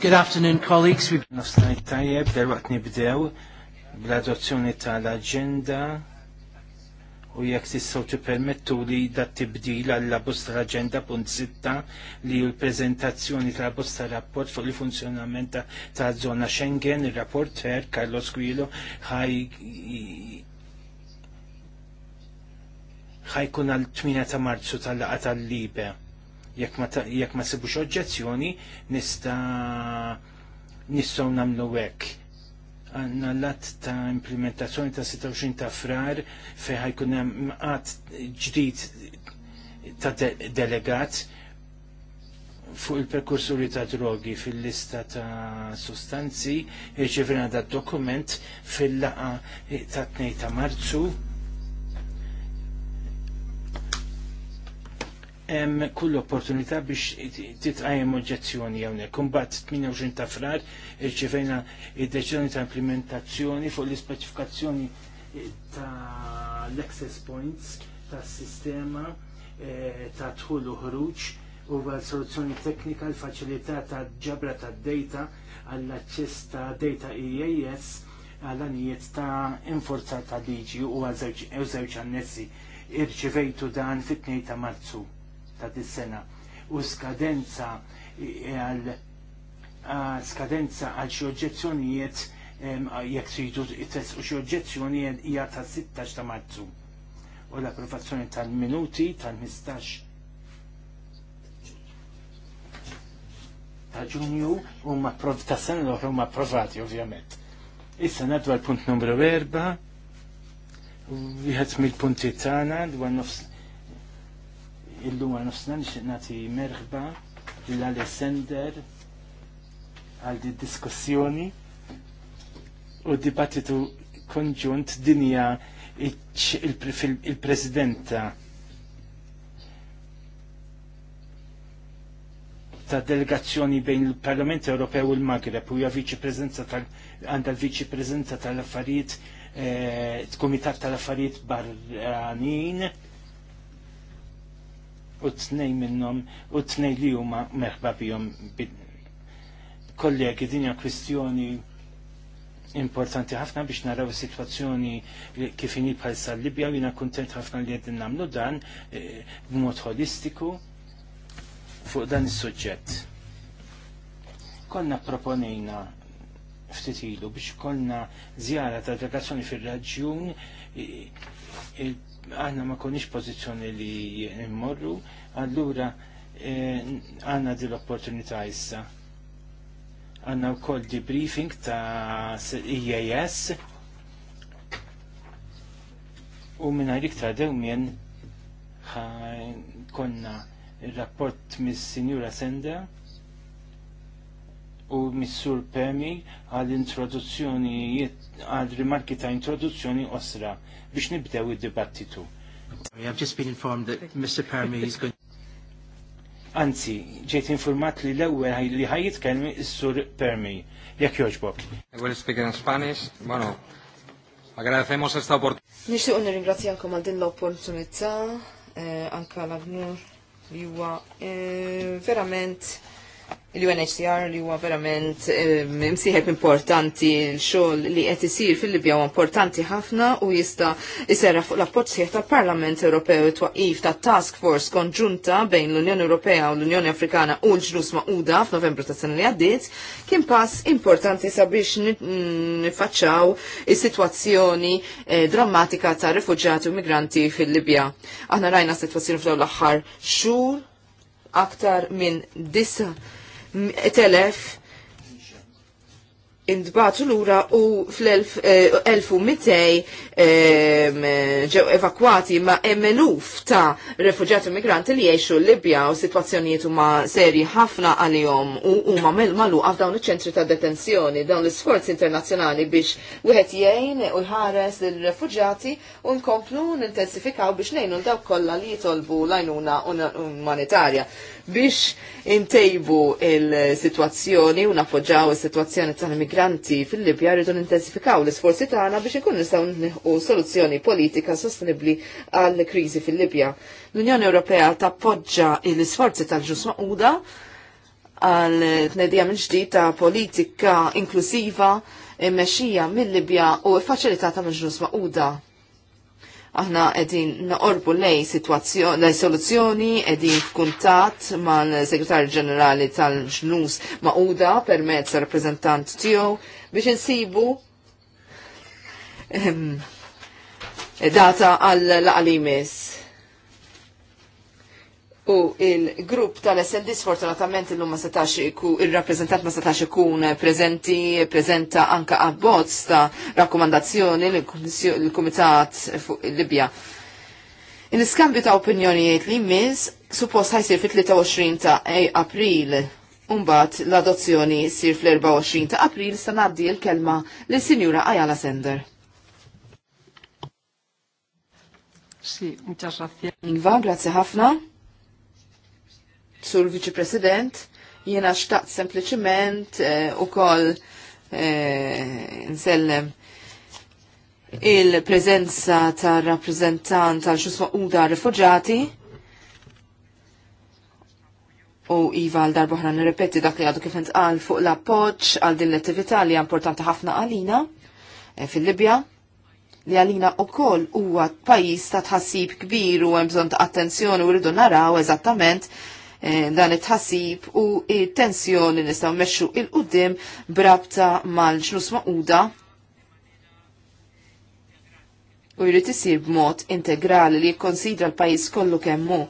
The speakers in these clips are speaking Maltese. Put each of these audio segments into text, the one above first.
Good afternoon, colleagues. We've Nofsnajt tajjeb, derwaqt nibdew bl-adozzjoni tal-agenda u jekk tistgħu tippermettu li dat tibdil għall bosta l-aġenda punt Zitta li hu l-preżentazzjoni tal bosta rapport fuq il-funzjonament ta' żona Schengen, ir-rapporter Carlos Guilo ħaj ħajkun għal 8 ta' Marzu tal-laqa tal-Libe jekk ma sibux oġġezzjoni nista nistgħu nagħmlu hekk. Għanna l-att ta' implementazzjoni ta' 26 ta' frar fej ħajkun hemm qatt ġdid ta' delegat fuq il perkursuri ta' drogi fil-lista ta' sustanzi irċivina da' dokument fil-laqa ta' 2 ta' marzu hemm kull opportunità biex titqajjem oġġezzjoni hawnhekk. Imbagħad 28 ta' frar irċivejna id-deċiżjoni ta' implementazzjoni fuq l-ispeċifikazzjoni eh, ta' l-access points tas sistema eh, ta' dħul u ħruġ u għal soluzzjoni teknika l-faċilità ta' ġabra ta' data għall-aċċess ta' data EAS għal-anijiet ta' inforzata ta' liġi u għal żewġ annessi irċivejtu dan fit-2 ta' Marzu ta' dis-sena u skadenza e, e, għal skadenza għal xi oġġezzjonijiet jekk tridu u xi oġġezzjoni hija ta' 16 ta' Marzu u l-approvazzjoni tal-minuti tal-15 ta' ġunju u ma' prov ta' sena l-oħra ma' provati ovvjament. Issa nadwar l-punt numru 4 u jħed mill-punti tagħna dwar nofs illum għal nofsna nixtieq nagħti merħba lil Alessander għal di diskussjoni u dibattitu konġunt dinja il-presidenta ta' delegazzjoni bejn il-Parlament Ewropew u l-Magreb u hija viċi tal għandha l-viċi prezenza tal-affarijiet eh, kumitat tal-affarijiet barranin u t-nej minnom u t-nej li huma meħba bihom kollegi dinja kwistjoni importanti ħafna biex naraw is-sitwazzjoni kif inhi bħalsa l-Libja u jina kuntent ħafna li qegħdin nagħmlu dan eh, b'mod holistiku fuq dan is-suġġett. Konna proponejna ftit ilu biex konna żjara ta' delegazzjoni fir-raġjun eh, aħna ma konniex pożizzjoni li jimmorru, allura eh, għanna e, di l-opportunità issa. Għanna wkoll di briefing ta' IAS e u minna iktar dewmien konna il-rapport mis-Sinjura Sender u Missur Pemi għal-introduzzjoni għal-rimarki ta' introduzzjoni osra biex nibdew id-dibattitu. Anzi, ġejt informat li l-ewwel li ħaj jitkellem is-sur Permi. Jekk jogħġbok. I nirringrazzja ankom agradecemos esta oportunità. għal din l-opportunità eh, anke l-avnur li huwa eh, verament il-UNHCR li huwa verament msieħeb importanti l-xogħol li qed isir fil-Libja huwa importanti ħafna u jista' jserra fuq l-appoġġ tal-Parlament Ewropew it-twaqqif ta' Task Force konġunta bejn l-Unjoni Ewropea u l-Unjoni Afrikana u l-ġlus Magħquda f'Novembru ta' sena li għaddiet kien pass importanti sabiex mm, nifaċċaw is-sitwazzjoni eh, drammatika ta' rifuġjati u migranti fil-Libja. Aħna rajna s-sitwazzjoni fl-aħħar xhur aktar minn disa' telef indbatu l-ura u fl-1200 eh, ġew evakwati ma' emeluf ta' refugjati migranti li jiexu Libja u situazzjonijiet huma seri ħafna għalihom u huma melmalu għaf dawn iċ-ċentri ta' detenzjoni dawn l-isforzi internazzjonali biex wieħed jgħin u jħares lill-refugjati u nkomplu intensifikaw biex ngħinu l dawk kollha li jitolbu l-għajnuna umanitarja biex intejbu il-situazzjoni u napoġġaw il-situazzjoni tal-migranti fil-Libja rridu intensifikaw l-isforzi tagħna biex ikun nistgħu nħu soluzzjoni politika sostenibbli għall kriżi fil-Libja. L-Unjoni Ewropea tappoġġa l-isforzi tal-ġus maquda għal tnedija minn ġdid ta' politika inklusiva mexxija mill-Libja u faċilitata mill-ġus maquda Aħna qegħdin naqorbu lej lej soluzzjoni qegħdin f'kuntatt mal-Segretarju Ġenerali tal-Ġnus Maquda permezz rappreżentant tiegħu biex insibu ehm, data għal laqalimis. U il-grupp tal-SND sfortunatament il lumma ma setax il-rappresentant ma setax ikun prezenti, prezenta anka abbozz ta' rakkomandazzjoni l-Kumitat fuq il-Libja. Il-skambju ta' opinjonijiet li jmiss suppost ħajsir fit-23 ta' e- April Umbat l-adozzjoni sir fl-24 ta' April sa' naddi il-kelma l-Sinjura Ayala Sender. Sì, muchas grazie. Ingva, grazie ħafna sur viċi president jiena xtaqt sempliciment eh, u koll eh, nsellem il-prezenza ta' rappresentant tal xusma da rifugjati u Iva għal darbohra nirrepeti dak li għadu kif għal fuq l-appoċ għal din l-attività li importanti ħafna għalina eh, fil-Libja li għalina u koll huwa pajis ta' tħassib kbir u hemm bżonn ta' attenzjoni u rridu naraw eżattament Eh, dan it-ħassib u it-tensjoni nistgħu mmexxu il-qudiem brabta mal-ġnus maquda u jrid isir b'mod integrali li jikkonsidra l-pajjiż kollu kemm hu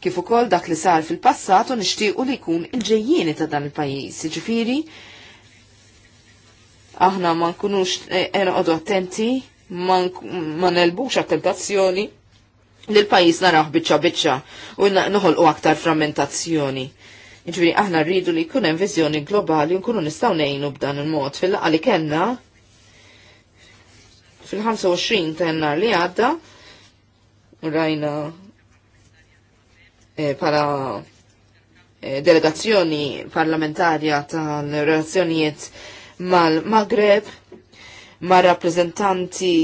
kif ukoll dak li sar fil-passat u nixtiequ li jkun il-ġejjieni ta' dan il-pajjiż. Ġifieri aħna ma nkunux eh, erqodu attenti, ma nelbux attentazzjoni l-pajis naraħ bicċa bicċa u noħolqu aktar frammentazzjoni. Iġviri, aħna rridu li kunem vizjoni globali nkunu nistaw nejnu b'dan il-mod fil-laqali kena fil-25 tenna li għadda rajna e, eh, pala eh, delegazzjoni parlamentarja tal-relazzjonijiet mal-Magreb ma' rappresentanti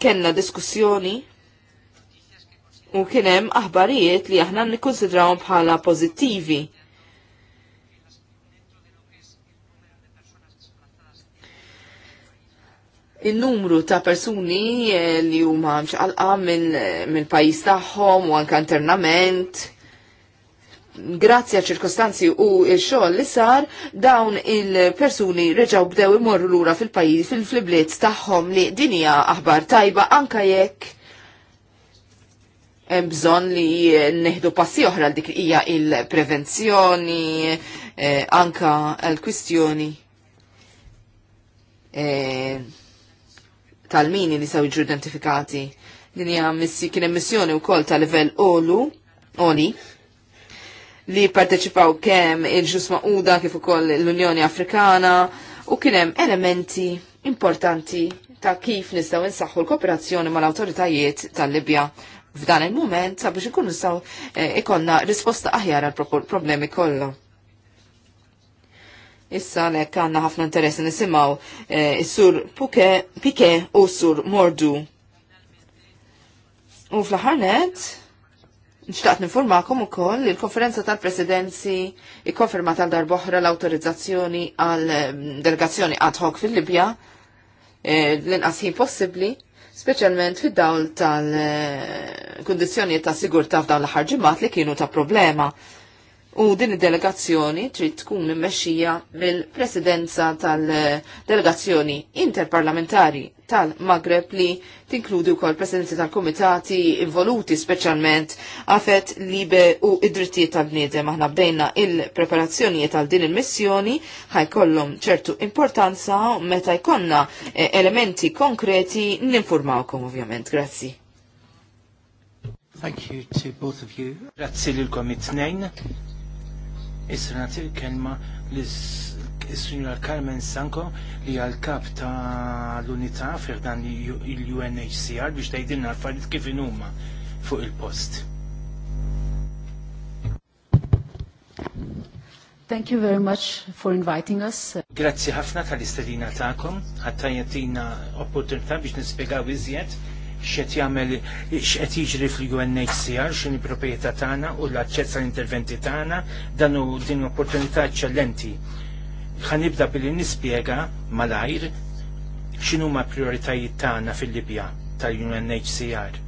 kena diskussjoni u kien hemm aħbarijiet li aħna nikonsidraw bħala pożittivi. il-numru ta' persuni eh, li huma mxaqalqa mill-pajis tagħhom u anke internament grazzi ċirkostanzi u xogħol li sar dawn il-persuni reġgħu bdew imorru lura fil-pajjiż fil-flibliet tagħhom li dinija aħbar tajba anka jekk hemm bżonn li neħdu passi oħra dik hija il-prevenzjoni, eh, anka l-kwistjoni eh, tal-mini li saw jiġu identifikati. Din hija missi kien missjoni u wkoll tal-livell olu, oli, li parteċipaw kemm il-ġus maquda kif ukoll l-Unjoni Afrikana u kien hemm elementi importanti ta' kif nistgħu insaħħu l-kooperazzjoni mal-awtoritajiet tal-Libja f'dan il-moment sabiex ikun nistgħu eh, ikonna risposta aħjar għal problemi kollha. Issa lek għanna ħafna interess nisimaw eh, is sur Pike u s sur Mordu. U fl-ħarnet, Nxtaqt u ukoll li l-konferenza tal-presidenzi ikkonferma tal-darboħra l-autorizzazzjoni għal mm, delegazzjoni ad hoc fil-Libja eh, l inqasħin possibli, possibbli, speċjalment fid-dawl tal eh, kondizjoni ta' sigurtà f'dawn l-ħarġimat li kienu ta' problema U din id-delegazzjoni trid tkun immexxija mill-presidenza tal-delegazzjoni interparlamentari tal-Magreb li tinkludi wkoll presidenzi tal-komitati involuti speċjalment għafet libe u id-drittijiet tal-bniedem. Aħna bdejna il-preparazzjonijiet għal din il-missjoni ħajkollhom ċertu importanza meta jkollna eh, elementi konkreti ninformawkom ovvjament. Grazzi. Thank you to both of you. Grazzi lilkom komitnejn. Isra kelma l-kelma lis-Sinjura Carmen Sanko li għal kap ta' l-unità fih dan il-UNHCR biex tgħidilna l-affarijiet kif huma fuq il-post. Thank you very much for inviting us. Grazzi ħafna tal istadina ta'kom, għatta opportunità biex nispiegaw iżjed x'qed jagħmel x'qed jiġri fil-UNHCR x'inhi propieta tagħna u l-aċċess għall-interventi tagħna dan hu din opportunità eċċellenti. Ħa nibda billi nispjega malajr x'inhu ma' prioritajiet tagħna fil-Libja tal-UNHCR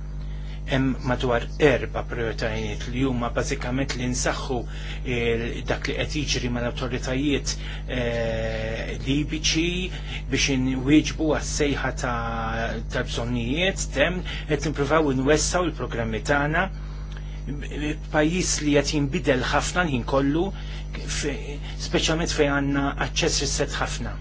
hemm madwar erba' prioritajiet li huma bażikament li nsaħħu dak li qed jiġri mal-awtoritajiet eh, libiċi biex inwieġbu għas-sejħa ta' bżonnijiet tem qed nippruvaw inwessaw il-programmi tagħna pajis li qed jinbidel ħafna ħin kollu, speċjalment fejn għandna aċċess ħafna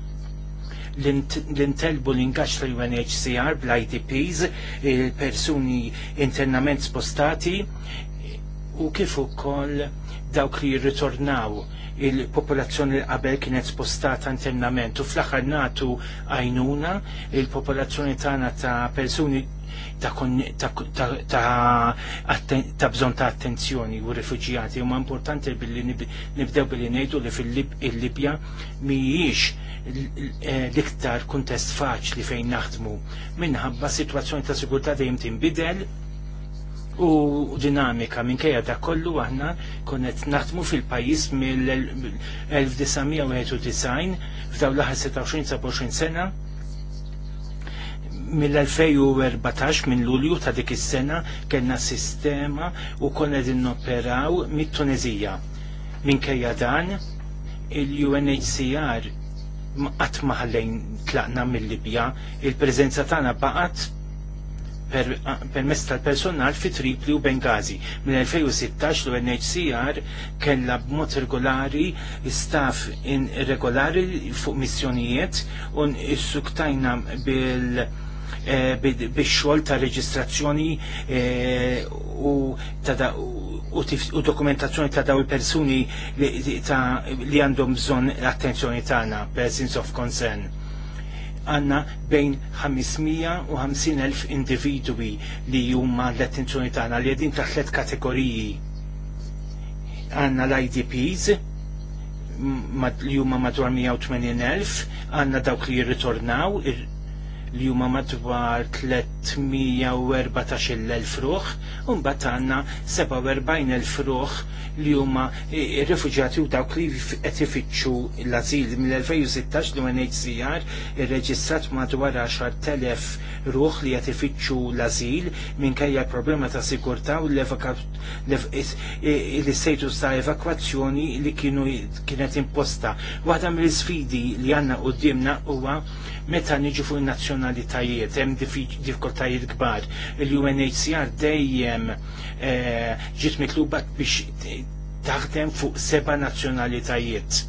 l-intelbu l ingaxra unhcr bl-ITPs, il-persuni internament spostati u kif ukoll dawk li jirritornaw il-popolazzjoni qabel kienet spostata internament u fl-aħħar natu għajnuna il-popolazzjoni tagħna ta' persuni ta' ta' bżon ta' attenzjoni u rifuġjati huma importanti billi nibdew billi ngħidu li fil-Libja mhijiex l-iktar kuntest faċli fejn naħdmu minħabba situazzjoni ta' sigurtà dejjem tinbidel u dinamika minkejja ta' kollu aħna qed naħdmu fil-pajis mill-1991 f'daw l-aħħar 26 sena mill-2014 minn Lulju ta' dik is-sena kellna sistema u konna din mit-Tunezija. Minkejja dan il-UNHCR qatt ma ħallejn tlaqna mill-Libja, il-preżenza tagħna baqgħet permess tal-personal fi Tripli u Bengazi. Mill-2016 l-UNHCR kella b'mod regolari staff irregolari fuq missjonijiet un issuktajna bil- Eh, biex xogħol ta' reġistrazzjoni eh, u dokumentazzjoni ta' daw il-persuni li għandhom bżonn l-attenzjoni tagħna, persons of concern għanna bejn 50.000 individwi li huma l-attenzjoni tagħna li għedin ta' tliet kategoriji. Għanna l-IDPs li huma madwar 180.000, għanna dawk li jirritornaw, li huma madwar 314,000 un mbagħad għandna 47,000 fruħ li huma rifuġjati u dawk li qed ifittxu l-azil mill-2016 l-UNHCR irreġistrat madwar 10,000 ruħ li qed ifittxu l-azil minkejja problema ta' sigurtà u l-istatus ta' evakwazzjoni li kienu kienet imposta. Waħda mill-sfidi li għandna qudiemna huwa Meta niġu fuq nazzjonalitajiet hemm diffikultajiet kbar. Il-UNHCR dejjem eh, ġiet mitluba biex taħdem fuq seba' nazzjonalitajiet.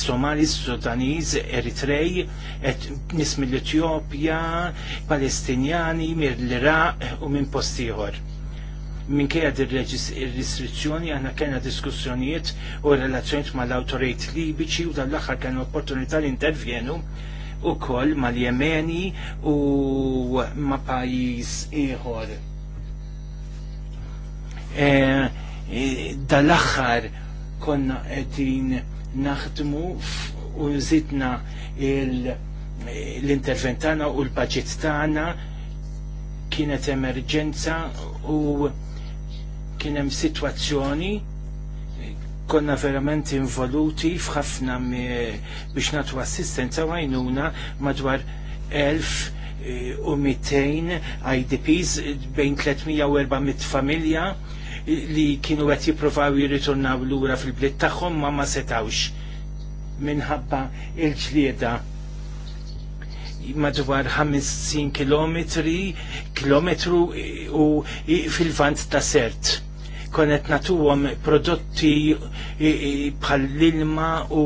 Somali, Sudaniż, Eritrej, nis mill-Etjopja, Palestinjani, mill-Iraq u minn postiħor minkejja dir-restrizzjoni għanna kena diskussjonijiet u relazzjoniet mal-autorejt libiċi u dal-axar kena opportunità li intervjenu u koll mal-Jemeni u ma' pajis iħor. E, e Dal-axħar konna qegħdin naħdmu u zitna l-intervent tagħna u l-budget tagħna kienet emerġenza u kien hemm sitwazzjoni konna verament involuti f'ħafna biex natu assistenza għajnuna madwar 1200 eh, IDPs bejn 300 u 400 familja li kienu għet jiprofaw jirritornaw l-ura fil-bliet taħħom ma ma setawx minħabba il-ġlieda madwar 50 km, kilometru eh, u eh, fil-vant ta' sert konet natuhom prodotti bħall-ilma u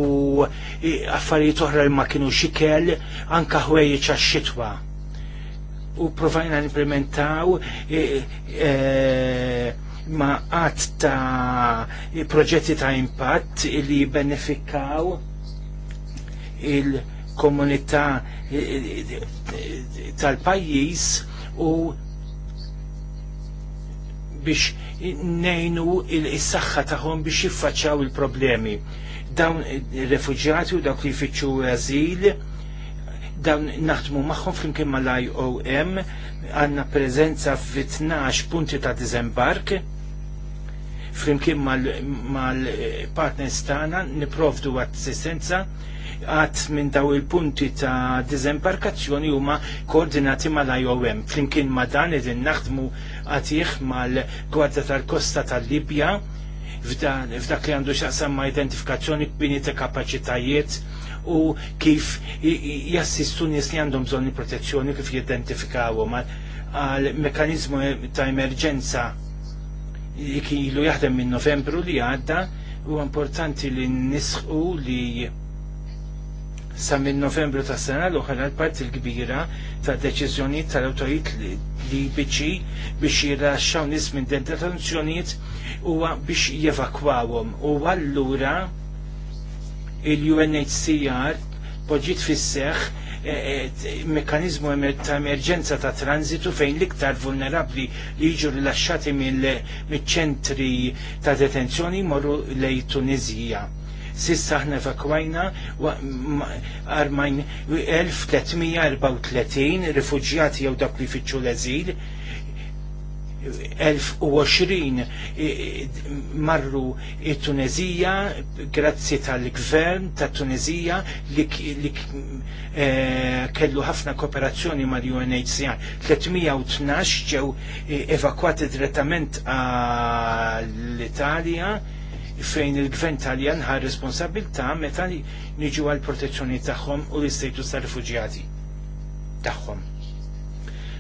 affarijiet oħra li ma kienu xikel anka ħwejjeġ għax-xitwa. U provajna implementaw e, ma għat ta' proġetti ta' impatt li benefikaw il-komunità tal-pajjiż u biex nejnu il-saxħa taħħom biex jiffaċċaw il-problemi. Dawn il refugġati u dawk li jfittxu għazil, dawn naħdmu maħħom flimkien mal-IOM, għanna prezenza f-12 punti ta' dizembark, flimkien mal-partners mal tagħna għat assistenza għat minn daw il-punti ta' dizembarkazzjoni huma koordinati mal-IOM. Flimkien ma' dan id naħdmu għatiħ mal-Gwarda tal-Kosta tal-Libja f'dak li għandu xaqsam ma' identifikazzjoni kbini ta' kapacitajiet u kif jassistu nies li għandhom bżonni protezzjoni kif jidentifikawhom għal mekanizmu ta' emerġenza li kienu jaħdem minn Novembru li għadda u importanti li nisħu li sa minn novembru ta' sena l-oħra l-parti l-kbira ta' deċiżjonijiet tal-autorijiet li biċi biex jirraxxaw nis minn detenzjonijiet u biex jevakwawhom. U allura il-UNHCR poġġiet fis-seħħ e, e, ta' emerġenza ta' tranzitu fejn l-iktar vulnerabli li jiġu rilasċati mill-ċentri ta' detenzjoni morru lej Tunizija. Sissa ħna evakwajna 1334 rifugġjati jew dak li fitxu l-eżil, 1020 marru it-Tunezija grazzi tal-gvern ta' Tunezija li, li e, kellu ħafna kooperazzjoni mal UNHCR 312 ġew eh, evakwati direttament għall-Italja fejn il-gvern taljan ħar responsabilta meta niġu għal protezzjoni tagħhom u l-istatus tal-rifuġjati tagħhom.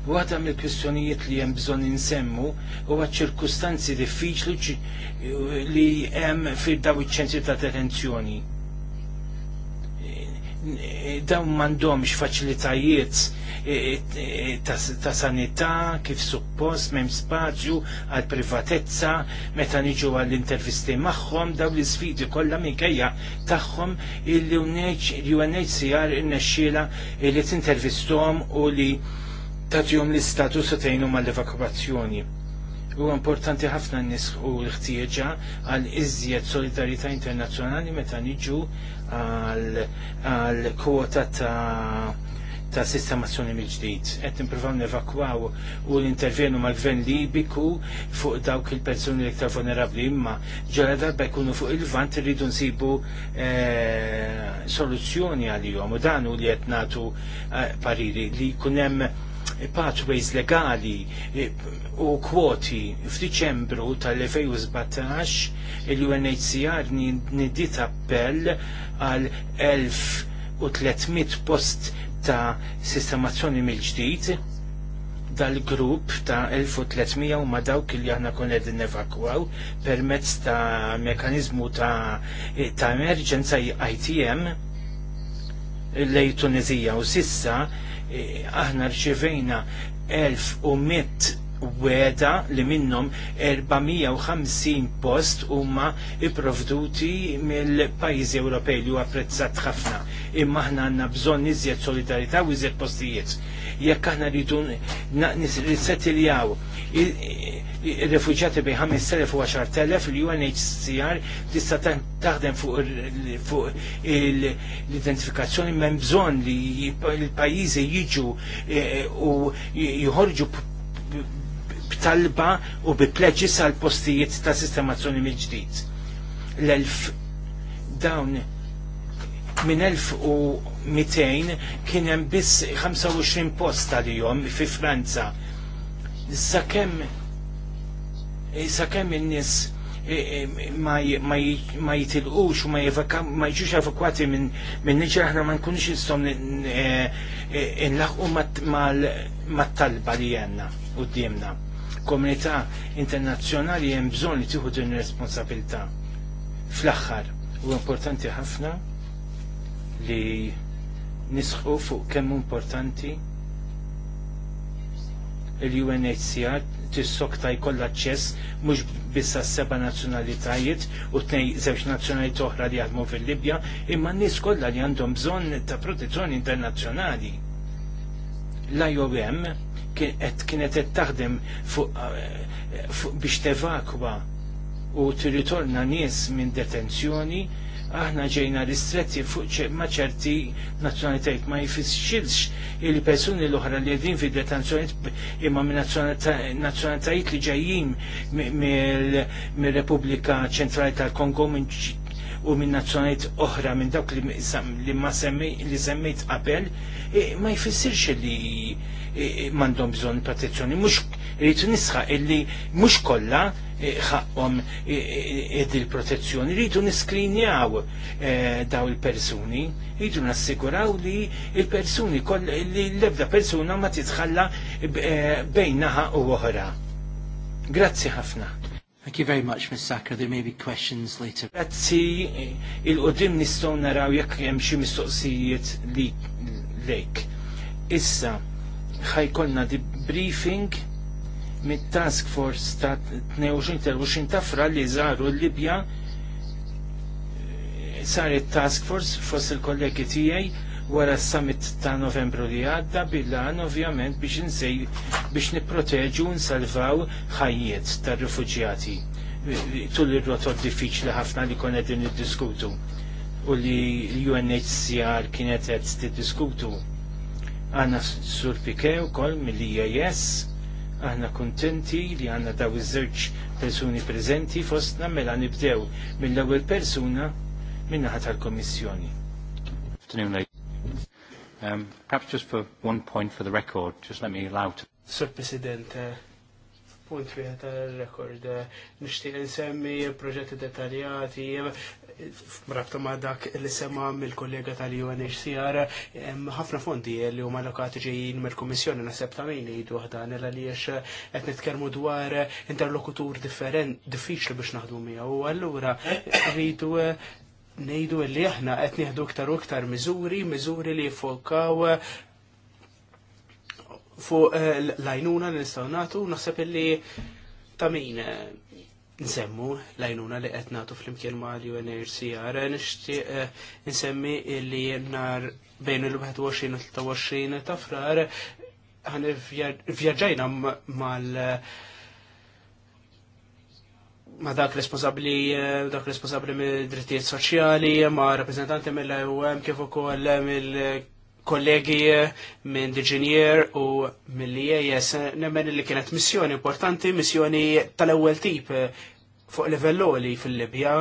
Waħda mill kwistjonijiet li hemm bżonn insemmu huwa ċirkustanzi diffiċli li hemm fil daw iċ-ċentri ta' detenzjoni dawn m'għandhomx faċilitajiet e, e, e, ta' sanità kif suppost m'hemm spazju għal privatezza meta niġu għall intervisti magħhom dawn l-isfidi kollha minkejja tagħhom il-UNHCR innexxiela li t-intervistom u li tagħtihom l status u tgħinhom għall-evakwazzjoni u importanti ħafna n-nis u l-ħtieġa għal iżjed solidarita internazzjonali meta niġu għal kwota ta' ta' sistemazzjoni mill-ġdid. Qed nippruvaw nevakwaw u l-intervjenu mal-gvern Libiku fuq dawk il-persuni li iktar vulnerabbli imma ġara darba jkunu fuq il-vant irridu nsibu eh, soluzzjoni għalihom u dan u li qed nagħtu eh, pariri li jkun hemm pathways legali e, u kwoti f'Diċembru tal-2017 il-UNHCR nidit appell għal 1300 post ta' sistemazzjoni mill-ġdid dal-grupp ta' 1300 u ma dawk li aħna kon qegħdin nevakwaw permezz ta' mekanizmu ta', ta emerġenza ITM lejn Tunizija u sissa Eh, aħna rċivejna 1100 weda li minnhom 450 post huma ipprovduti mill-pajjiżi Ewropej li huwa apprezzat ħafna. Imma aħna għandna bżonn iżjed solidarità u iżjed postijiet. Jekk aħna rridu nissettiljaw rifuġjati bejn 5000 u 10000 l UNHCR tista' taħdem fuq l-identifikazzjoni m'hemm bżonn li l-pajjiżi jiġu eh, u jħorġu b'talba u bi pleġis għal postijiet ta' sistemazzjoni mill-ġdid. L-elf dawn minn 1200 kien hemm biss 25 post tal-jom fi Franza. Sakemm sakemm in-nies e, e, ma jitilqux u ma jiġux evakwati minn min niġer aħna ma nkunux nistom inlaħqu e, mat-talba li għandna u d-diemna komunità internazzjonali hemm bżonn li tieħu din responsabilità. Fl-aħħar u importanti ħafna li nisħu fuq kemm importanti il-UNHCR tissokta jkollha aċċess mhux bissa seba nazzjonalitajiet u tnej żewġ nazzjonalitajiet oħra li jaħdmu fil-Libja, imma n-nies kollha li għandhom bżonn ta' protezzjoni internazzjonali l-IOM kienet qed taħdem eh, biex tevakwa u tirritorna nies minn detenzjoni aħna ġejna ristretti fuq ma' ċerti nazzjonalitajt ma' jifisċilx il-persuni l-oħra li jedin fi detenzjoni imma minn nazzjonalitajiet li ġejjin minn repubblika Ċentrali tal-Kongo u minn nazzjonalitajt oħra minn dawk li semmejt qabel Eh, ma jfissirx li eh, eh, mandom bżon protezzjoni, mux rritu nisħa illi mux kolla ħaqqom id il-protezzjoni, rridu niskrinjaw daw il-persuni, rritu nassiguraw li il-persuni, li l-ebda persuna ma titħalla bejnaħa u oħra. Grazzi ħafna. Thank you very much, Ms. Sacker. There may be questions later. Grazzi, il-qodim nistaw naraw jekk hemm xi mistoqsijiet li lejk. Issa, ħajkonna di briefing mit-task force ta' 22-23 ta' fra li zaru l-Libja saret task force fost il-kollegi tijaj wara s-summit ta' novembru li għadda bil-lan ovvjament biex nsej biex niproteġu nsalvaw ħajjiet tar rifugjati tul ir-rotot diffiċli ħafna li konna id niddiskutu. diskutu u li l-UNHCR kienet qed tiddiskutu. Għanna sur Pike wkoll mill-IAS, għanna kuntenti li għanna daw iż-żewġ persuni prezenti fostna mela nibdew mill-ewwel persuna minnaħa tal komissjoni Um, perhaps just for one point for the record, just let me allow to... Sir President, eh, punt fiħa tal-rekord. Eh, nishti nsemmi proġetti detaljati, eh, Rabta ma dak li sema mill-kollega tal-UNHCR, ħafna fondi li huma lokati ġejjin mill-Kummissjoni naħseb ta' min jgħidu ħdan l għaliex qed nitkellmu dwar interlokutur differenti, diffiċli biex naħdmu miegħu. U allura rridu eh, ngħidu li aħna qed nieħdu iktar u iktar miżuri, miżuri li jfokaw eh, fuq eh, l-għajnuna li nistgħu nagħtu naħseb illi ta' min nsemmu lajnuna li qed nagħtu flimkien ma' UNHCR nixtieq eh, nsemmi li nar bejn il-21 u 23 ta' frar ħan vjaġġajna mal ma dak responsabli eh, dak responsabli mid drittijiet soċjali ma rappreżentanti mill-UM kif ukoll mill kollegi eh, minn Diġinier u mill-IAS e nemmen li kienet missjoni importanti, missjoni tal-ewwel tip eh, fuq livell li fil-Libja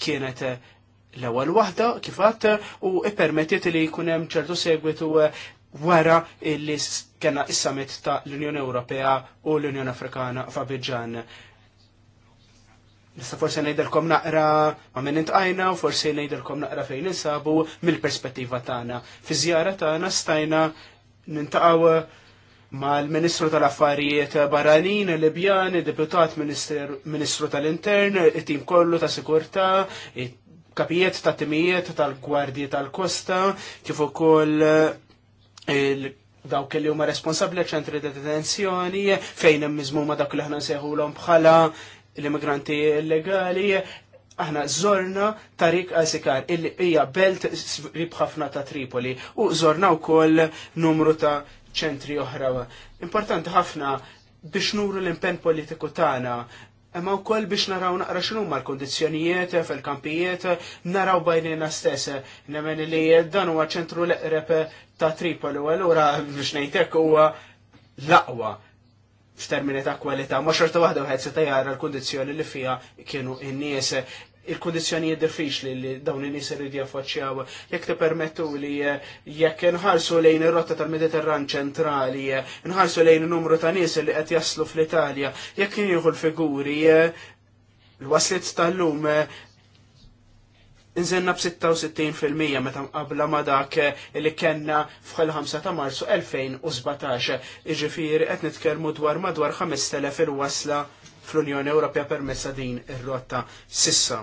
kienet eh, l-ewwel waħda kifat u ippermettiet li jkun hemm ċertu segwitu wara li kena is-summit ta' l-Unjoni Ewropea u l-Unjoni Afrikana f'Abidjan. Nista forse nejderkom naqra ma minn intqajna u forse nejderkom naqra fejn insabu mill-perspettiva tagħna. Fi żjara tagħna stajna nintaqgħu mal-Ministru tal-Affarijiet Barranin, Libjan, deputat Ministru tal-Intern, it-tim kollu ta' Sikurta, kapijiet ta' timijiet tal-Gwardji tal-Kosta, kif ukoll il dawk li huma responsabbli ċentri ta' detenzjoni fejn hemm miżmuma dak li aħna nsejħulhom bħala l-immigranti illegali, aħna zorna Tariq għasikar, il hija belt ribħafna ta' Tripoli, u zorna u koll numru ta' ċentri oħra. Importanti ħafna biex nuru l-impen politiku tagħna u wkoll biex naraw naqra ma l kondizjonijiet fil-kampijiet naraw bajnina stess. Nemmen li dan huwa ċentru l rep ta' Tripoli, u allura biex ngħidlek huwa l-aqwa f'termini ta' kwalità, ma xorta waħda wħed se tajara l-kundizzjoni li fiha kienu n-nies il-kondizjonijiet diffiċli li dawn in-nies irid jaffaċċjaw. Jekk permettu li eh, jekk inħarsu lejn ir-rotta tal-Mediterran ċentrali, eh, nħarsu lejn numru ta' nies li qed jaslu fl-Italja, jekk jieħu l-figuri eh, l-waslit tal-lum nżenna b-66% meta qabla ma dak li kellna fħal 5 ta' marzu 2017. Iġifieri qed nitkellmu dwar madwar 5000 il-wasla fl-Unjoni Ewropea permessa din ir-rotta sissa.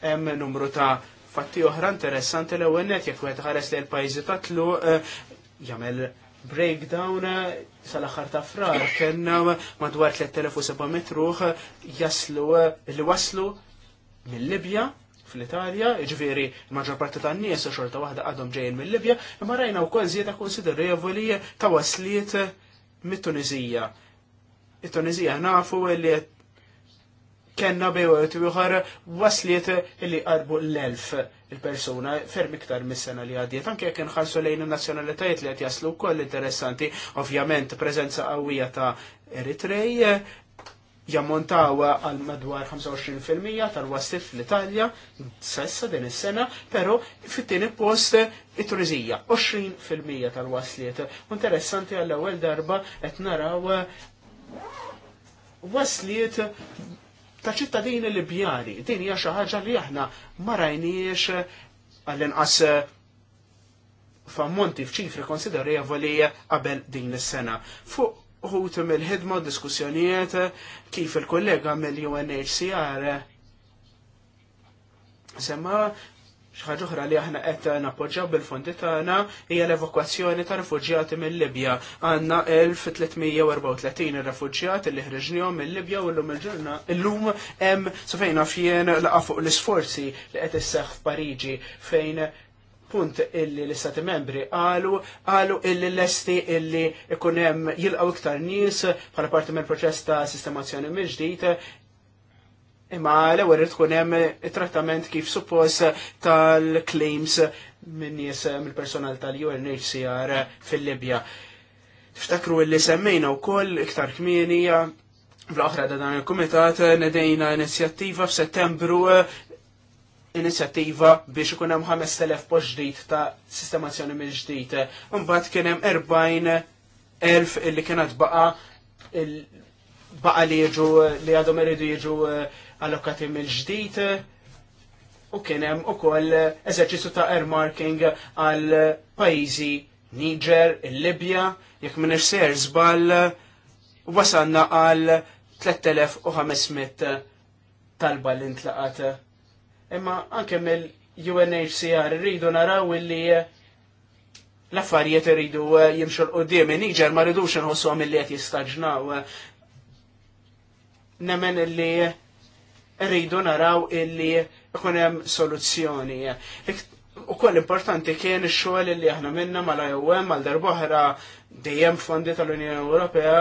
Hemm numru ta' fatti oħra interessanti l-ewwel net jekk wieħed ħares li l-pajjiżi tatlu eh, jagħmel breakdown eh, sal-axar ta' frar, kena madwar 3700 ruħ jaslu, eh, li waslu mill-Libja fl-Italja, l maġġor parti ta' n-nies xorta waħda għadhom ġejjin mill-Libja, imma rajna wkoll żieda konsiderevoli ta' wasliet mit-Tunizija. It-Tunizija nafu li kenna bejwet ieħor wasliet li qarbu l-elf il-persuna ferm iktar mis-sena li għaddiet. Anke jekk inħarsu lejn in-nazzjonalitajiet li qed jaslu wkoll interessanti, ovvjament preżenza qawwija ta' Eritrej, jammontaw għal madwar 25% tal wasif fl-Italja, sessa din is-sena, pero fit-tieni post it-Turizija, 20% tal-wasliet. Interessanti għall ewwel darba qed naraw wasliet ta' ċittadini Libjani. Din hija xi ħaġa li aħna ma rajniex għall-inqas f'ammonti f'ċifri konsiderevoli qabel din is-sena. Fuq uħut mill-ħidma diskussjonijiet kif il-kollega mill-UNHCR. Semma xaħġa oħra li aħna qed nappoġġaw bil-fondi tagħna hija l-evakwazzjoni ta' rifuġjati mill-Libja. Għandna 1334 rifuġjati li ħriġnihom mill-Libja u llum il-ġurna llum hemm sofejna fjen laqa fuq l-isforzi li qed isseħħ f'Pariġi fejn punt illi l-istati membri għalu, għalu illi l-esti illi ikunem jilqaw iktar nis bħala parti mill proċess ta' sistemazzjoni mġdijt, imma l-ewwel irid tkun hemm trattament kif suppost tal-claims minn nies mill-personal tal-UNHCR fil-Libja. Tiftakru illi semmejna wkoll iktar kmieni fl-oħra da dan il-Kumitat nedejna inizjattiva f'Settembru inizjattiva biex ikun hemm 5000 post ġdid ta' sistemazzjoni mill ġdid. Imbagħad kien hemm 40,000 illi kienet baqa baqa li jiġu li għadhom iridu jiġu eh, allokati mill ġdid u kien hemm ukoll eżerċizzju ta' earmarking għal pajjiżi Niger, il-Libja, jekk minn ser żball wasanna għal 3500 talba l-intlaqat imma anke mill-UNHCR rridu naraw illi eh, l-affarijiet rridu eh, jimxu l-qoddim, in-Niġer ma rridux nħossu għam li qed jistaġnaw. Nemmen illi eh, rridu naraw illi ikun hemm soluzzjoni. U koll importanti kien ix-xogħol li aħna minna mal-IOM mal-darbohra dejjem fondi tal-Unjoni Ewropea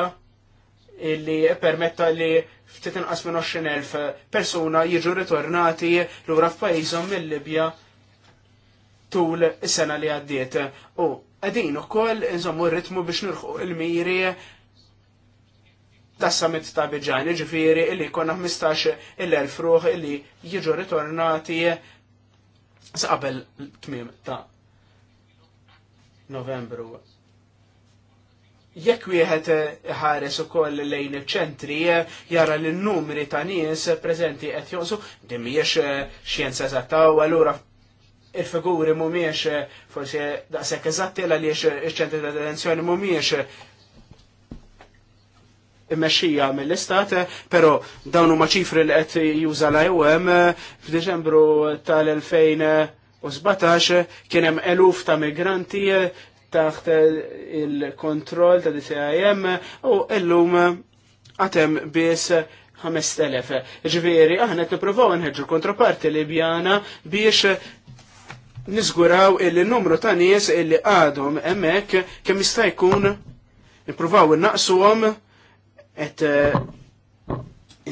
illi permetta li ftit inqas minn 20,000 persuna jiġu ritornati lura f'pajjiżhom mill-Libja tul is-sena li għaddiet. U qegħdin ukoll inżommu r-ritmu biex nirħu il-miri tas summit ta' Biġani, ġifiri, illi konna 15 il elf ruħ illi jiġu ritornati sa' qabel tmim ta' novembru jekk wieħed ħares ukoll lejn iċ-ċentri jara l numri ta' nies preżenti qed joqsu din mhijiex eh, xjenza eżatta u allura il-figuri mhumiex eh, forsi daqshekk eżatti għaliex iċ-ċentri ta' detenzjoni mhumiex immexxija mill-istat, però dawn huma ċifri li qed juża l-IOM eh, f'Diċembru tal-2017 kien hemm eluf ta' migranti taħt il-kontroll ta' DCIM u illum għatem bis 5000. Ġveri, aħna qed nippruvaw nħeġġu kontraparti Libjana biex niżguraw il-numru ta' nies illi għadhom hemmhekk kemm jista' jkun nippruvaw innaqsuhom qed eh,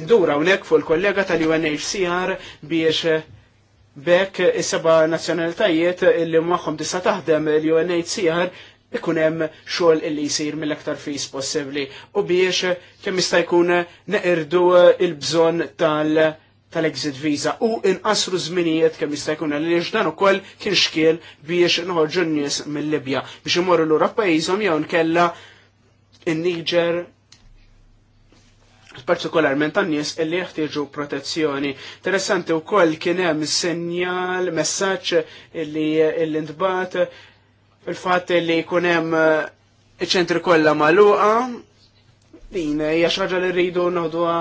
indura hawnhekk fuq il-kollega tal-UNHCR biex Bekk is-seba nazzjonalitajiet illi magħhom tista' taħdem il-UNHCR ikun hemm xogħol illi jsir mill-aktar fis possibbli u biex kemm jista' jkun neqirdu il-bżonn tal- tal-exit visa u inqasru żminijiet kemm jista' jkun għaliex dan ukoll kien xkiel biex noħorġu n-nies mill-Libja biex imorru lura pajjiżhom jew nkella in-Niġer partikolarment tan nies illi jeħtieġu protezzjoni. Interessanti wkoll kien hemm sinjal, messaġġ illi l-intbat il-fatt li jkun hemm eh, iċ-ċentri kollha magħluqa din hija xi ħaġa li rridu noħduha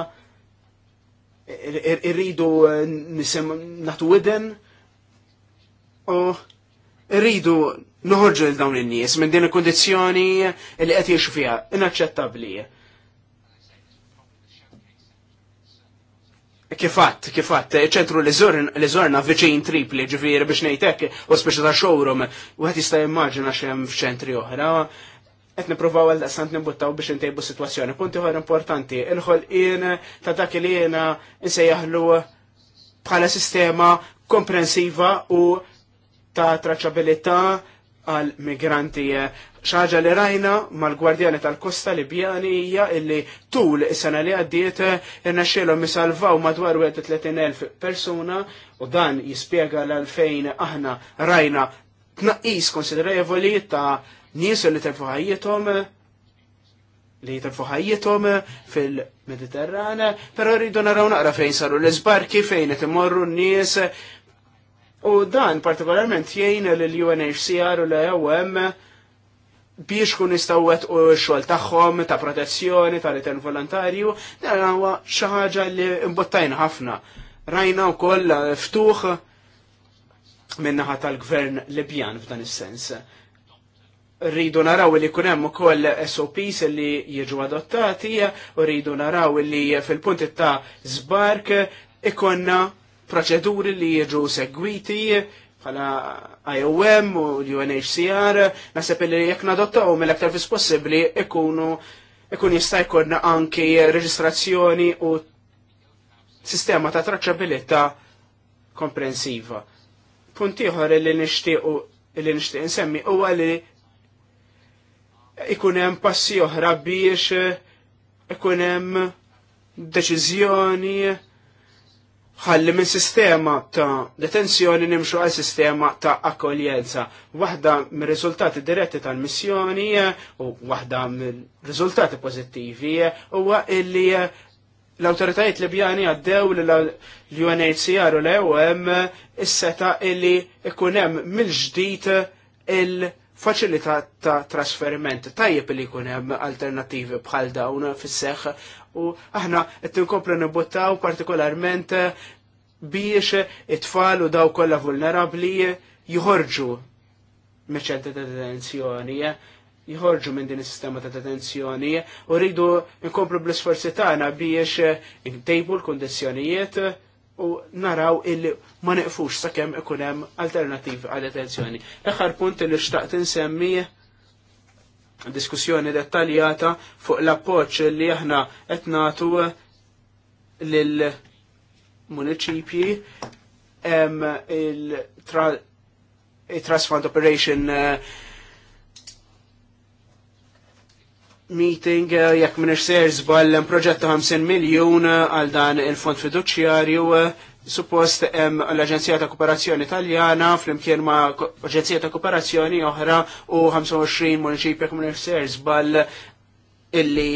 irridu eh, nisem natu widen u irridu noħorġu l dawn in-nies minn din il kondizjoni li qed jiexu fiha inaċċettabbli. Kifat, kifat, ċentru li zorna viċin tripli ġifiri biex nejtek, u speċa ta' showroom, u għet jista' immaġina xem f'ċentri oħra. Qed nippruvaw għal daqsant nimbuttaw biex intejbu situazzjoni. Punti ħor importanti, il-ħol ta' dak li jena insejjaħlu bħala sistema komprensiva u ta' traċabilita' għal migranti xaġa li rajna mal-gwardjani tal-kosta Libjani hija illi tul is-sena li għaddiet xielu misalvaw madwar 30,000 persuna u dan jispjega l-għalfejn aħna rajna tnaqqis konsiderevoli ta' nies li telfu li jitilfu fil mediterrana però rridu naraw naqra fejn saru l-iżbarki fejn qed imorru n-nies U dan partikolarment jgħin l-UNHCR u l-EOM biex kun istawet u xol taħħom, ta' protezzjoni, ta' return volontarju, dan għu xi ħaġa li mbottajn ħafna. Rajna wkoll ftuħ minnaħa tal-gvern Libjan f'dan is-sens. Rridu naraw li kunem hemm ukoll SOPs li jiġu adottati u rridu naraw li fil-punti ta' zbark ikonna proċeduri li jiġu segwiti bħala IOM u UNHCR, nasib li jekk nadottaw mill-aktar fis possibbli ikunu ikun jista' jkollna anki reġistrazzjoni u sistema ta' traċċabilità komprensiva. Punt ieħor li nixtieq li nixtieq insemmi huwa li ikun hemm passi oħra biex ikun hemm deċiżjoni ħalli minn sistema ta' detenzjoni nimxu għal sistema ta' akkoljenza. Waħda mir riżultati diretti tal-missjoni eh, u waħda minn rizultati pozittivi eh, huwa illi eh, l-autoritajiet Libjani għaddew l-UNHCR u l-EOM is-seta illi ikun hemm mill-ġdid il-faċilità ta' trasferiment. Tajjeb li jkun hemm alternattivi bħal dawn fis-seħħ u aħna qed inkomplu nibbuttaw partikolarment biex it-tfal u daw kollha vulnerabbli jħorġu meċċenta ta' detenzjoni, jħorġu minn din is-sistema ta' detenzjoni u rridu nkomplu bl-isforzi tagħna biex intejbu l-kundizzjonijiet u naraw illi ma neqfux sakemm ikun hemm alternattivi għal detenzjoni. Eħar aħħar punt li xtaqt insemmi diskussjoni dettaljata fuq l-appoċ li aħna qed nagħtu municipi eh, municipji il-Trust Fund Operation eh, meeting eh, jekk minix ser żball proġett ta' 50 miljun għal dan il-fond fiduċjarju suppost hemm l-Aġenzija ta' Kooperazzjoni Taljana flimkien ma' Aġenzija ta' Kooperazzjoni oħra u 25 munċip jekk minn bal illi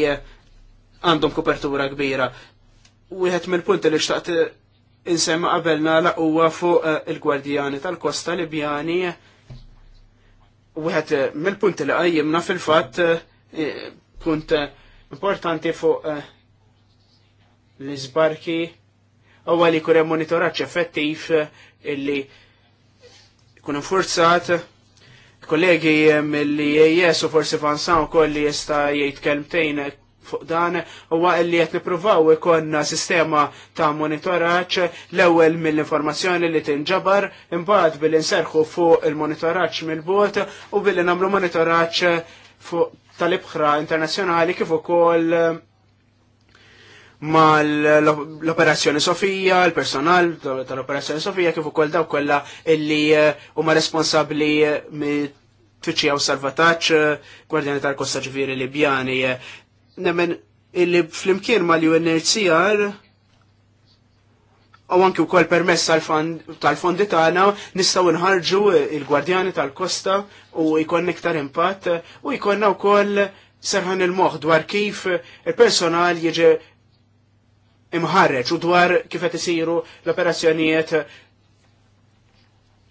għandhom kopertura kbira. Wieħed mill-punti li xtaqt insemma qabelna la huwa fuq eh, il-Gwardjani tal-Kosta Libjani. Wieħed eh, mill-punti li qajjimna fil-fatt eh, punt importanti fuq l-iżbarki huwa li jkun hemm monitoraġġ effettiv eh, illi kunem forzat kollegi eh, mill-li jes e u forsi fansan u kolli jista jgħid kelmtejn fuq dan huwa li qed nippruvaw ikonna sistema ta' monitoraġġ l-ewwel mill-informazzjoni li tinġabar imbagħad billi nserħu fuq il-monitoraġġ mill-bot u billi nagħmlu monitoraġġ fuq tal-ibħra internazzjonali kif ukoll eh, ma l-operazzjoni Sofija, l-personal tal-operazzjoni Sofija, kif ukoll daw kollha illi eh, huma responsabbli tfittxija eh, u salvataċ eh, gwardjani tal-Kosta Ġviri Libjani. Nemmen illi flimkien ma l-UNHCR u anki u kol permess tal-fondi tagħna nistgħu nħarġu il-gwardjani tal-Kosta u jkun iktar impatt u jkollna wkoll serħan il-moħ dwar kif il-personal jiġi imħarreġ u dwar kif qed isiru l-operazzjonijiet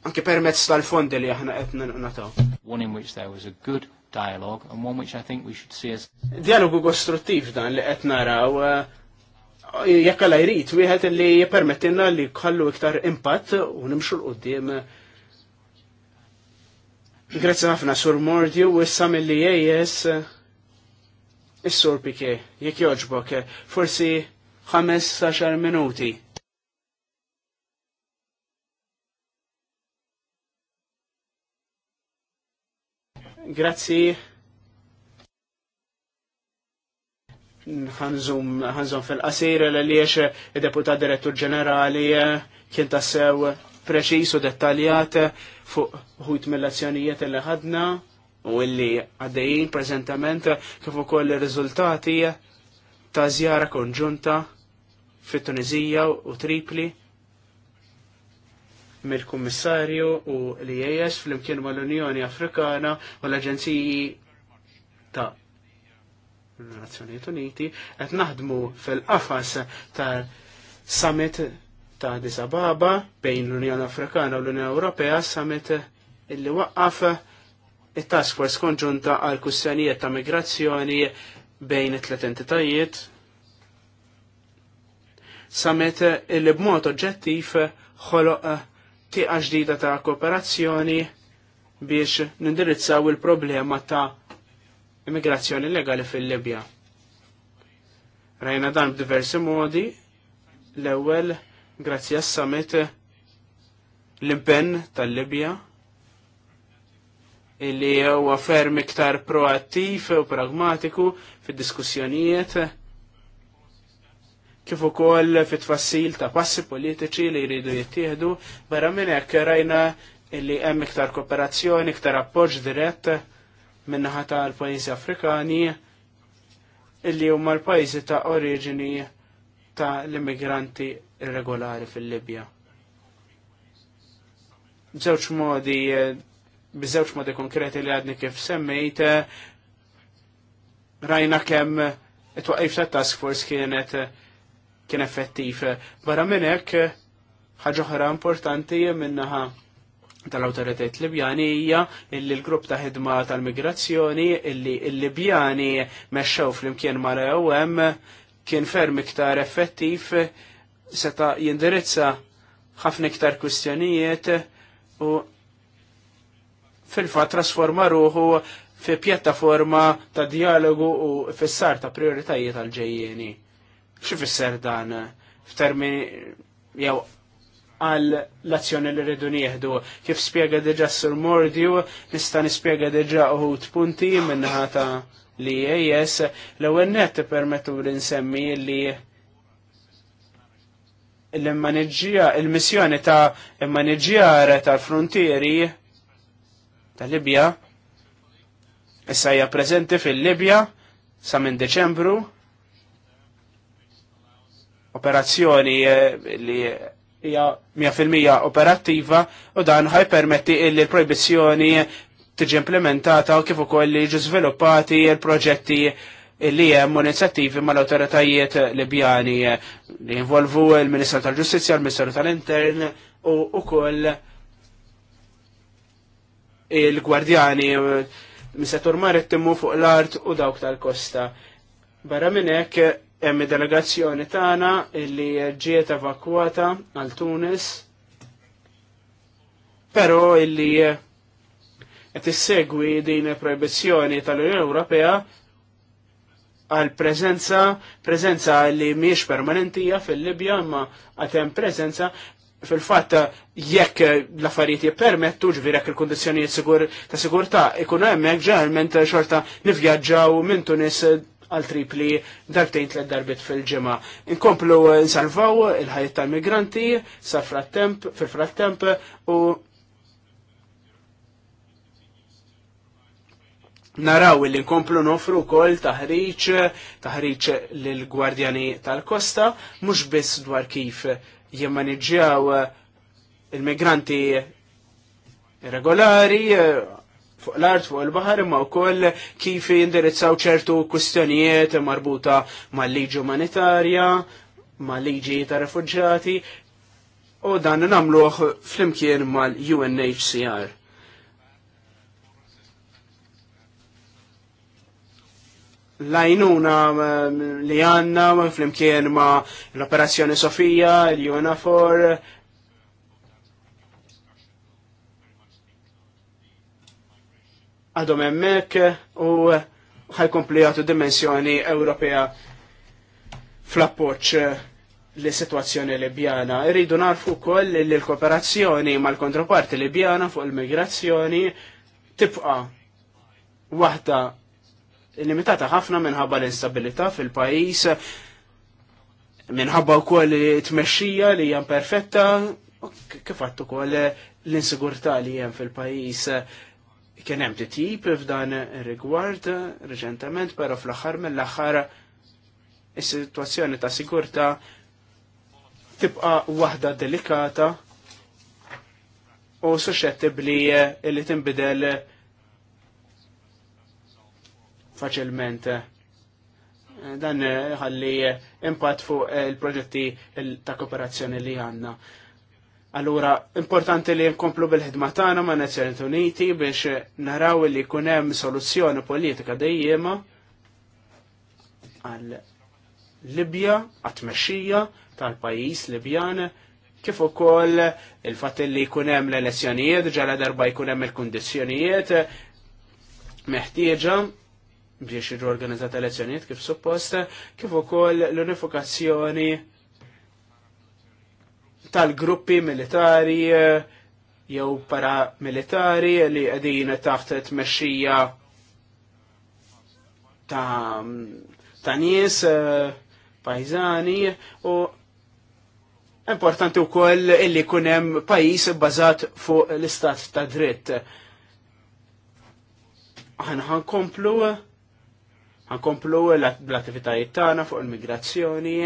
anke permezz tal-fondi li aħna qed nataw. One in which there was a good dialogue and one which I think we should see as Dialogu kostruttiv dan li qed naraw eh, jekk alla jrid wieħed li jippermettilna li jkollu iktar impatt u nimxu l qudiem Grazzi ħafna sur Mordju u issa mill-li jgħis eh, is-sur Pike, jekk joġbok, eh, forsi 15 minuti. Grazzi. Ħanżum fil-qasir l-għaliex il-deputat direttur ġenerali kien tassew preċis u dettaljat fuq ħut mill-azzjonijiet li ħadna u illi għaddejjin prezentament kif ukoll ir-riżultati ta' żjara konġunta fit-Tunizija u Tripli mill-Kummissarju u l-IAS fl-imkien mal-Unjoni Afrikana u l-Aġenziji ta' Nazzjonijiet Uniti qed naħdmu fil-qafas tal-Summit ta' Addis Ababa bejn l-Unjoni Afrikana u l-Unjoni Ewropea summit illi waqqaf it-task force konġunta għal kustjonijiet ta' migrazzjoni bejn it-tlet entitajiet samet eh, il b'mod oġġettiv eh, ħoloq eh, tieqa ġdida ta' kooperazzjoni biex nindirizzaw il-problema ta' immigrazzjoni legali fil-Libja. Rajna dan b'diversi modi, l-ewwel grazzi għas samet l-impenn tal-Libja illi huwa ferm iktar proattiv u pragmatiku fid-diskussjonijiet kif ukoll fit-tfassil ta' passi politiċi li jridu jittieħdu barra minn hekk rajna illi hemm iktar kooperazzjoni, iktar appoġġ dirett minnaħa tal-pajjiżi Afrikani illi huma l-pajjiżi ta' oriġini ta' l-immigranti irregolari fil-Libja. B'żewġ modi, b'żewġ modi konkreti li għadni kif semmejt, rajna kemm it-twaqif ta' task force kienet kien effettiv. Barra minn hekk ħaġa oħra importanti minnaħa tal-autoritet libjani hija illi l-grupp ta' ħidma tal-migrazzjoni illi l-Libjani mexxew flimkien mara EOM kien ferm iktar effettiv seta' jindirizza ħafna iktar kwistjonijiet u fil-fat trasforma ruħu fi pjattaforma ta' dialogu u fissar ta' prioritajiet għal-ġejjeni. Xifisser dan? F'termini, jew għal l-azzjoni li rridu nieħdu. Kif spiega deġa sur mordju, nista nispjega deġa uħut punti minnħata li jes, l ewwel net permettu li nsemmi li l immaniġġija il-missjoni ta' il tal-frontieri tal-Libja, issa hija preżenti fil-Libja sa minn Deċembru, operazzjoni eh, li hija 100% operattiva u dan ħajpermetti illi l-proibizzjoni tiġi implementata u kif ukoll jiġu żviluppati l-proġetti li hemm inizjattivi mal-awtoritajiet Libjani eh, li involvu l-Ministru tal-Ġustizzja, l-Ministru tal-Intern u ukoll il-gwardjani eh, mis-settur marittimu fuq l-art u dawk tal-kosta. Barra minn hekk hemm delegazzjoni tagħna li ġiet evakwata għal Tunis, però illi qed issegwi din il-proibizzjoni tal-Unjoni Ewropea għal preżenza preżenza li mhijiex permanentija fil-Libja imma għad hemm preżenza fil-fatt jekk l-affarijiet jippermettu ġvirek il kundizzjonijiet ta' sigurtà ikun hemmhekk ġeneralment xorta nivvjaġġaw minn Tunis għal tripli darbtejn tlet darbit fil-ġimgħa. Inkomplu eh, nsalvaw il-ħajja tal-migranti sa frattemp fil-frattemp u naraw li nkomplu nofru kol taħriċ, taħriċ l-gwardjani tal-kosta, mux biss dwar kif jemmaniġġjaw il-migranti regolari, fuq l-art, fuq il-bahar, imma koll kif jindirizzaw ċertu kwistjonijiet marbuta mal-liġi umanitarja, mal-liġi ta' refugġati, u dan namluħ flimkien mal-UNHCR. lajnuna eh, li għanna flimkien ma l-operazzjoni Sofija, l-UNAFOR, għadhom hemmhekk u ħajkompli jagħtu dimensjoni Ewropea fl-appoġġ li situazzjoni Libjana. Irridu narfu wkoll li l-kooperazzjoni mal-kontraparti Libjana fuq il-migrazzjoni tibqa' waħda limitata ħafna minħabba l-instabilità fil-pajjiż minħabba wkoll tmexxija li hija perfetta kif għattu ukoll l-insigurtà li hemm fil-pajjiż kien hemm titjib f'dan rigward reċentament, però fl-aħħar mill-aħħar is-sitwazzjoni ta' sigurta tibqa' waħda delikata u suscettibbli li tinbidel faċilment. Dan ħalli impatt fuq il-proġetti ta' kooperazzjoni li għandna. Allura, importanti li nkomplu bil-ħidma tagħna ma' Nazzjonijiet Uniti biex naraw li jkun hemm soluzzjoni politika dejjema għal Libja, għat-tmexxija tal-pajjiż Libjan, kif ukoll il-fatt li jkun hemm l-elezzjonijiet ġala darba jkun hemm il-kundizzjonijiet meħtieġa biex jiġu organizzat elezzjonijiet kif suppost, kif ukoll l-unifikazzjoni tal-gruppi militari eh, jew paramilitari li qegħdin taħt tmexxija ta' ta' nies eh, pajzani u importanti wkoll illi jkun hemm pajjiż bbażat fuq l-istat ta' dritt. komplu, għan komplu l-attivitajiet tagħna fuq il-migrazzjoni,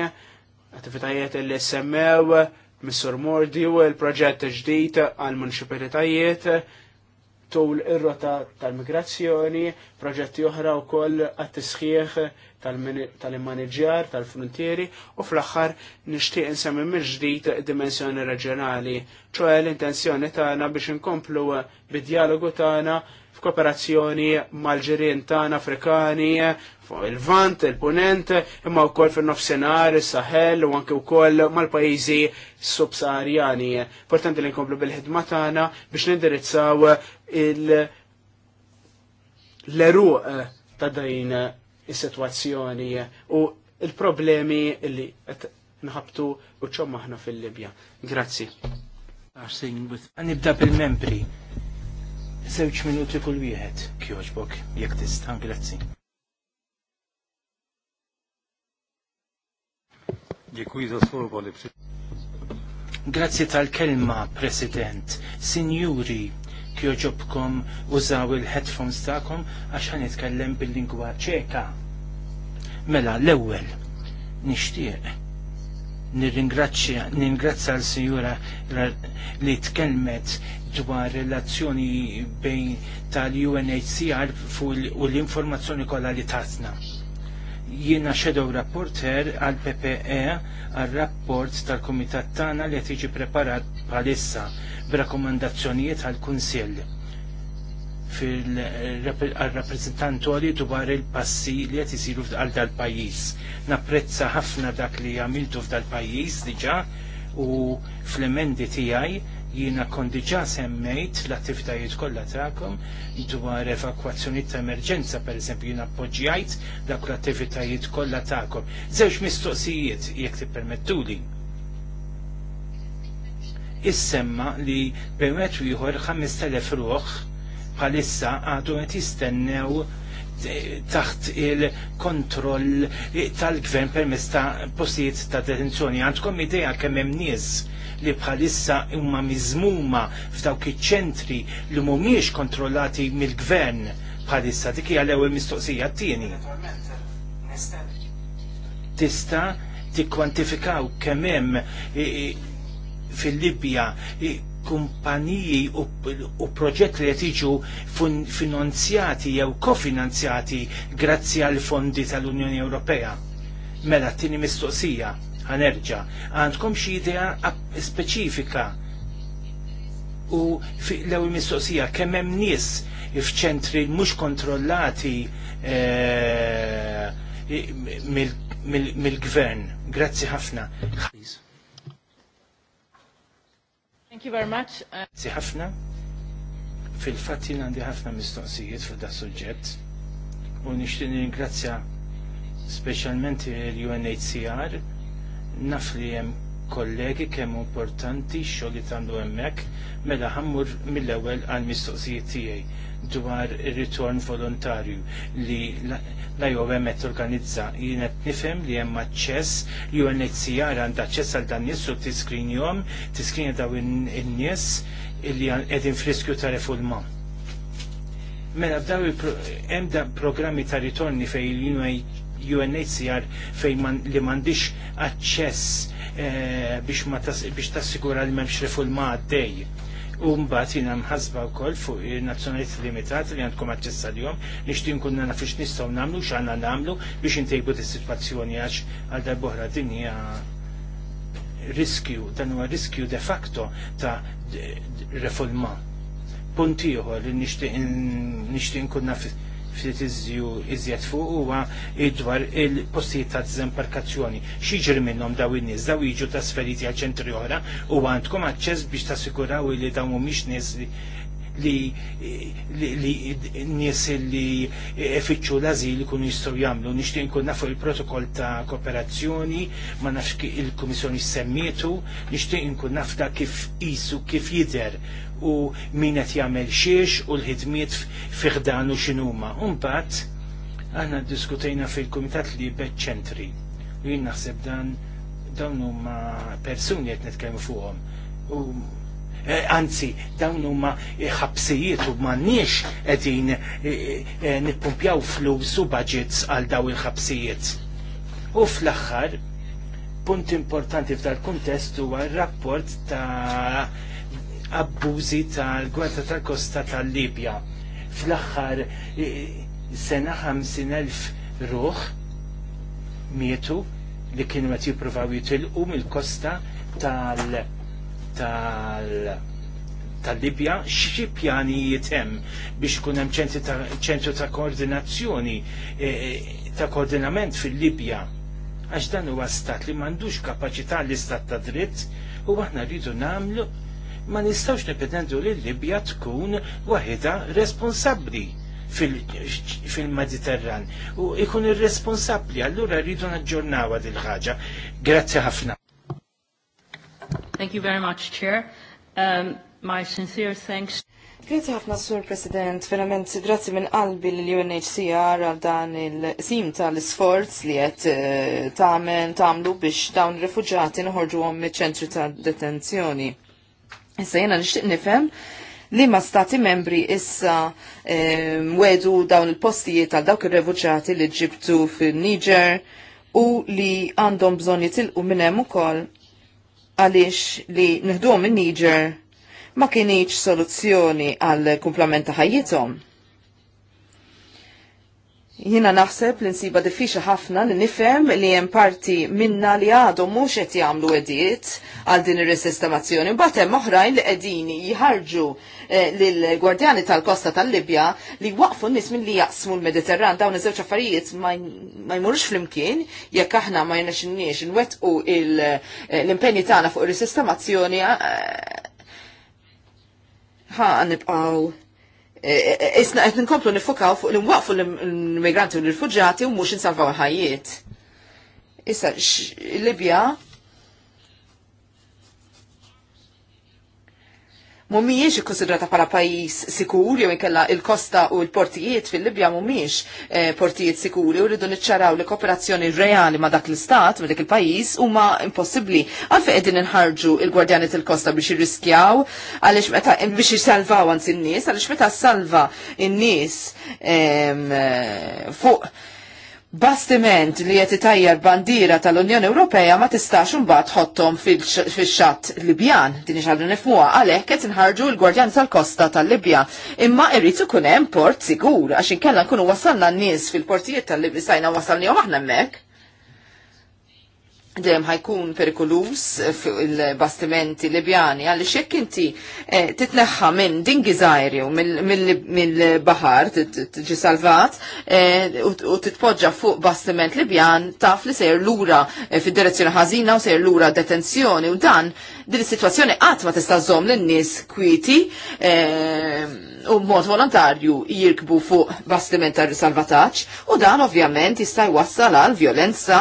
attivitajiet li semmew Missur Mordi u l-proġett ġdijt għal munċipalitajiet tul ir-rota tal-migrazzjoni, proġetti oħra u koll għat-tisħieħ tal-immaniġjar, tal-frontieri u fl-axħar nishtiq insemmi mill id dimensjoni reġjonali, ċoħe l-intenzjoni tagħna biex nkomplu bid-dialogu tagħna f'kooperazzjoni mal-ġirien tagħna Afrikani, fuq il-Vant, il-Punent, imma wkoll fin-nofsinhar, is sahel u anke wkoll mal-pajjiżi subsaharjani. Portanti li nkomplu bil-ħidma tagħna biex nindirizzaw l-eruq ta' din is-sitwazzjoni u il-problemi li qed nħabtu u ċomma ħna fil-Libja. Grazzi. Nibda bil-membri. Żewġ minuti kull wieħed, kjoġbok, jekk tista' grazzi. Grazzi tal-kelma, President. Sinjuri, kjoġobkom użaw il-headphones ta'kom għax ħan jitkellem bil-lingwa ċeka. Mela, l-ewwel, nixtieq nirringrazzja nirringrazzja l-Sinjura li tkellmet dwar relazzjoni bejn tal-UNHCR u l-informazzjoni kollha li tatna. Jiena shadow rapporter għal PPE għal rapport tal-Kumitat tagħna li qed jiġi preparat bħalissa b'rakkomandazzjonijiet għal kunsill fil-rappresentantori dwar il-passi li qed isiru għal dal-pajjiż. Napprezza ħafna dak li għamiltu f'dal-pajjiż diġà u fl-emendi tiegħi Jiena kondiġa semmejt l-attivitajiet kollha tagħkom dwar evakwazzjoni ta' emerġenza pereżempju jina appoġġjajt dak l-attivitajiet kollha tagħkom. Żewġ mistoqsijiet jekk tippermettuli. Issemma li permett ieħor 5000 ruħ bħalissa għadu qed jistennew taħt il-kontroll tal-gvern permess ta' postijiet ta' detenzjoni. Għandkom idea kemm hemm nies li bħalissa huma miżmuma f'dawk iċ-ċentri li mhumiex kontrollati mill-gvern bħalissa dik hija l-ewwel mistoqsija t-tieni. Tista' tikkwantifikaw kemm hemm fil-Libja kumpaniji u, u proġett li jiġu finanzjati jew kofinanzjati grazzi għal fondi tal-Unjoni Ewropea. Mela t tieni mistoqsija ħanerġa. Għandkom xi idea speċifika u l-ewwel mistoqsija kemm hemm nies f'ċentri mhux kontrollati eh, mill-gvern. Grazzi ħafna. Thank you very much. Grazzi ħafna. Fil-fatt jien għandi ħafna mistoqsijiet fuq da' suġġett u nixtieq ningrazzja speċjalment il-UNHCR naf li hemm kollegi kemm importanti xogħol li tagħmlu hemmhekk mela ħammur mill-ewwel għal mistoqsijiet tiegħi dwar ir-ritorn volontarju li l-IOM qed organizza jien qed nifhem li hemm aċċess li UNHCR għandha aċċess għal dan nies u tiskrinjhom, tiskrinja daw in-nies illi qegħdin friskju ta' refulma. Mela f'daw hemm programmi ta' ritorni fejn UNHCR fejn man, li m'għandix aċċess eh, biex, tassigura li m'hemmx rifulma għaddej. Umbat jina mħazba u koll fuq nazzjonaliet limitat li għandkom għacċess għal-jom, nishtin kunna nafix nistaw namlu, xanna namlu biex intejbu di situazzjoni għax għal darbohra dinja riskju, dan huwa riskju de facto ta' reforma. Punti uħor li nishtin kunna naf ftit iżjed fuq huwa dwar il-postijiet ta' diżembarkazzjoni. Xiġri minnhom daw in-nies daw jiġu trasferiti għal ċentri oħra u għandkom aċċess biex tassiguraw li dawn mhumiex nies li nies li ifittxu l-azil kunu jistru jagħmlu. Nishtin kun nafu il-protokoll ta' kooperazzjoni ma nafx il-Kummissjoni semmietu, nixtieq kun nafta kif jisu, kif jidher u min qed jagħmel xiex u l-ħidmiet fiħdanu x'inhuma. mbagħad aħna ddiskutejna fil-Kumitat li ċentri u jien naħseb dan dawn huma persuni qed nitkellmu fuqhom u Eh, anzi dawn huma eh, ħabsijiet u m'għandniex qegħdin eh, nippumpjaw flus u budgets għal daw il-ħabsijiet. U fl-aħħar, punt importanti f'dal kuntest huwa r-rapport ta' abbużi tal-Gwerta tal-Kosta tal-Libja. Fl-aħħar sena 50.000 ruħ mietu li kienu qed jippruvaw jitilqu mill-kosta tal-Libja tal-Libja, xie pjani jitem hemm biex ikun hemm ċentru ta' koordinazzjoni e, e, ta' koordinament fil-Libja. Għax dan huwa stat li m'għandux kapaċità li istat ta' dritt u aħna rridu nagħmlu ma nistawx nipretendu li l-Libja tkun waħda responsabbli fil-Mediterran u ikun irresponsabbli allura rridu naġġornawa dil ħaġa. Grazzi ħafna. Thank you very much, Chair. Um, my sincere thanks. Grazie ħafna, Sur President. Verament, grazie minn qalbi l-UNHCR għal dan il-sim tal-sforz li għet eh, tamen tamlu biex dawn rifugġati nħorġu għom ċentri ta' detenzjoni. Issa jena nishtiq nifem li ma stati membri issa eh, wedu dawn il-postijiet għal dawk il-refugġati li ġibtu fil-Niger u li għandhom til jitilqu minnem u koll għaliex li nħduhom in-Niger ma kienieċ soluzzjoni għal kumplament ta' ħajjithom. Jina naħseb li nsiba diffiċa ħafna li nifhem li hemm parti minna li għadhom mhux qed jagħmlu għediet għal din ir-resistamazzjoni, mbagħad hemm oħrajn li qegħdin jħarġu eh, l gwardjani tal-kosta tal-Libja li waqfu nis minn li jaqsmu l-Mediterran dawn iż-żewġ affarijiet ma fl flimkien jekk aħna ma jnaxinniex nwettqu eh, l-impenni tagħna fuq ir-resistamazzjoni Ha, eh, nibqgħu Eh, eh, eh, isna qed nkomplu nifokaw fuq l-imwaqfu l-immigranti u l rifugġati u mhux insalvaw ħajjiet. Issa, Libja mumiex ikkonsidrata bħala pajis sikur jew inkella il-kosta u l-portijiet fil-Libja mumiex eh, portijiet sikuri u rridu niċċaraw li kooperazzjoni reali ma dak l-istat ma dak il-pajis huma impossibbli. għalfe qegħdin inħarġu il-gwardjani tal-kosta biex jirriskjaw għaliex meta biex jissalvaw anzi n-nies għaliex meta salva n-nies eh, fuq bastiment li qed tajjar bandira tal-Unjoni Ewropea ma tistax imbagħad ħottom fix-xatt Libjan. Din iġħadu nifmuwa għalhekk qed nħarġu l-Gwardjan tal-Kosta tal-Libja. Imma irritu ikun hemm port sigur għax inkella nkunu wasalna n-nies fil-portijiet tal-Libja sajna u aħna hemmhekk dem ħajkun perikolus fil-bastimenti Libjani għalli xekk inti eh, titneħħa minn din gżajru mill-bahar tġi salvat eh, u titpoġġa fuq bastiment Libjan taf li sejr lura eh, fid-direzzjoni ħażina u sejr lura detenzjoni u dan Din is-sitwazzjoni qatt ma tista' żomm lin-nies kwiti ehm, u mod volontarju jirkbu fuq bastiment tar salvataġġ u dan ovvjament jista' jwassal għal violenza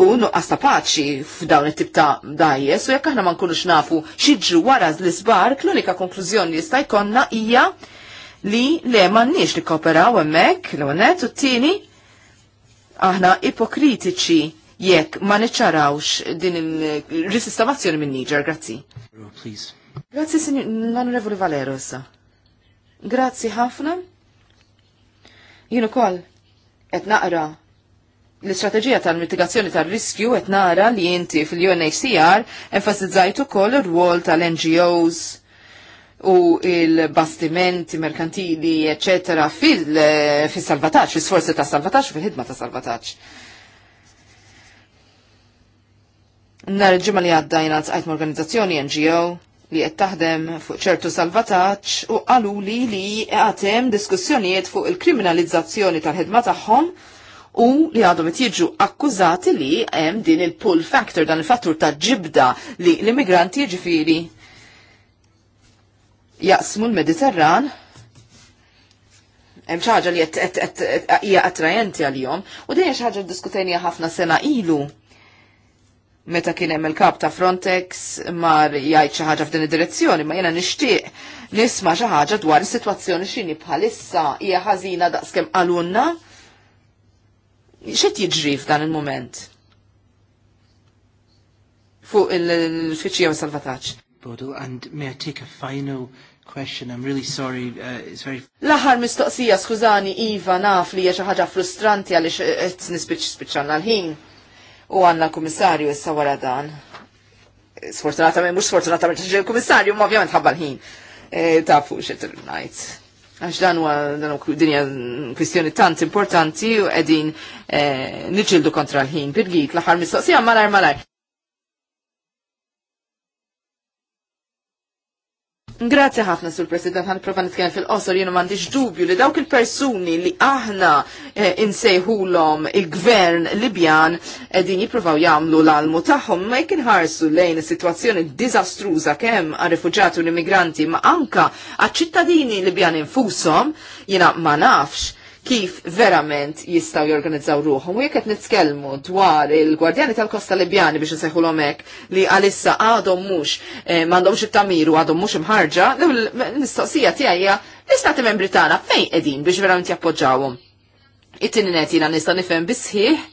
u nuqqas ta' paċi f'dawn it-tip ta' dajjes u jekk aħna ma nkunux nafu xiġru wara l-isbark l-unika konklużjoni li jista' jkollna hija li le m'għandniex li kooperaw hemmhekk l ewwel u t-tieni aħna ipokritiċi jekk ma niċċarawx din il-risistamazzjoni minn Niger, grazzi. Grazzi, l-Onorevoli Valero issa. Grazzi ħafna. Jien ukoll qed naqra l-istrateġija tal-mitigazzjoni tal-riskju qed naqra li inti fil-UNHCR enfasizzajt ukoll ir-rwol tal-NGOs u il-bastimenti merkantili, eccetera, fil-salvataċ, eh, fil-sforzi ta' salvataċ, fil-ħidma ta' salvataċ. Nar il-ġimma li għaddajna għajt organizzazzjoni NGO li qed taħdem fuq ċertu salvataġġ u qalu li li għatem diskussjonijiet fuq il-kriminalizzazzjoni tal-ħidma tagħhom u li għadhom qed jiġu akkużati li hemm din il-pull factor dan il-fattur ta' ġibda li l-immigranti jiġifieri jaqsmu l-Mediterran hemm xi ħaġa li qed hija attrajenti għal-jom u din xi ħaġa diskutejnija ħafna sena ilu meta kien hemm il-kap ta' Frontex mar jgħid xi ħaġa f'din id-direzzjoni, ma jiena nixtieq nisma xi ħaġa dwar is-sitwazzjoni x'inhi bħalissa hija ħażina daqskemm għalunna. X'qed jiġri f'dan il-mument? Fuq il-fiċċija u salvataġġ. Bodu, and may I take a final question? I'm really sorry, uh, it's very... L-aħħar mistoqsija, skużani, Iva, naf li hija xi ħaġa frustranti għaliex qed nispiċċa l-ħin u għanna kummissarju issa wara dan. Sfortunatament, mux sfortunatament, il-kummissarju, ma ovvjament ħabba ħin Ta' fuq xe t-rnajt. Għax dan huwa dan dinja kwistjoni tant importanti u qegħdin e, niġildu kontra l-ħin. Birgit, l-aħħar mistoqsija malar malar. Grazzi ħafna sul President ħan prova nitkellem fil-qosor jiena m'għandix dubju li dawk il-persuni li aħna eh, insejħulhom il-gvern Libjan qegħdin jippruvaw jagħmlu l-almu tagħhom ma jkun ħarsu lejn is-sitwazzjoni diżastruża kemm għar-rifuġati u l-immigranti ma anka għaċ-ċittadini Libjan infushom jiena ma nafx kif verament jistaw jorganizzaw ruħom. U jek qed nitkellmu dwar il-Gwardjani tal-Kosta Libjani biex nsejħu l-omek li għalissa għadhom mhux eh, m'għandhomx it-tamir u għadhom mhux imħarġa, l-mistoqsija tiegħi hija l-Istati Membri tagħna fejn qegħdin biex verament jappoġġawhom. It-tieni qed jiena nista' nifhem bisħieħ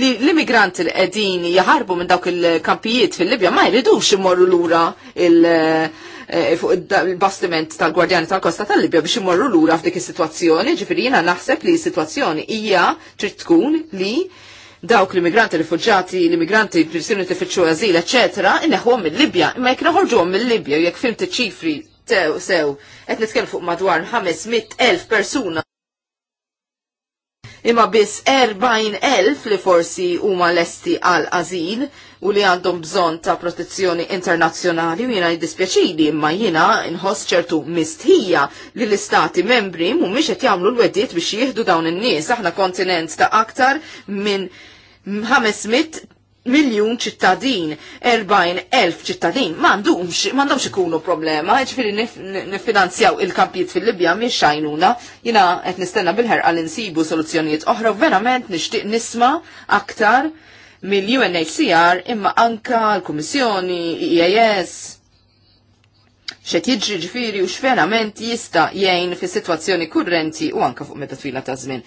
li l-immigranti li qegħdin jaħarbu minn dawk il-kampijiet fil-Libja ma jridux imorru lura il- Eh, fuq il-bastiment tal-Gwardjani tal-Kosta tal-Libja biex imorru lura f'dik is-sitwazzjoni, ġifiri jiena naħseb li s-sitwazzjoni hija trid tkun li dawk l-immigranti, rifugġati, l-immigranti, persuni tifittxu għazil, eccetera, inneħwom mill-Libja, imma jek naħorġuhom mill-Libja, jekk filmti ċifri sew, sew, qed nitkellem fuq madwar 500,000 persuna. Imma biss 40,000 li forsi huma lesti għal azil u li għandhom bżonn ta' protezzjoni internazzjonali u jiena jiddispjaċili imma jiena nħoss ċertu mistħija li l-istati membri mhumiex qed jagħmlu l-weddiet biex jieħdu dawn in-nies aħna kontinent ta' aktar minn 500 miljun ċittadin, 40.000 ċittadin, mandumx, mandumx ikunu problema, ġifiri nifinanzjaw il-kampijiet fil-Libja minn xajnuna, jina għet nistenna bil-ħerqa għal insibu soluzzjonijiet oħra, verament nishtiq nisma aktar mill-UNHCR imma anka l-Kummissjoni, IAS, e xet jiġri ġifiri u x'verament jista' jgħin fis situazzjoni kurrenti u anka fuq meta twila ta' żmien.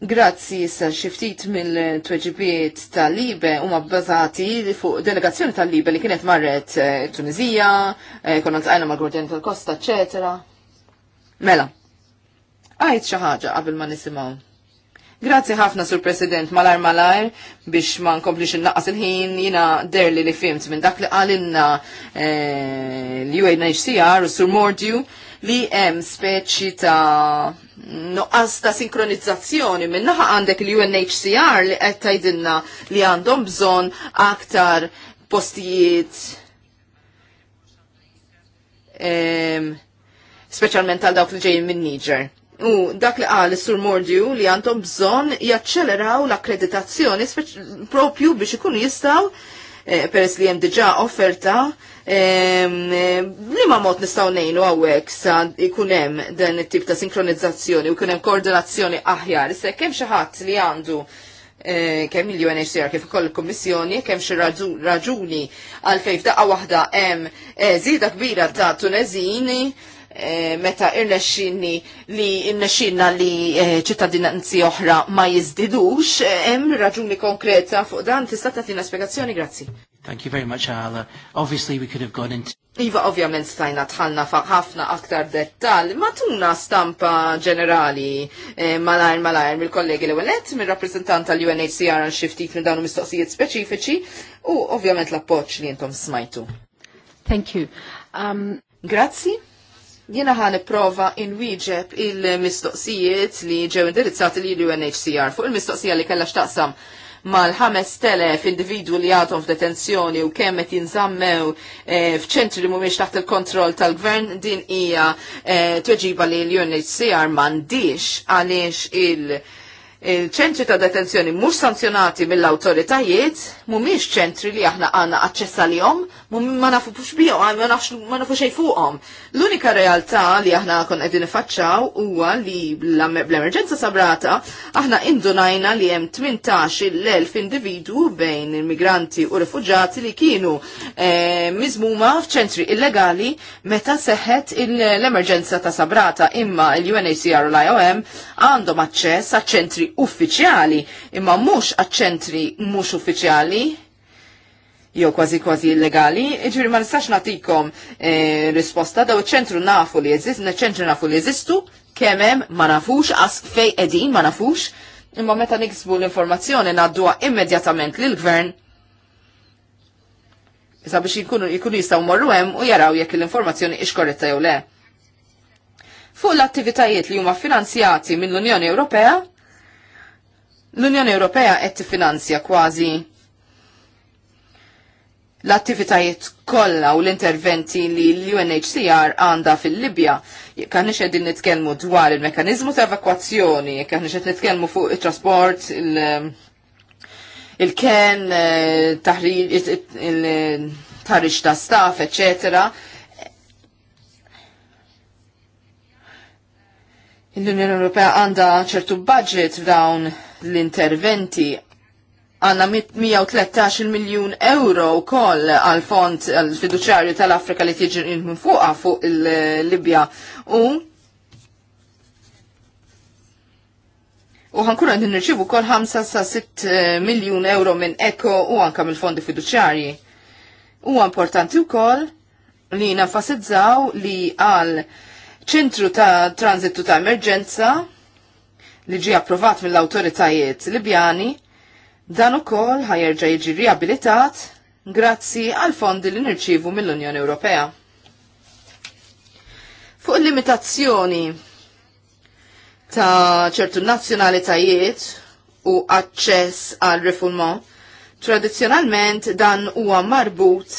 Grazzi issa xiftit mill-tweġibiet tal-Libe u bazati fuq delegazzjoni tal-Libe li kienet marret eh, Tunizija, eh, konna tqajna ma' Gordjan tal-Kosta, eccetera. Mela, għajt xi ħaġa qabel ma nisimgħu. Grazzi ħafna sur President malar malar biex ma nkomplix innaqas il-ħin jina derli li fimt minn dak li għalinna eh, l-UNHCR u sur Mordju li hemm speċi ta' nuqqas ta' sinkronizzazzjoni minn naħa għandek l-UNHCR li qed tgħidilna li għandhom bżonn aktar postijiet specialment għal dawk li ġejjin minn Niger. U dak li qal is-Sur Mordju li għandhom bżonn jaċċeleraw l-akkreditazzjoni propju biex ikunu jistgħu eh, peress li hemm diġà offerta ehm, eh, li ma mod nistgħu ngħinu għawek sa jkun hemm dan it-tip ta' sinkronizzazzjoni u jkun hemm koordinazzjoni aħjar. Issa kemm xi ħadd li għandu eh, kemm il-UNHCR kif ukoll il-Kummissjoni kemm xi raġuni għalfejn f'daqqa waħda hemm eh, żieda kbira ta' Tunezini. Eh, meta irnexxinni li irnexxinna li eh, ċittadinanzi oħra ma jizdidux, eh, hemm raġuni konkreta fuq dan tista' tagħtina spjegazzjoni, grazzi. Thank you very much, Ala. Obviously, we could have gone into... Iva, ovvjament, stajna tħalna ħafna aktar dettal. Ma tuna stampa ġenerali malajr malajr mill-kollegi l-ewelet, mill-rappresentant tal-UNHCR għan xiftit minn dawnu mistoqsijiet speċifiċi u ovvjament l-appoċ li jentom smajtu. Thank you. Um... Grazzi. Jena ħan prova wieġeb il-mistoqsijiet li ġew indirizzati li l-UNHCR fuq il-mistoqsija li kella xtaqsam mal-5,000 individu li għadhom f'detenzjoni u kemm qed jinżammew eh, f'ċentri li mhumiex taħt il-kontroll tal-gvern din hija eh, tweġiba li l-UNHCR m'għandix għaliex il- il-ċentri ta' detenzjoni mhux sanzjonati mill-awtoritajiet mhumiex ċentri li aħna għandna jom, għalihom, ma nafu fux bihom, ma nafu xejn fuqhom. L-unika realtà li aħna kon qegħdin nifaċċaw huwa li l emerġenza sabrata aħna indunajna li hemm 18 individwu bejn immigranti u rifuġati li kienu eh, miżmuma f'ċentri illegali meta seħet l-emerġenza ta' sabrata imma l-UNHCR u l-IOM għandhom aċċess għaċ-ċentri uffiċjali, imma mhux għaċ-ċentri mhux uffiċjali jew kważi kważi illegali, jiġri ma nistax natikom e, eh, risposta daw ċentru nafu li jeżist, ċentru nafu li jeżistu, kemem ma nafux, as fej edin ma nafux, imma meta niksbu l-informazzjoni naddua immedjatament lil gvern Issa biex jkunu jistgħu morru hemm u jaraw jekk l-informazzjoni ix korretta jew le. Fuq l-attivitajiet li huma finanzjati mill-Unjoni Ewropea, L-Unjoni Ewropea qed tiffinanzja kważi l-attivitajiet kollha u l-interventi li l-UNHCR għandha fil-Libja. Kan qegħdin nitkellmu dwar il-mekkaniżmu ta' evakwazzjoni, kan qed nitkellmu fuq it-trasport, il-ken, il-taħriġ ta' staff, eccetera. l-Unjoni Ewropea għandha ċertu budget f'dawn l-interventi għanna 113 miljon euro koll għal fond fiduċarju tal-Afrika li tiġi minn fuqa fuq il-Libja u u ħankun għandin nirċivu kol 5 sa 6 eh, miljon euro minn eko u anka mill fondi fiduċarji. U importanti u kol li nafasizzaw li għal ċentru ta' transitu ta' emerġenza li ġi approvat mill-autoritajiet Libjani, dan ukoll ħajerġa' jiġi riabilitat grazzi għal fondi li nirċivu mill-Unjoni Ewropea. Fuq il limitazzjoni ta' ċertu nazzjonalitajiet u aċċess għal refulmon, tradizzjonalment dan huwa marbut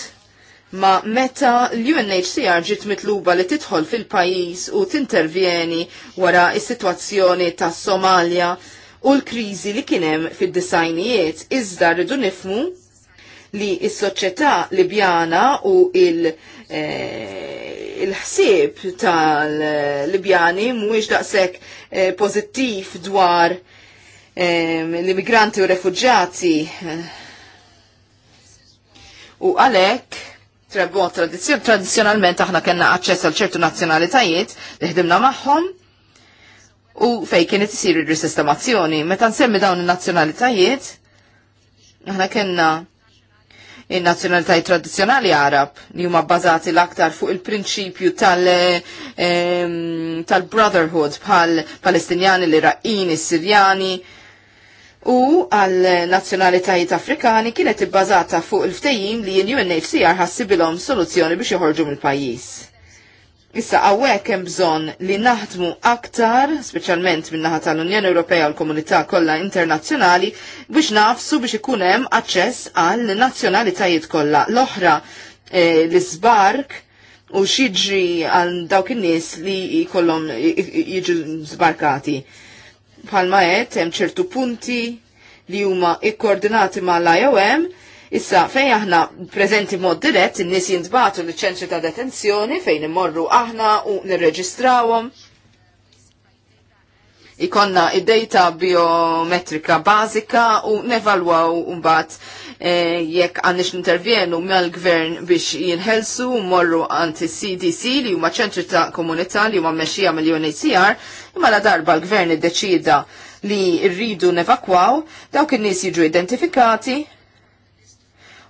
ma meta l-UNHCR ġit mitluba li tidħol fil-pajis u tintervjeni wara is-sitwazzjoni ta' Somalia u l-kriżi li kienem fid-disajnijiet, iżda rridu nifmu li is-soċjetà Libjana u il- eh, il-ħsieb tal-Libjani mhuwiex daqshekk eh, pożittiv dwar eh, l-immigranti u refuġġati. U għalhekk trebot tradizjon, tradizjonalment aħna kena aċċess għal ċertu nazzjonalitajiet li ħdimna magħhom u fej kienet isir ir-risistemazzjoni. Meta nsemmi dawn in-nazzjonalitajiet, aħna kena il nazzjonalitajiet tradizjonali Arab li huma bbażati l-aktar fuq il-prinċipju ehm, tal-brotherhood tal bħal Palestinjani, l-Iraqini, Sirjani, u għal nazzjonalitajiet Afrikani kienet ibbażata fuq il-ftejjim li l-UNHCR ħassibilhom soluzzjoni biex joħorġu mill-pajjiż. Issa għawek hemm bżonn li naħdmu aktar, speċjalment min-naħa tal-Unjoni Ewropea u l-Komunità kollha internazzjonali, biex nafsu biex ikun hemm aċċess għal nazzjonalitajiet kollha l-oħra eh, li sbark u xiġri għal dawk in-nies li jkollhom jiġu zbarkati palma qed hemm ċertu punti li huma ikkoordinati mal-IOM, issa fejn aħna preżenti mod dirett in-nies jintbatu l-ċentri ta' detenzjoni fejn immorru aħna u nirreġistrawhom. Ikonna id-data biometrika bażika u nevalwaw mbagħad eh, jekk għandix intervjenu mal-gvern biex jinħelsu morru għanti CDC li huma ċentri ta' komunità li huma mmexxija mill-UNHCR imma la darba l-gvern id-deċida li rridu nevakwaw, dawk in-nies jiġu identifikati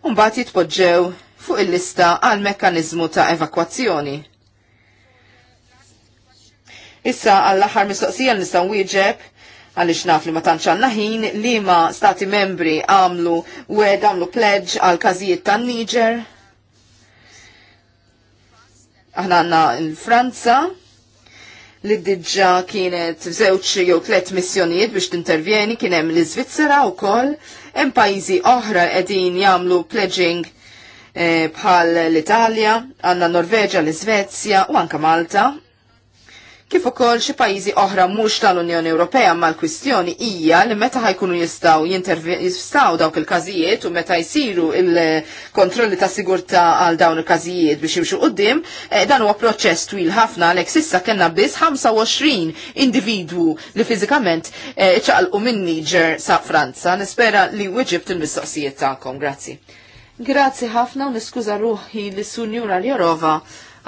u mbagħad jitpoġġew fuq il-lista għal mekkaniżmu ta' evakwazzjoni. Issa għall-aħħar mistoqsija nista' wieġeb għaliex naf li ma tanċanna ħin li ma stati membri għamlu u għamlu pledge għal kazijiet tan Niger. Aħna għanna l-Franza li diġa kienet zewċ jew tliet missjonijiet biex tintervjeni kien hemm l-Iżvizzera wkoll, hemm pajjiżi oħra qegħdin jagħmlu pledging eh, bħal l-Italja, għandna Norveġa, l-Iżvezja u anka Malta kif ukoll xi pajjiżi oħra mhux tal-Unjoni Ewropea mal kwistjoni hija li meta ħajkunu jistgħu jistgħu dawk il-każijiet u meta jsiru il-kontrolli ta' sigurtà għal dawn il-każijiet biex jimxu qudiem, eh, dan huwa proċess twil ħafna għalhekk issa kellna biss 25 individwu li fiżikament eh, ċaqalqu minn Niger sa' Franza. Nispera li wieġibt il-mistoqsijiet tagħkom. Grazzi. Grazzi ħafna u niskuża ruħi li Sunjura Jorova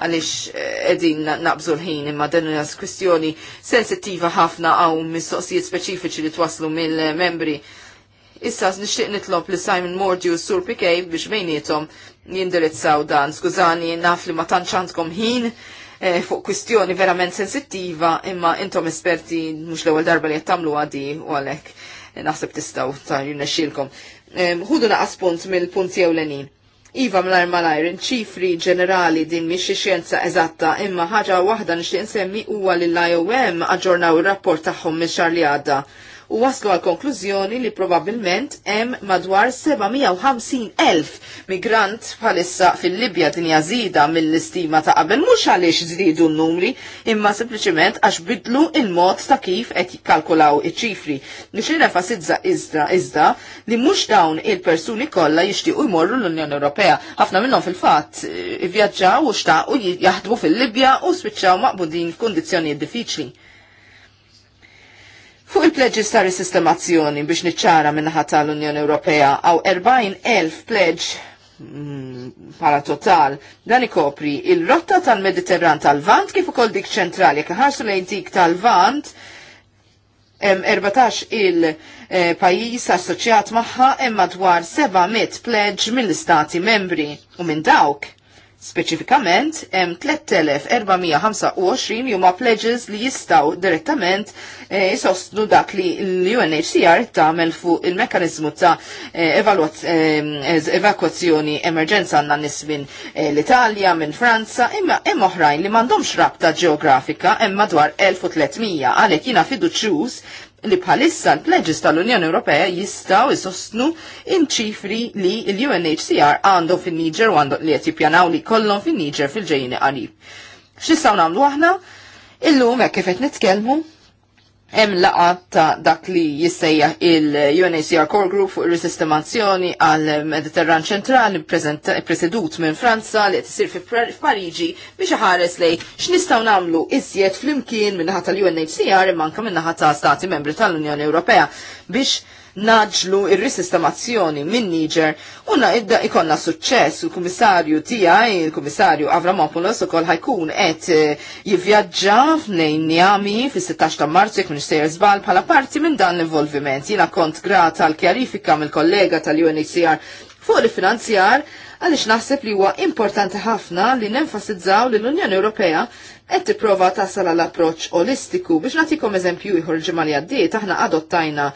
għalix eh, edin naqbżu l-ħin imma dan hija kwistjoni sensittiva ħafna għaw mistoqsijiet speċifiċi li twaslu mill-membri. Issa nixtieq nitlob li Simon Mordi u Sur Pikej biex bejnietom jindirizzaw dan. Skużani, naf li ma tantx għandkom ħin eh, fuq kwistjoni verament sensittiva imma intom esperti mhux l-ewwel darba li qed tagħmlu għadi u għalhekk naħseb tistgħu ta' jinnexxielkom. Ħudu naqas punt mill-punti ewlenin Iva mlajr malajr, ċifri ġenerali din miex xienza eżatta, imma ħaġa waħda nixtieq nsemmi huwa li l-IOM aġġornaw ir-rapport tagħhom minn xahar li għadda u waslu għal konklużjoni li probabilment hemm madwar 750.000 migrant bħalissa fil-Libja din jażida mill-istima ta' qabel mhux għaliex żriedu n-numri imma sempliċement għax bidlu il-mod ta' kif qed jikkalkulaw iċ-ċifri. Nix nenfasizza iżda iżda li mhux dawn il-persuni kollha jixtiequ jmorru l-Unjoni Ewropea. Ħafna minnhom fil-fatt eh, ivvjaġġaw u xtaqu jaħdmu fil-Libja u spiċċaw maqbudin f'kundizzjonijiet diffiċli. Fuq il-pledges ta' risistemazzjoni biex niċċara minnaħat tal-Unjoni Ewropea għaw 40.000 pledġ mm, para total dan ikopri il-rotta tal-Mediterran tal-Vant kif ukoll dik ċentrali jekk ħarsu lejn dik tal-Vant 14 il-pajis eh, assoċjat magħha hemm madwar 700 pledge mill-istati membri u minn dawk Speċifikament, em 3425 huma pledges li jistaw direttament e, dak li l-UNHCR tagħmel fuq il-mekkaniżmu ta' eh, eh, evakwazzjoni emerġenza għandna nis minn l-Italja, minn Franza, imma hemm oħrajn li m'għandhomx rabta ġeografika hemm madwar 1300 għalhekk jiena fiduċjuż li bħalissa l-pledges tal-Unjoni Ewropea jistaw jisostnu imċifri li l-UNHCR għandu fin niger u għandu li qed jippjanaw li kollon fin niger fil-ġejjini qarib. Xissaw nagħmlu aħna? Illum hekk kif qed nitkellmu hemm laqat ta' dak li jissejjaħ il-UNHCR Core Group fuq ir-sistemazzjoni għal Mediterran ċentrali presedut minn Franza li qed isir f'Pariġi biex iħares lej x'nistgħu nagħmlu iżjed flimkien minnaħa tal-UNHCR imma anke minnaħa ta' Stati Membri tal-Unjoni Ewropea biex naġlu ir risistemazzjoni minn Niger u idda ikonna suċċess u l-Kummissarju tiegħi, il-Kummissarju Avramopoulos ukoll ħajkun qed eh, jivvjaġġa f'nejn Njami fis-16 ta' Marzu jekk minister żbal bħala parti minn dan l-involviment. Jiena kont grata għal kjarifika mill-kollega tal-UNHCR fuq il-finanzjar għalix naħseb li huwa importanti ħafna li nenfasizzaw li l-Unjoni Ewropea qed tipprova tasal għal approċċ olistiku biex nagħtikom eżempju ieħor ġimgħa li għaddiet aħna adottajna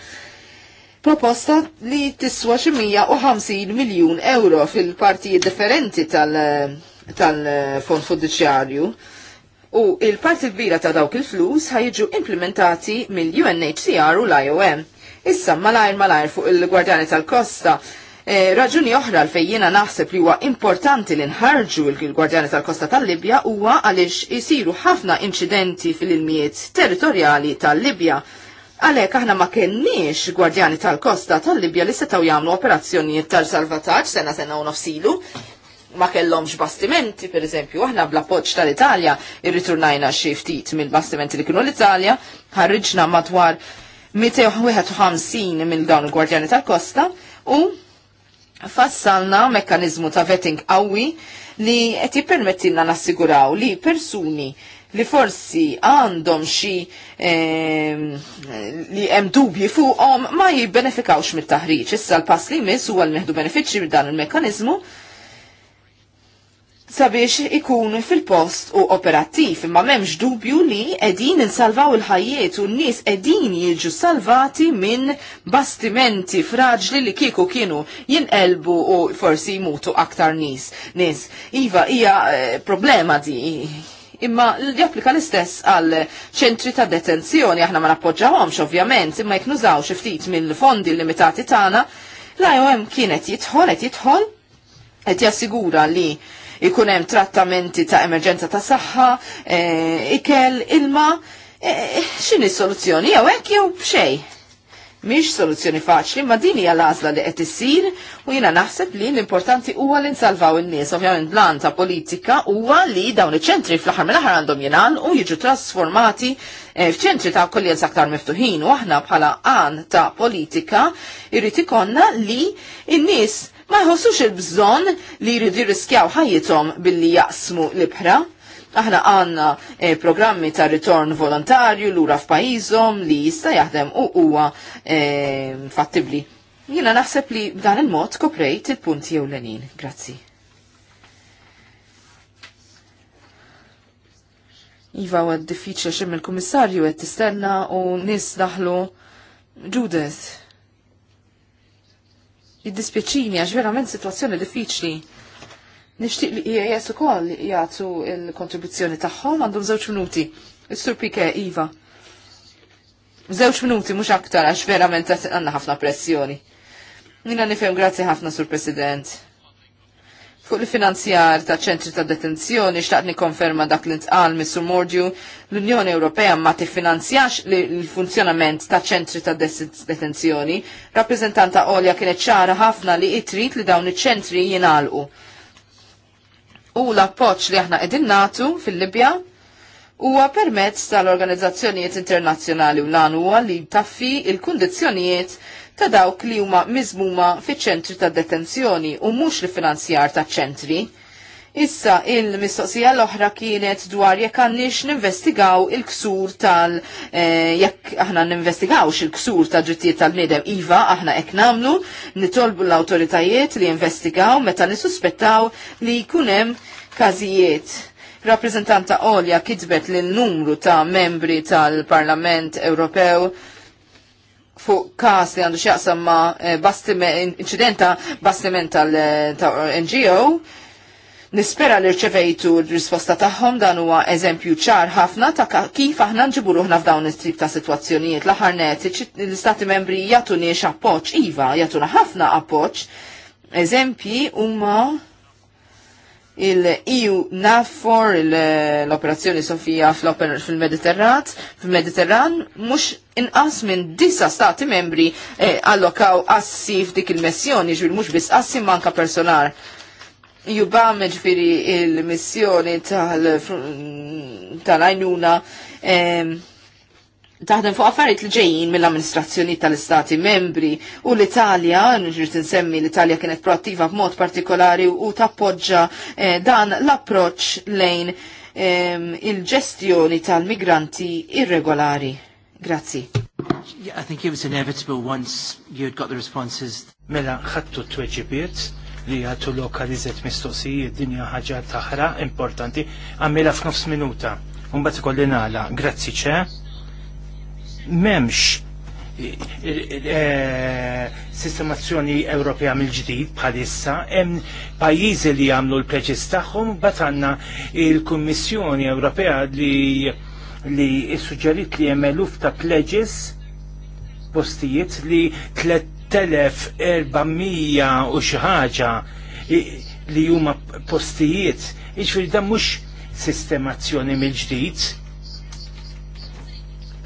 proposta li tiswa 150 miljun euro fil-partijiet differenti tal-fond eh, fiduċjarju. U il-parti kbira ta' dawk il-flus ħajġu implementati mill-UNHCR u l-IOM. Issa malajr malajr fuq il-Gwardjani tal-Kosta E, raġuni oħra l fejjina naħseb li huwa importanti li nħarġu l-Gwardjani tal-Kosta tal-Libja huwa għaliex isiru ħafna incidenti fil-ilmijiet territorjali tal-Libja Għalek aħna ma kenniex gwardjani tal-kosta tal-Libja li setaw jagħmlu operazzjonijiet tal-salvataġġ sena sena u nofsilu. Ma kellhomx bastimenti, per eżempju, aħna bla poċ tal-Italja irriturnajna xi ftit mill-bastimenti li kienu l-Italja, ħarriġna madwar 251 mill dawn il-gwardjani tal-kosta u fassalna mekkanizmu ta' vetting qawwi li qed jippermettilna nassiguraw li persuni li forsi għandhom xi ehm, li hemm dubji fuqhom ma jibbenefikawx mit-taħriġ. Issa l-pass li jmiss huwa l-meħdu benefiċċji b'dan il-mekkaniżmu sabiex ikunu fil-post u operattiv, imma memx dubju li edin insalvaw il-ħajiet u n-nis edin jilġu salvati minn bastimenti fraġli li kieku kienu jinqelbu u forsi jmutu aktar nis. Nis, Iva, hija eh, problema di imma japplika l-istess għal ċentri ta' detenzjoni, aħna ma nappoġġawhomx ovvjament, imma jekk nużaw ftit mill-fondi limitati tagħna, l-IOM kienet jitħol, qed jitħol, qed jassigura li ikun hemm trattamenti ta' emerġenza ta' saħħa, eh, ikel, ilma, eh, eh, x'inhi s soluzzjoni jew hekk jew b'xejn. Mhix soluzzjoni faċli, ma din hija l-għażla li qed issir u jiena naħseb li l-importanti huwa li nsalvaw in-nies ovvjament l-an ta' politika huwa li dawn iċ-ċentri fl-aħħar mill-aħħar għandhom jingħal u jiġu trasformati eh, f'ċentri ta' kolljenza aktar miftuħin u aħna bħala għan ta' politika irrid ikonna li n-nies ma jħossux il-bżonn li jridu jirriskjaw ħajjithom billi jaqsmu l-ibħra. Aħna għanna eh, programmi ta' ritorn volontarju lura f'pajjiżhom li jista' jaħdem u huwa eh, fattibli. Jiena naħseb li b'dan il-mod koprejt il-punti lenin. Grazzi. Iva għad diffiċli xemm il-kummissarju qed tistenna u nis daħlu Judith. Id-dispieċini għax verament situazzjoni diffiċli. Nixtieq li IAS e ukoll jagħtu l-kontribuzzjoni tagħhom għandhom żewġ minuti. Is-Sur Pike Iva. Żewġ minuti mhux aktar għax verament qed għandna ħafna pressjoni. Nina nifhem grazzi ħafna Sur President. Fuq il-finanzjar ta' ċentri ta' detenzjoni xtaqt nikkonferma dak li ntqal mis-Sur Mordju l-Unjoni Ewropea ma tiffinanzjax l-funzjonament ta' ċentri ta' detenzjoni. Rappreżentanta Olja kienet ċara ħafna li itrit li dawn iċ-ċentri jingħalqu u l-appoċ li aħna qegħdin natu fil-Libja huwa permezz tal-organizzazzjonijiet internazzjonali u l huwa li taffi il-kundizzjonijiet ta' dawk li huma miżmuma fiċ-ċentri ta' detenzjoni u mhux li finanzjar ta' ċentri. Issa il-mistoqsija l-oħra kienet dwar jekk għandix ninvestigaw il-ksur tal eh, jekk aħna ninvestigawx il-ksur ta' drittijiet tal-bniedem iva aħna hekk nagħmlu nitolbu l-awtoritajiet li investigaw meta nisuspettaw li jkun hemm każijiet. Rappreżentanta Olja kitbet lil numru ta' membri tal-Parlament Ewropew fuq kas li għandu xaqsam ma' eh, incidenta bastiment tal-NGO eh, Nispera li rċevejtu r-risposta tagħhom dan huwa eżempju ċar ħafna ta' kif aħna nġibu ruħna f'dawn it-tip ta' sitwazzjonijiet l-aħħar net l-istati membri jagħtuniex appoġġ iva, jagħtuna ħafna appoġġ. Eżempji huma il-EU NAFOR, l-operazzjoni Sofija fil-Mediterrat, fil-Mediterran, mux inqas minn disa stati membri eh, allokaw assi f'dik il-messjoni, ġvil mux bis assi manka personal jubam ġviri il-missjoni tal tal-tal-ajnuna, taħdem fuq affarijiet li ġejjin mill-amministrazzjoni tal-istati membri u l-Italja, nġirt insemmi l-Italja kienet proattiva b'mod partikolari u tappoġġa eh, dan l approċċ lejn il-ġestjoni tal-migranti irregolari. Grazzi. Yeah, I think it was inevitable once you'd got the responses. Mela, ħattu t-tweġibiet li għatu lokalizet mistoqsijiet dinja ħagġa taħra importanti għamela f'nofs minuta. Umbat kolli nala, grazzi ċe, memx eh, eh, eh, sistemazzjoni Ewropea mill-ġdid bħalissa hemm pajjiżi li għamlu l preġis tagħhom bat għandna il-Kummissjoni Ewropea li li suġġerit li hemm eluf ta' pleġis postijiet li tlet Telef mija u xi ħaġa li huma postijiet, jiġifieri dan mhux sistemazzjoni mill-ġdid.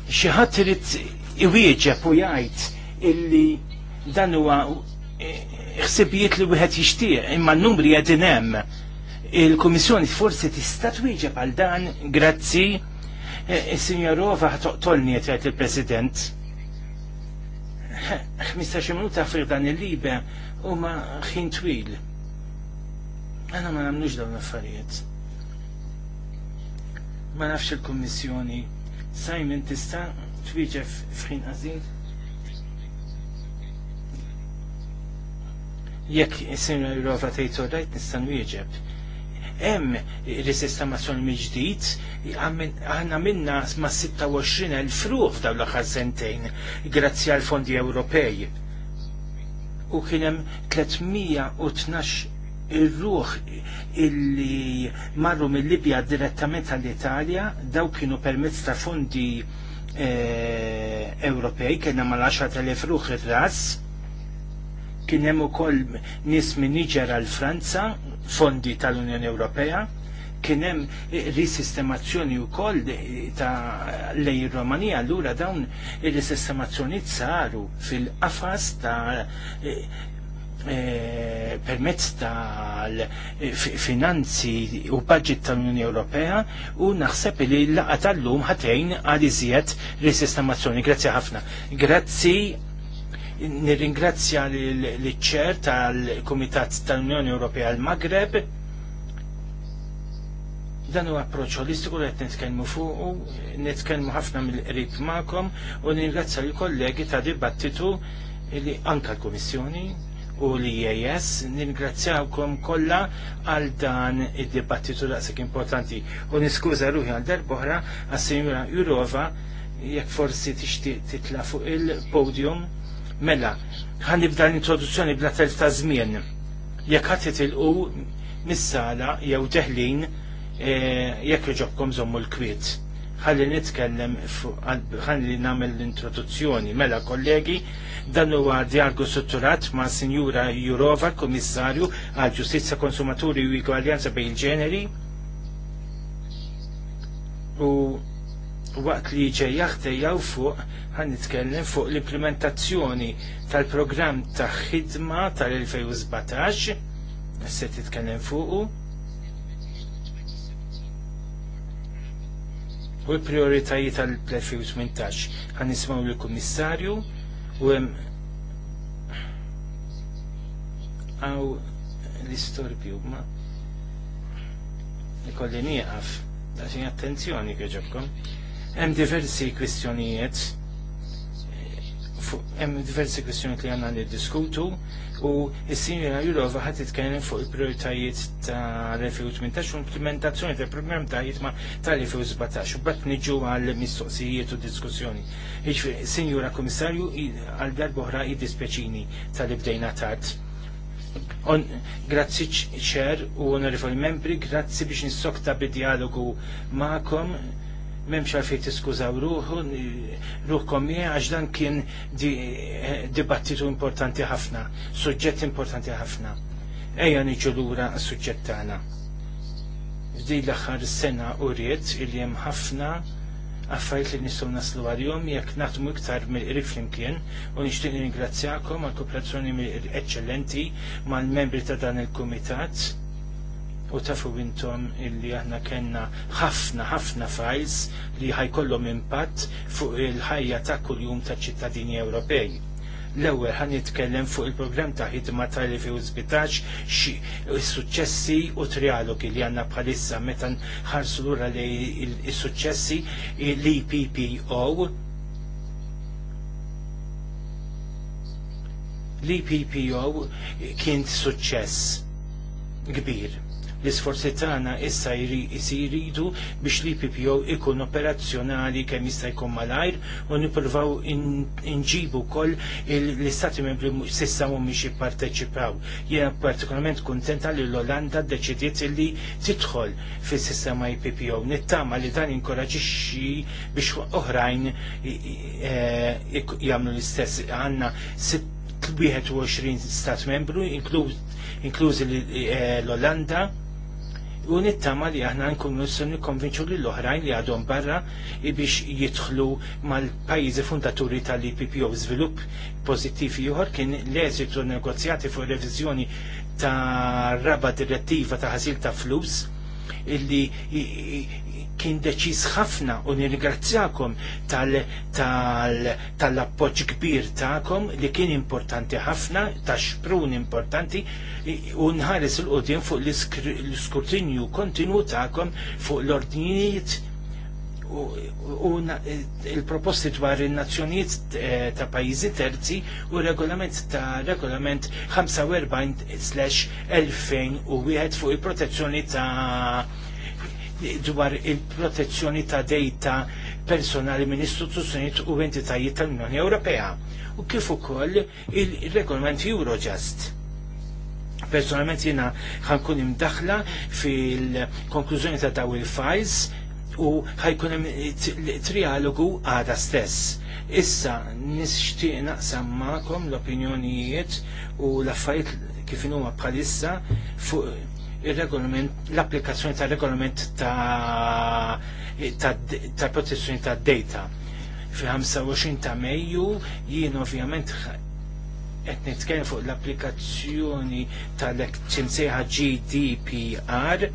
Xi ħadd irid iwieġeb u jgħid illi dan huwa ħsibijiet li wieħed jixtieq imma n-numri qegħdin hemm. Il-Kummissjoni forsi tista' twieġeb għal dan grazzi e, e, is Rova ħatoqtolni qed il-President 15 minuta fir dan il-libe u ma ħin twil. Għana ma namnux dawn affarijiet. Ma nafx il-kommissjoni. Simon tista twiġef fħin għazin? Jekk jisir rova tejtu rajt nistan wieġeb hemm risistamazzjoni mill-ġdid aħna minna ma' 26,000 fruq daw l-aħħar sentejn grazzi għal fondi Ewropej. U kien hemm 312 il ruħ illi marru mill-Libja direttament għall-Italja daw kienu permezz ta' fondi eh, Ewropej kena ma' 10000 ruħ ir-ras kien hemm ukoll nies minn Niger għal Franza fondi tal-Unjoni Ewropea, kien hemm risistemazzjoni wkoll ta' lej Romania, allura dawn ir-risistemazzjoni saru fil-qafas ta' E, e permezz tal-finanzi e, u budget tal-Unjoni Ewropea u naħseb li l-laqa tal-lum ħatejn għal iżjed risistemazzjoni. Grazzi ħafna. Grazzi nirringrazzja l-ċer tal-Kumitat tal-Unjoni Ewropea l magreb dan huwa approċċ holistiku li qed nitkellmu fuq u nitkellmu ħafna mill-qrib magħkom u nirringrazzja l-kollegi ta' dibattitu li anka l-Kummissjoni u li EAS nirringrazzjawkom kollha għal dan id-dibattitu daqshekk importanti u niskuża ruħi għal darb'oħra għas-Sinjura Jurova jekk forsi tixtieq titla' fuq il-podium Mela, għan nibda l-introduzzjoni bla telf ta' żmien. Jekk ħadd titilqu mis-sala jew teħlin eh, jekk iġobkom zommu l-kwiet. Ħalli nitkellem ħalli nagħmel l-introduzzjoni. Mela kollegi, dan huwa dialgu strutturat ma' Sinjura Jurova, Kummissarju għal Ġustizja Konsumaturi u Igwaljanza bejn il-ġeneri. U waqt li ġejjaħ dejjaw fuq għan nitkellem fuq l-implementazzjoni tal-programm ta' ħidma tal-2017 se titkellem fuq. u l-prioritajiet tal-2018 għan nismaw l-Kummissarju u hemm għaw l-istorbju ma ikolli nieqaf għaxin attenzjoni kħeġobkom Hemm diversi kwistjonijiet hemm diversi kwistjonijiet li għandna niddiskutu u s-sinjora Jurova ħadd titkellem fuq il-prioritajiet ta' 2018 u implementazzjoni tal programm ta' jitma tal-2017 u bat niġu għal mistoqsijiet u diskussjoni. Sinjura Kummissarju għal darba oħra id-dispeċini tal-ibdejna tard. On, grazzi ċer u onorevoli membri, grazzi biex nistokta bi dialogu ma'kom memx għalfej tiskużaw ruħu, ruħkom mi, għax dan kien dibattitu importanti ħafna, suġġett importanti ħafna. Ejja niġu lura suġġett tagħna. Di l-aħħar sena u riet il-jem ħafna għaffajt li nistgħu naslu għalihom jekk naħdmu iktar mill riflim kien, u nixtieq ningrazzjakom għall kooperazzjoni eċċellenti mal-membri ta' dan il-kumitat u tafu bintom illi aħna kellna ħafna ħafna files li ħajkollhom impatt fuq il-ħajja ta' kuljum ta' ċittadini Ewropej. L-ewwel ħan nitkellem fuq il-programm ta' ħidma tal-2017 xi suċċessi u trialogi li għandna bħalissa meta nħarsu lura li s-suċċessi li PPO l-PPO e kien suċċess kbir L-isforzi tagħna issa jridu biex l-IPPO ikun operazzjonali kemm jista' jkun malajr u nippruvaw inġibu wkoll l-istati membri s'issa mhumiex jipparteċipaw. Jiena partikolarment kuntenta li l-Olanda ddeċidiet li tidħol fis-sistema IPPO. Nittama li dan inkoraġixxi biex oħrajn e, jagħmlu l-istess għandna 21 stat membru, inkluż e, l-Olanda, u nittama li aħna nkunu nissu nikkonvinċu li l-oħrajn li għadhom barra biex jidħlu mal-pajjiżi fundaturi tal-IPPO żvilupp pożittiv ieħor kien l-eżitu negozjati fuq reviżjoni ta' raba direttiva ta' ħasil ta' flus illi kien deċiż ħafna u nirgrazzjakom tal-appoġġ kbir tagħkom li kien importanti ħafna, ta' xprun importanti u nħares il-qudiem fuq l-iskrutinju kontinu tagħkom fuq l-ordnijiet u il-proposti dwar il-nazzjonijiet eh, ta' pajjiżi terzi u regolament ta' regolament 45/2001 fuq il-protezzjoni ta' dwar il-protezzjoni ta' dejta personali minn Istituzzjoni u entitajiet tal-Unjoni Ewropea u kif ukoll il-regolament Eurojust. Personalment jina ħankun imdaħla fil-konklużjoni ta' daw il-files u ħajkun hemm trialogu għada stess. Issa nixtieq naqsam magħkom l-opinjonijiet u l-affarijiet kif huma bħalissa fuq il-regolament, l-applikazzjoni ta' regolament ta' ta' protezzjoni ta' data. Fi 25 ta' Mejju jien ovvjament qed nitkellem fuq l-applikazzjoni tal-ek ċimsejħa GDPR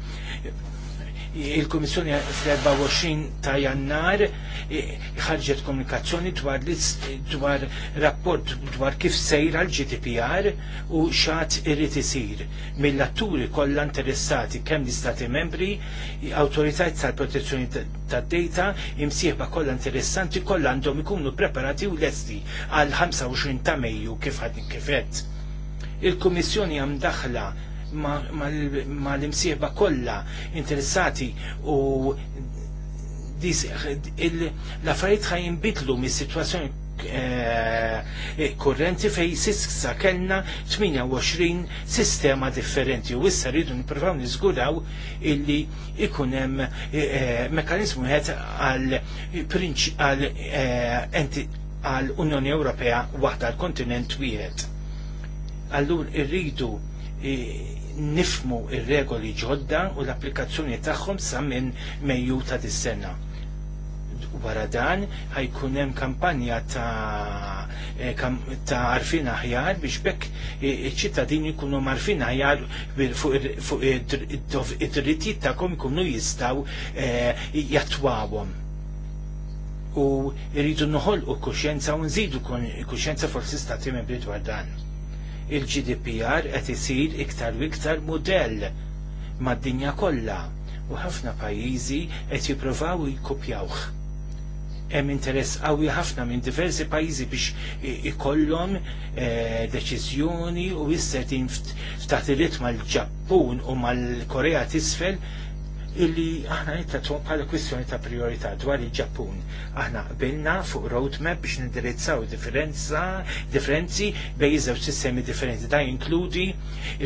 il-Komissjoni fl-24 ta' jannar e, ħarġet komunikazzjoni dwar dwar rapport dwar kif sejra l-GDPR u xat irrid isir mill-atturi kollha interessati kemm l-Istati membri, autoritajt tal-protezzjoni tad-data, imsieħba kollha interessanti kollha għandhom ikunu preparati u lesti għal 25 ta' Mejju kif ħad kifet. Il-Kummissjoni għam daħla ma l-imsieba kollha interessati u l-affarijiet ħaj jinbidlu mis-sitwazzjoni eh, kurrenti fej sissa kellna 28 sistema differenti u issa rridu nippruvaw niżguraw illi ikun hemm eh, mekanizmu wieħed għal eh, għal Unjoni Ewropea waħda għal kontinent wieħed. Allur irridu nifmu il regoli ġodda u l-applikazzjoni tagħhom sa minn Mejju ta' dis-sena wara dan ħajkun hemm kampanja ta' eh, ta' arfin aħjar biex bekk eh, iċ-ċittadini jkunu marfin aħjar fuq id-drittijiet tagħhom ikunu jistgħu e, jattwawhom. U rridu noħolqu kuxjenza u nżidu kuxjenza forsi stati membri dwar dan il-GDPR qed isir iktar u iktar mudell mad-dinja kollha u ħafna pajjiżi qed jippruvaw jikkupjawh. Hemm interess qawwi ħafna minn diversi pajjiżi biex ikollhom eh, deċiżjoni u issa ftaħt irrid mal-Ġappun u mal-Korea t'isfel illi aħna nittatwom bħala kwistjoni ta' priorità dwar il-Ġappun. Aħna qbilna fuq roadmap biex nindirizzaw differenza, differenzi bejn iż sistemi differenti. Da jinkludi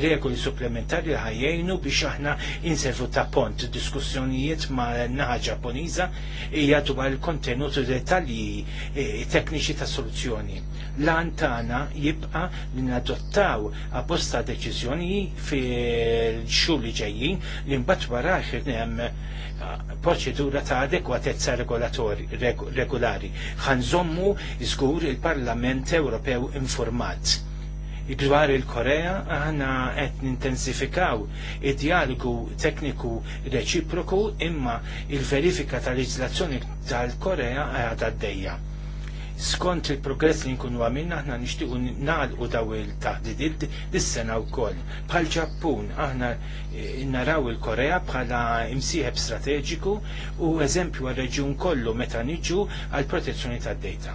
regoli supplementari li ħajjejnu biex aħna inservu ta' pont diskussjonijiet ma' naħa Ġappuniża hija dwar il-kontenut u dettalji eh, tekniċi ta' soluzzjoni. Lan tagħna jibqa' li nadottaw apposta deċiżjoni fil-xhur li ġejjin li mbagħad wara hemm eh, proċedura ta' adekwatezza regolari. Ħanżommu żgur il-Parlament Ewropew informat. Dwar il-Korea aħna qed nintensifikaw id-dialogu tekniku reċiproku imma il-verifika tal-leġislazzjoni tal-Korea għadha d skont il-progress li nkunu għamilna aħna nixtiequ nagħlqu daw il-taħdidiet dis-sena wkoll. Bħal Ġappun aħna e, naraw il-Korea bħala imsieħeb strateġiku u eżempju għar reġjun kollu meta niġu għall protezzjoni tad-dejta.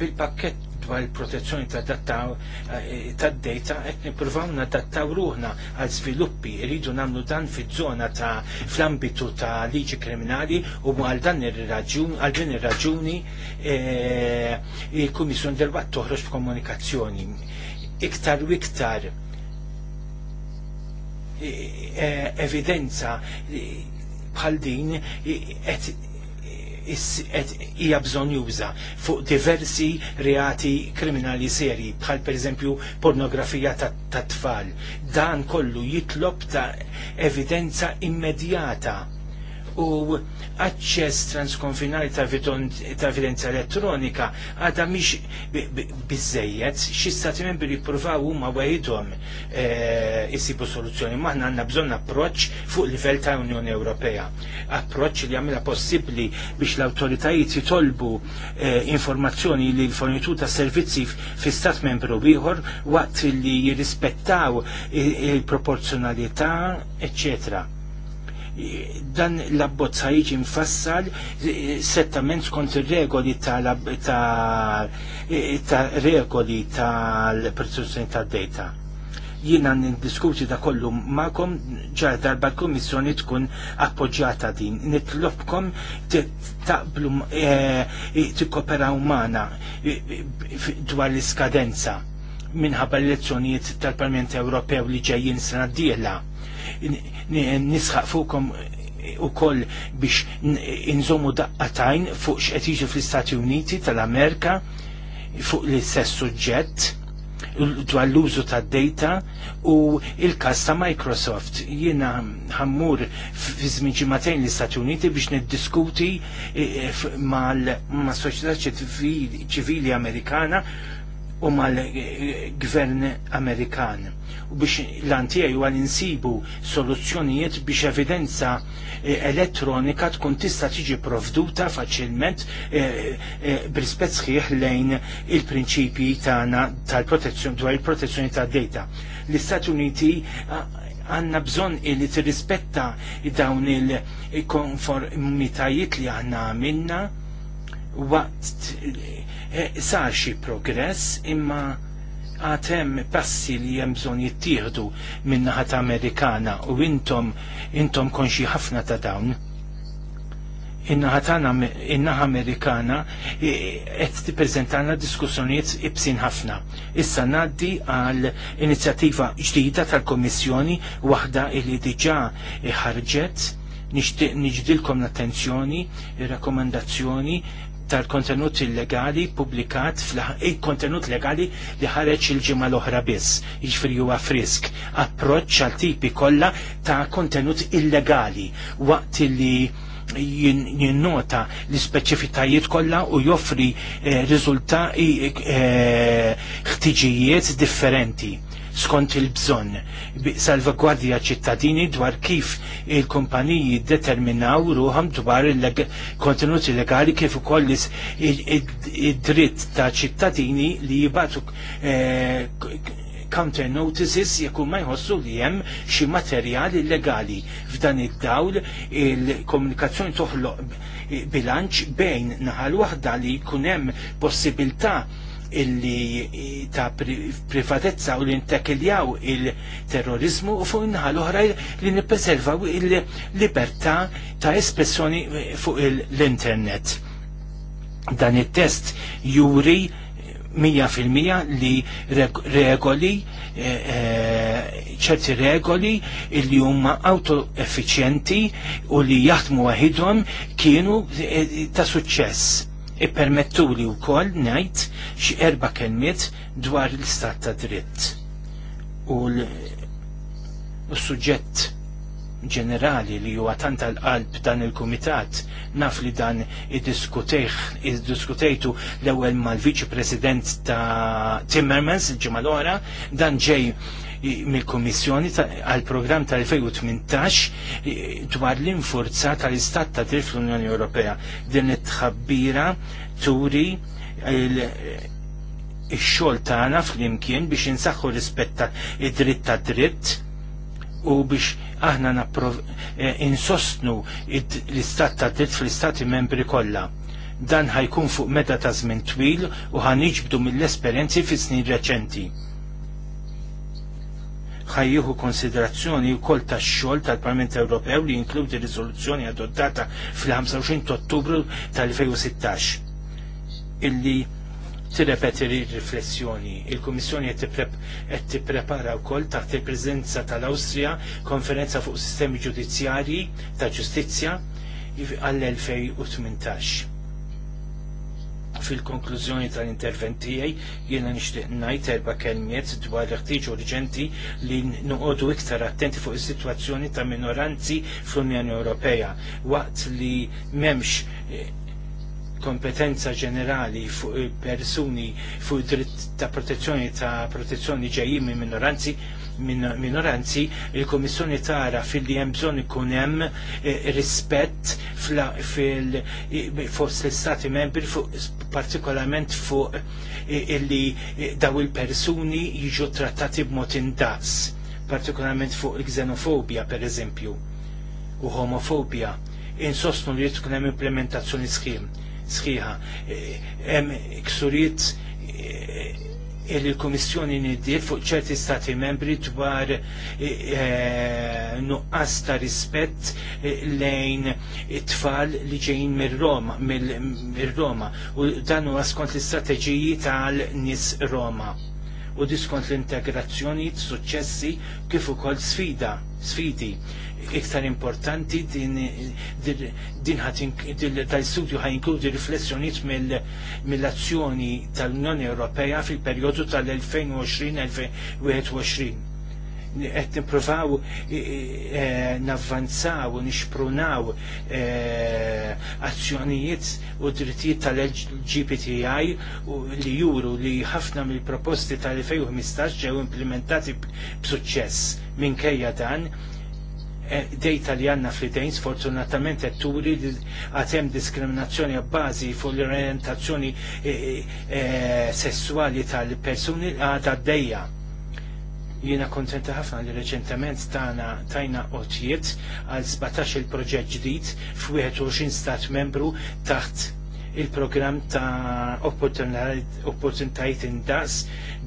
Bil-pakket dwar il protezzjoni ta' data eh, ta' data qed nippruvaw nadattaw ruħna għal sviluppi rridu nagħmlu dan fiż-żona ta' fl-ambitu ta' liġi kriminali u għal dan ir-raġun għal din ir-raġuni eh, il-Kummissjoni delwaqt toħroġ f'komunikazzjoni iktar u iktar eh, evidenza bħal din qed hija bżonn juża fuq diversi reati kriminali seri bħal pereżempju pornografija tat-tfal. Dan kollu jitlob ta' evidenza immedjata u aċċess transkonfinali ta' evidenza elettronika għadha mhix biżejjed xi stati membri jippruvaw huma wejidhom eh, isibu soluzzjoni ma aħna għandna bżonn approċċ fuq livell ta' Unjoni Ewropea. Approċċ li jagħmilha possibbli biex l-awtoritajiet jitolbu eh, informazzjoni li l-fornitur ta' servizzi fi stat membru ieħor waqt li jirrispettaw il-proporzjonalità, eccetera dan l-abbozza jiġi mfassal eh, settament skont ir-regoli tal eh, regoli tal prezzjoni tad-data. Jiena niddiskuti da kollu ma'kom ġar darba l-Kummissjoni tkun appoġġjata din. Nitlobkom taqblu eh, tikkoperaw magħna dwar l-iskadenza minħabba l-elezzjonijiet tal-Parlament Ewropew li ġejjin sena d-diela nisħaq fuqkom u koll biex inżomu daqqatajn fuq xqed jiġi fl-Istati Uniti tal-Amerika fuq l-istess suġġett dwar l-użu ta' data u il-kas ta' Microsoft. Jiena ħammur fi żmien ġimagħtejn l-Istati Uniti biex niddiskuti eh, mal-soċjetà ċivili Amerikana u mal-gvern Amerikan u biex l-antijaj u għal-insibu soluzzjonijiet biex evidenza eh, elettronika tkun tista tiġi provduta faċilment eh, eh, brispet sħiħ lejn il-prinċipji tagħna tal-protezzjoni dwar il-protezzjoni tad-data. L-Istati Uniti għanna bżon li tirrispetta dawn il-konformitajiet li għanna għamilna waqt Eh, sar xi progress imma għatem passi li hemm bżonn jittieħdu ta' Amerikana u intom intom konxi ħafna ta' dawn. Innaħa Amerikana qed tippreżentana diskussjonijiet ibsin ħafna. Issa ngħaddi għal inizjattiva ġdida tal kummissjoni waħda li diġà ħarġet nixtieq niġdilkom l-attenzjoni, ir-rakkomandazzjoni tal-kontenut illegali publikat il-kontenut legali li ħareġ il-ġimgħa l-oħra biss, jiġifieri huwa frisk, approċċ għal tipi kollha ta' kontenut illegali waqt li jinnota l-ispeċifitajiet kollha u joffri eh, riżultati eh, ħtiġijiet differenti skont il-bżonn salvagwardja ċittadini dwar kif il-kumpaniji determinaw ruħam dwar il-kontenuti legali kif ukoll id-dritt ta' ċittadini li jibatu eh, counter notices jekun ma jħossu li hemm xi materjali legali f'dan id-dawl il-komunikazzjoni toħloq bilanċ bejn naħal waħda li jkun hemm possibilità illi ta' privatezza u li ntekiljaw il-terrorizmu u fuq inħal oħra li nippreservaw il-libertà ta' espressjoni fuq l-internet. Dan it-test juri 100% li regoli eh, eh, ċerti regoli li huma auto u li jaħdmu waħidhom kienu eh, ta' suċċess Ippermettu li wkoll ngħid xi erba' kelmiet dwar l-istat ta' dritt u l-suġġett ġenerali li huwa tant għal-qalb dan il-kumitat naf li dan id-diskutejħ id-diskutejtu l-ewwel mal-Viċi President ta' Timmermans il-ġimgħa l-ora dan ġej mill-Kummissjoni għal-programm tal-2018 dwar l-infurza tal-istat ta' tif fl-Unjoni Ewropea. Din it-tħabbira turi il-xol tagħna fl-imkien biex insaħħu rispetta id-dritt ta' dritt u biex aħna e, insostnu l-istat ta' dritt fl-istati membri kollha dan ħajkun fuq meta ta' żmien twil u ħaniġbdu mill-esperjenzi fi snin reċenti ħajjuhu konsiderazzjoni wkoll tax-xogħol tal-Parlament Ewropew li jinkludi riżoluzzjoni adottata fil-25 Ottubru tal-2016 illi tirrepeti riflessjoni. Il-Kummissjoni qed tipprepara wkoll taħt il-preżenza tal-Awstrija konferenza fuq sistemi ġudizzjarji ta' ġustizzja għall-2018 fil-konklużjoni tal-intervent tiegħi jiena nixtieq ngħid erba' kelmiet dwar l-ħtieġ urġenti li noqogħdu iktar attenti fuq is-sitwazzjoni ta' minoranzi fl-Unjoni Ewropea waqt li m'hemmx eh, kompetenza ġenerali fuq persuni fuq dritt ta' protezzjoni ta' protezzjoni ġejjin minn minoranzi minoranzi, il-Komissjoni tara fil-li hemm bżonn ikun hemm eh, rispett fost l-Stati membri partikolarment fuq illi daw il-persuni jiġu trattati b'mod indaqs, partikolarment fuq il-xenofobia per eżempju u homofobia insostnu li tkun hemm implementazzjoni sħiħa. Eh, hemm ksuriet eh, il-Komissjoni niddiet fuq ċerti stati membri dwar eh, eh, nuqqas ta' rispett eh, lejn it-tfal li ġejjin mir-Roma, mir-Roma u dan huwa skont l-istrateġiji tal-nies Roma u diskont l-integrazzjoni, suċċessi kif ukoll sfida, sfidi iktar importanti din din tal-studju ħaj inkludi riflessjoniet mill-azzjoni tal-Unjoni Ewropea fil-perjodu tal-2020-2021. Qed nippruvaw e, navvanzaw u nixprunaw e, azzjonijiet u drittijiet tal-LGBTI li juru li ħafna mill-proposti tal-2015 ġew implementati b'suċċess minkejja dan Eh, dejta li għanna fl-idejn sfortunatament qed turi li għatem diskriminazzjoni għabbażi fuq l-orientazzjoni eh, eh, sessuali tal-persuni għadha d-dejja. Jiena kontenta ħafna li reċentament tagħna tajna otjiet għal 17 il-proġett ġdid f'21 stat membru taħt il-programm ta' opportunitajiet indas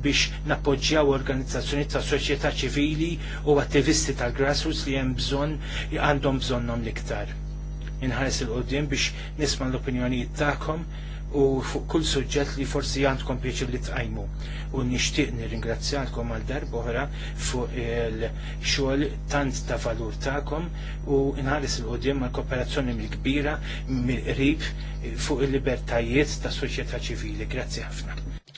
biex nappoġġjaw organizzazzjoni ta' soċjetà ċivili u attivisti tal-grassroots li hemm bżonn għandhom bżonnhom l-iktar. Inħares il-qudiem biex nisma' l-opinjonijiet tagħkom u fuq kull suġġett li forsi għandkom pieċi li tqajmu. U nixtieq nirringrazzjalkom għal darbohra fuq il xol tant ta' valur tagħkom u nħares il qudiem mal kooperazzjoni mill-kbira mill-qrib fuq il-libertajiet ta' soċjetà ċivili. Grazzi ħafna.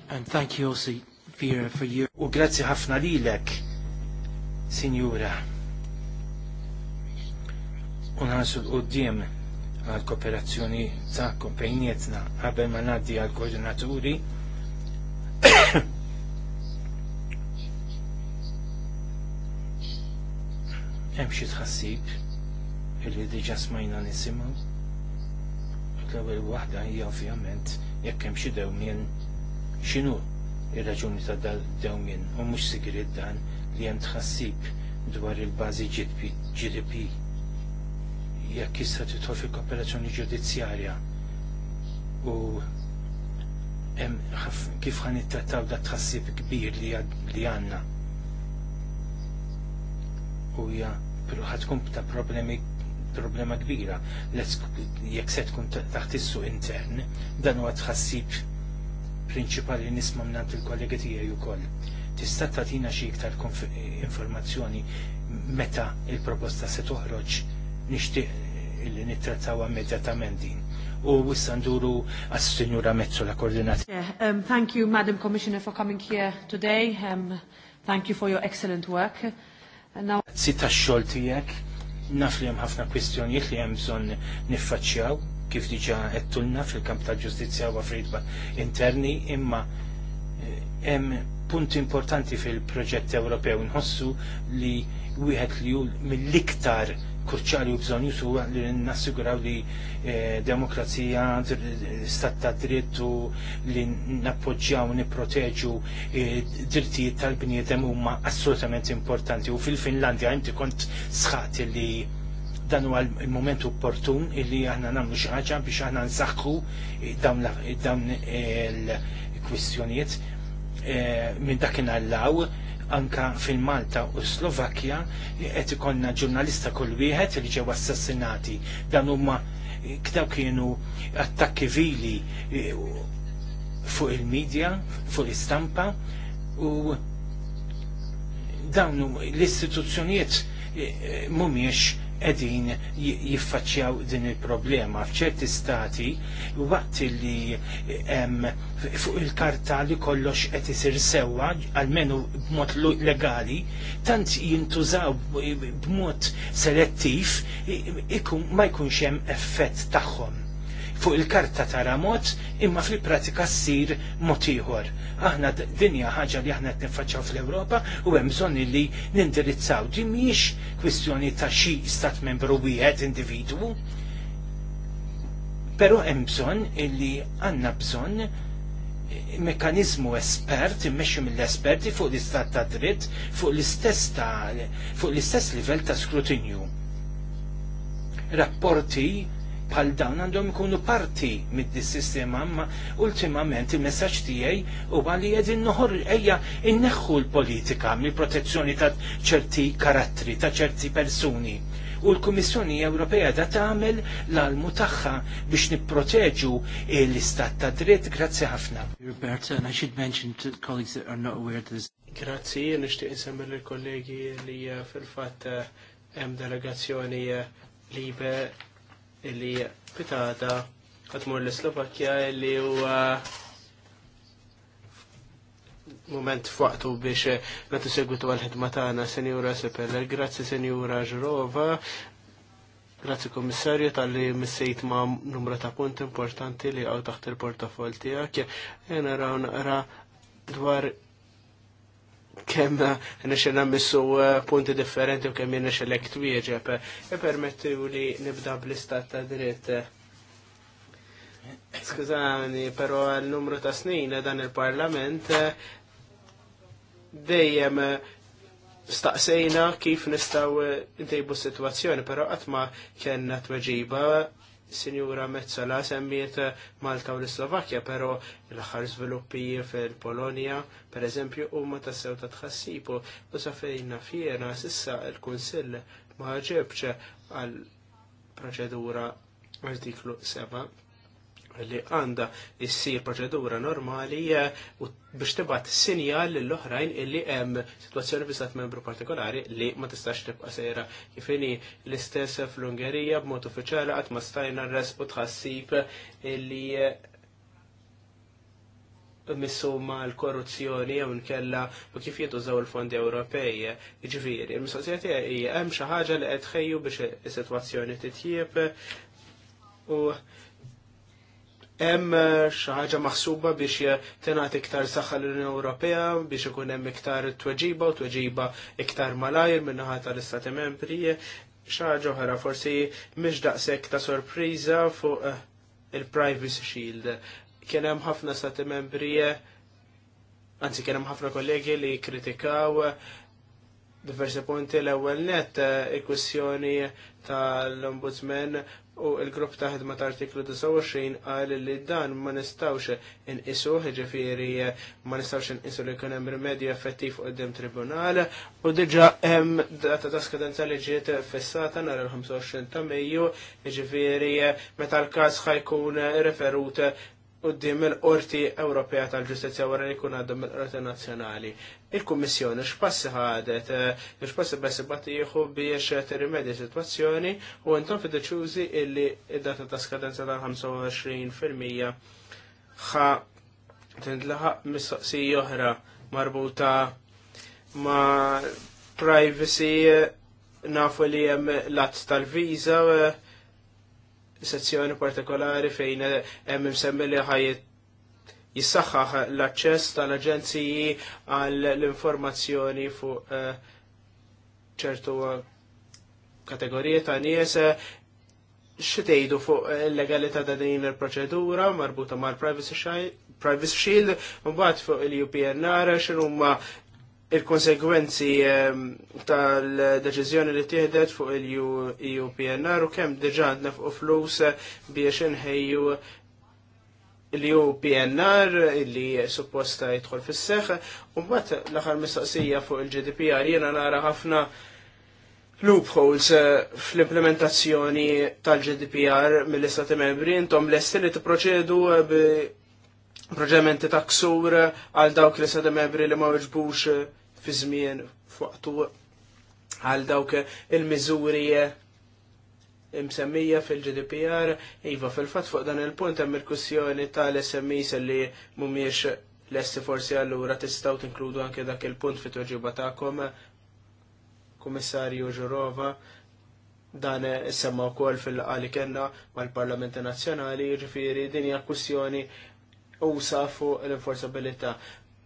And thank you also, Vera, for your... U grazzi ħafna lilek, Signora. Unħasu l-qoddim għal kooperazzjoni ta' kompenjietna qabel ma naddi għal koordinaturi hemm xi tħassib li diġà smajna nisimgħu l-ewwel waħda hija ovvjament jekk hemm xi dewmien x'inhu ir-raġuni ta' dewmien u mhux sigrid dan li hemm tħassib dwar il-bażi GDP jekk jista' titħol fil-kooperazzjoni ġudizzjarja u kif ħan nittrattaw dak tħassib kbir li għandna. u ja tkun ta' problemi problema kbira jekk se tkun taħt issu intern dan huwa tħassib prinċipali nisma' mnant il-kollegi tiegħi wkoll. Tista' tagħtina xi iktar informazzjoni meta il-proposta se toħroġ nishtiq illi nittrattaw immediatament din. U wissa nduru għas-Sinjura Mezzo la koordinazzjoni. Yeah, um, thank you, Madam Commissioner, for coming here today. Um, thank you for your excellent work. Now... Sita xolti jek, naf li jem ħafna kwistjonijiet li jem bżon niffaċċjaw, kif diġa għettulna fil-kamp ta' ġustizja u għafridba interni, imma jem eh, punt importanti fil-proġett Ewropew nħossu li wieħed li mill-iktar kruċali u bżon jusu li nassiguraw li eh, demokrazija, stat ta' dritt u li nappoġġjaw niproteġu eh, drittijiet tal-bniedem huma assolutament importanti u fil-Finlandja inti kont sħat li dan huwa il-moment opportun illi aħna nagħmlu xi ħaġa biex aħna nsaħħu eh, dawn il-kwistjonijiet minn dakinhar l anka fil-Malta u Slovakkja qed ikollna ġurnalista kull wieħed li ġew assassinati. Dan huma kdaw eh, kienu attakki vili eh, fuq il-medja, fuq l-istampa u dawn l-istituzzjonijiet eh, mumiex edin jiffaċċjaw din il-problema. F'ċerti stati, waqt li fuq il-karta li kollox qed isir sewwa, almenu b'mod legali, tant jintużaw b'mod selettiv, ma jkunx hemm effett tagħhom fuq il-karta tara mod imma fil-pratika ssir mod ieħor. Aħna dinja ħaġa li aħna t-nifacċaw fl-Ewropa u hemm bżonn li nindirizzaw. di mhijiex kwistjoni ta' xi stat membru wieħed individu, Però hemm bżonn li għandna bżonn mekanizmu espert, immexxu mill-esperti fuq l-istat ta' dritt, fuq l-istess ta' fuq l-istess livell ta' skrutinju. Rapporti bħal dawn għandhom ikunu parti mid sistema ma ultimament il-messaġġ tiegħi huwa li qegħdin noħor ejja inneħħu l-politika mill-protezzjoni ta' ċerti karattri ta' ċerti persuni u l-Kummissjoni Ewropea da tagħmel l-almu tagħha biex nipproteġu l-istat ta' dritt. Grazzi ħafna. Grazzi, nixtieq insemmi lill kollegi li eh, fil-fatt eh, hemm delegazzjoni eh, libe illi pitata għatmur l-Slovakkja illi huwa moment faqtu biex natu segwitu għal-ħidma tagħna Senjura Sepeller. Grazzi Senjura Ġrova. Grazzi Kommissarju tal-li missejt ma' numra ta' punt importanti li għaw taħt il-portafol tiegħek. Jena raw naqra dwar kemm eh, nixela missu eh, punti differenti u kemm nixelek E eh, Permetti li nibda bl-istat ta' dritt. Skużani, pero l numru ta' snin dan il-parlament dejjem staqsejna kif nistaw intejbu situazzjoni, pero għatma kienna tweġiba Sinjura Mezzala semmiet eh, Malta u l-Slovakja, pero l-axar sviluppi fil-Polonia, per eżempju, u ma tassew ta' tħassibu, u safejna fjena sissa il-Kunsill ma ġebċe għal proċedura artiklu 7 li għanda issir proċedura normali eh, u biex tibat sinjal l-oħrajn illi hemm situazzjoni bizzat membru partikolari li ma tistax tibqa' sejra. Kifini l-istess fl-Ungerija b'mod uffiċjali qatt ma stajna res u tħassib illi eh, missuma l-korruzzjoni jew nkella u kif jitużaw il-fondi Ewropej. Ġifieri, il-mistoqsija tiegħi hija hemm xi ħaġa li qed biex is-sitwazzjoni titjieb u hemm eh, xi ħaġa maħsuba biex tingħati iktar saħħa l-Unjoni Ewropea biex ikun hemm iktar tweġiba u tweġiba iktar malajr min-naħa tal-Istati Membri. Xi ħaġa oħra forsi mhix daqshekk ta' sorpriża fuq eh, il-Privacy Shield. Kien hemm ħafna stati membri eh, anzi kien hemm ħafna kollegi li kritikaw diversi punti l-ewwel net il-kwistjoni tal-ombudsman u il-grupp ta' ħedma ta' artiklu 29 qal li dan ma nistawx inqisu ġifieri ma nistawx inqisu li jkun hemm rimedju effettiv għeddim tribunal u diġà hemm data ta' skadenza li ġiet fissata nhar il-25 ta' Mejju ġifieri meta l-każ ħajkun referut qoddim il-Qorti Ewropea tal-Ġustizzja wara li jkun għadhom il-Qorti Nazzjonali. Il-Kummissjoni x'passi ħadet, x'passi bessi jieħu biex tirrimedja sitwazzjoni u intom fiduċjużi illi id-data ta' skadenza tal-25% ħa tintlaħaq mistoqsija oħra marbuta ma' privacy nafu li hemm l-att tal-viża sezzjoni partikolari fejn eh, hemm semmi li ħaj jissaħħaħ l-aċċess tal-aġenziji għall informazzjoni fuq eh, ċertu eh, kategorija ta' nies xitejdu fuq il-legalità ta' din il-proċedura marbuta mal privacy shield, mbagħad fuq il-UPNR x'inhuma il-konsegwenzi ehm, tal-deċizjoni li tieħdet fuq il-EU PNR u kemm diġà fuq flus biex inħejju l-EU PNR li supposta jidħol fis-seħ u mbagħad l-aħħar mistoqsija fuq il-GDPR jiena nara ħafna loopholes eh, fl-implementazzjoni tal-GDPR mill-Istati Membri intom lesti li tipproċedu eh, proġementi ta' ksur għal dawk li sada membri li ma weġbux eh, fi żmien fuqtu għal dawk il-miżuri eh, imsemmija fil-GDPR, iva fil-fat fuq dan il-punt hemm il-kussjoni tal-SMIs li mhumiex lesti forsi allura tistgħu tinkludu anke dak il-punt fit tweġiba tagħkom Kummissarju Ġurova dan semma wkoll fil-qali kellna mal-Parlamenti Nazzjonali, ġifieri din hija kwistjoni u fuq l enforzabilita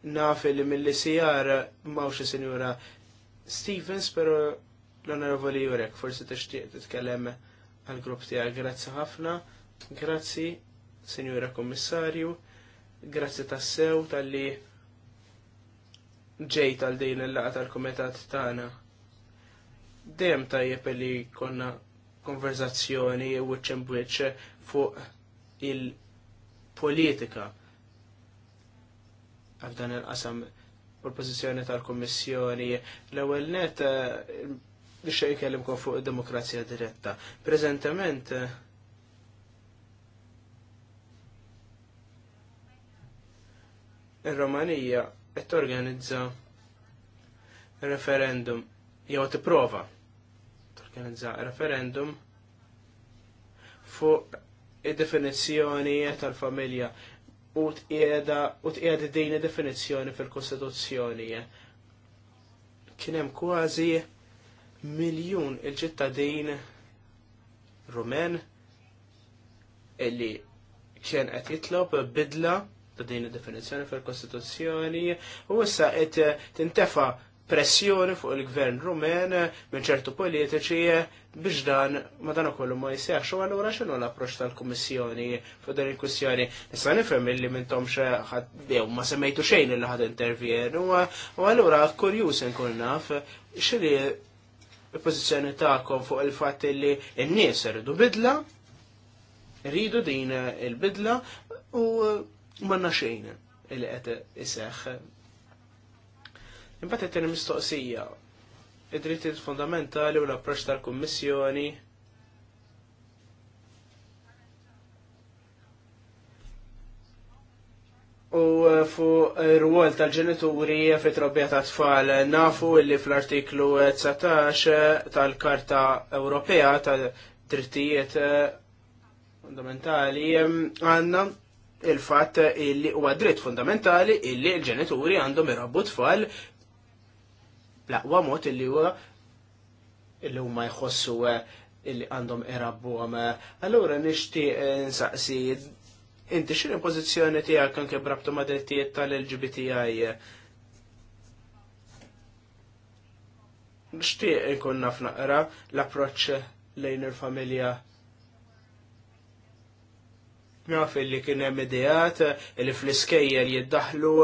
Naf li mill sijar mawx senjura Stevens, pero l-onorevoli Jurek, forsi tixtieq titkellem għal-grupp tiegħek. Grazzi ħafna, grazzi, senjura Kommissarju, grazzi tassew tal-li ġejt għal din il-laqa tal-komitat tagħna. Dejjem tajjeb li konna konverzazzjoni u wiċċ fuq il-politika għal dan il-qasam u l-pozizjoni tal-Kommissjoni. l ewel net biex eh, jkellimkom fuq id-demokrazija diretta. Prezentament, eh, il romanija qed torganizza referendum jew tipprova torganizza referendum fuq id-definizzjoni tal-familja u t-qiegħda din definizzjoni fil-Kostituzzjoni. Kien hemm kważi miljun il-ċittadin rumen illi kien qed jitlob bidla ta' din id-definizzjoni fil-Kostituzzjoni u issa qed tintefa' pressjoni fuq il-gvern rumen eh, minn ċertu politiċi eh, biex dan madan ukollu ma jsejħx u allura x'inhu l-approċċ tal-Kummissjoni fuq din il-kwistjoni. Issa nifhem illi minnhom jew ma semmejtu xejn illi ħad intervjenu eh, u allura kurjuż inkun naf xili il-pożizzjoni tagħkom fuq il-fatt illi n-nies iridu bidla, rridu din il-bidla u manna xejn il-qed iseħħ Imbagħad it-tieni mistoqsija. Id-drittijiet fundamentali u l-approċċ tal-Kummissjoni U eh, fu r-rwol tal-ġenituri fi trobbija ta' tfal nafu illi fl-artiklu 19 tal-Karta Ewropea tal-Drittijiet eh, Fundamentali eh, għanna il-fatt illi huwa dritt fundamentali illi l-ġenituri għandhom irabbu tfal Laqwa mod illi huwa illi huma jħossu eh, illi għandhom irabbu għama. Eh, allura nixtieq eh, nsaqsi inti xir pożizzjoni tiegħek anke brabtu ma' drittijiet tal-LGBTI. Nixtieq inkun naf naqra l-approċċ lejn il-familja naf illi kien hemm ideat li fl-iskejjel jiddaħlu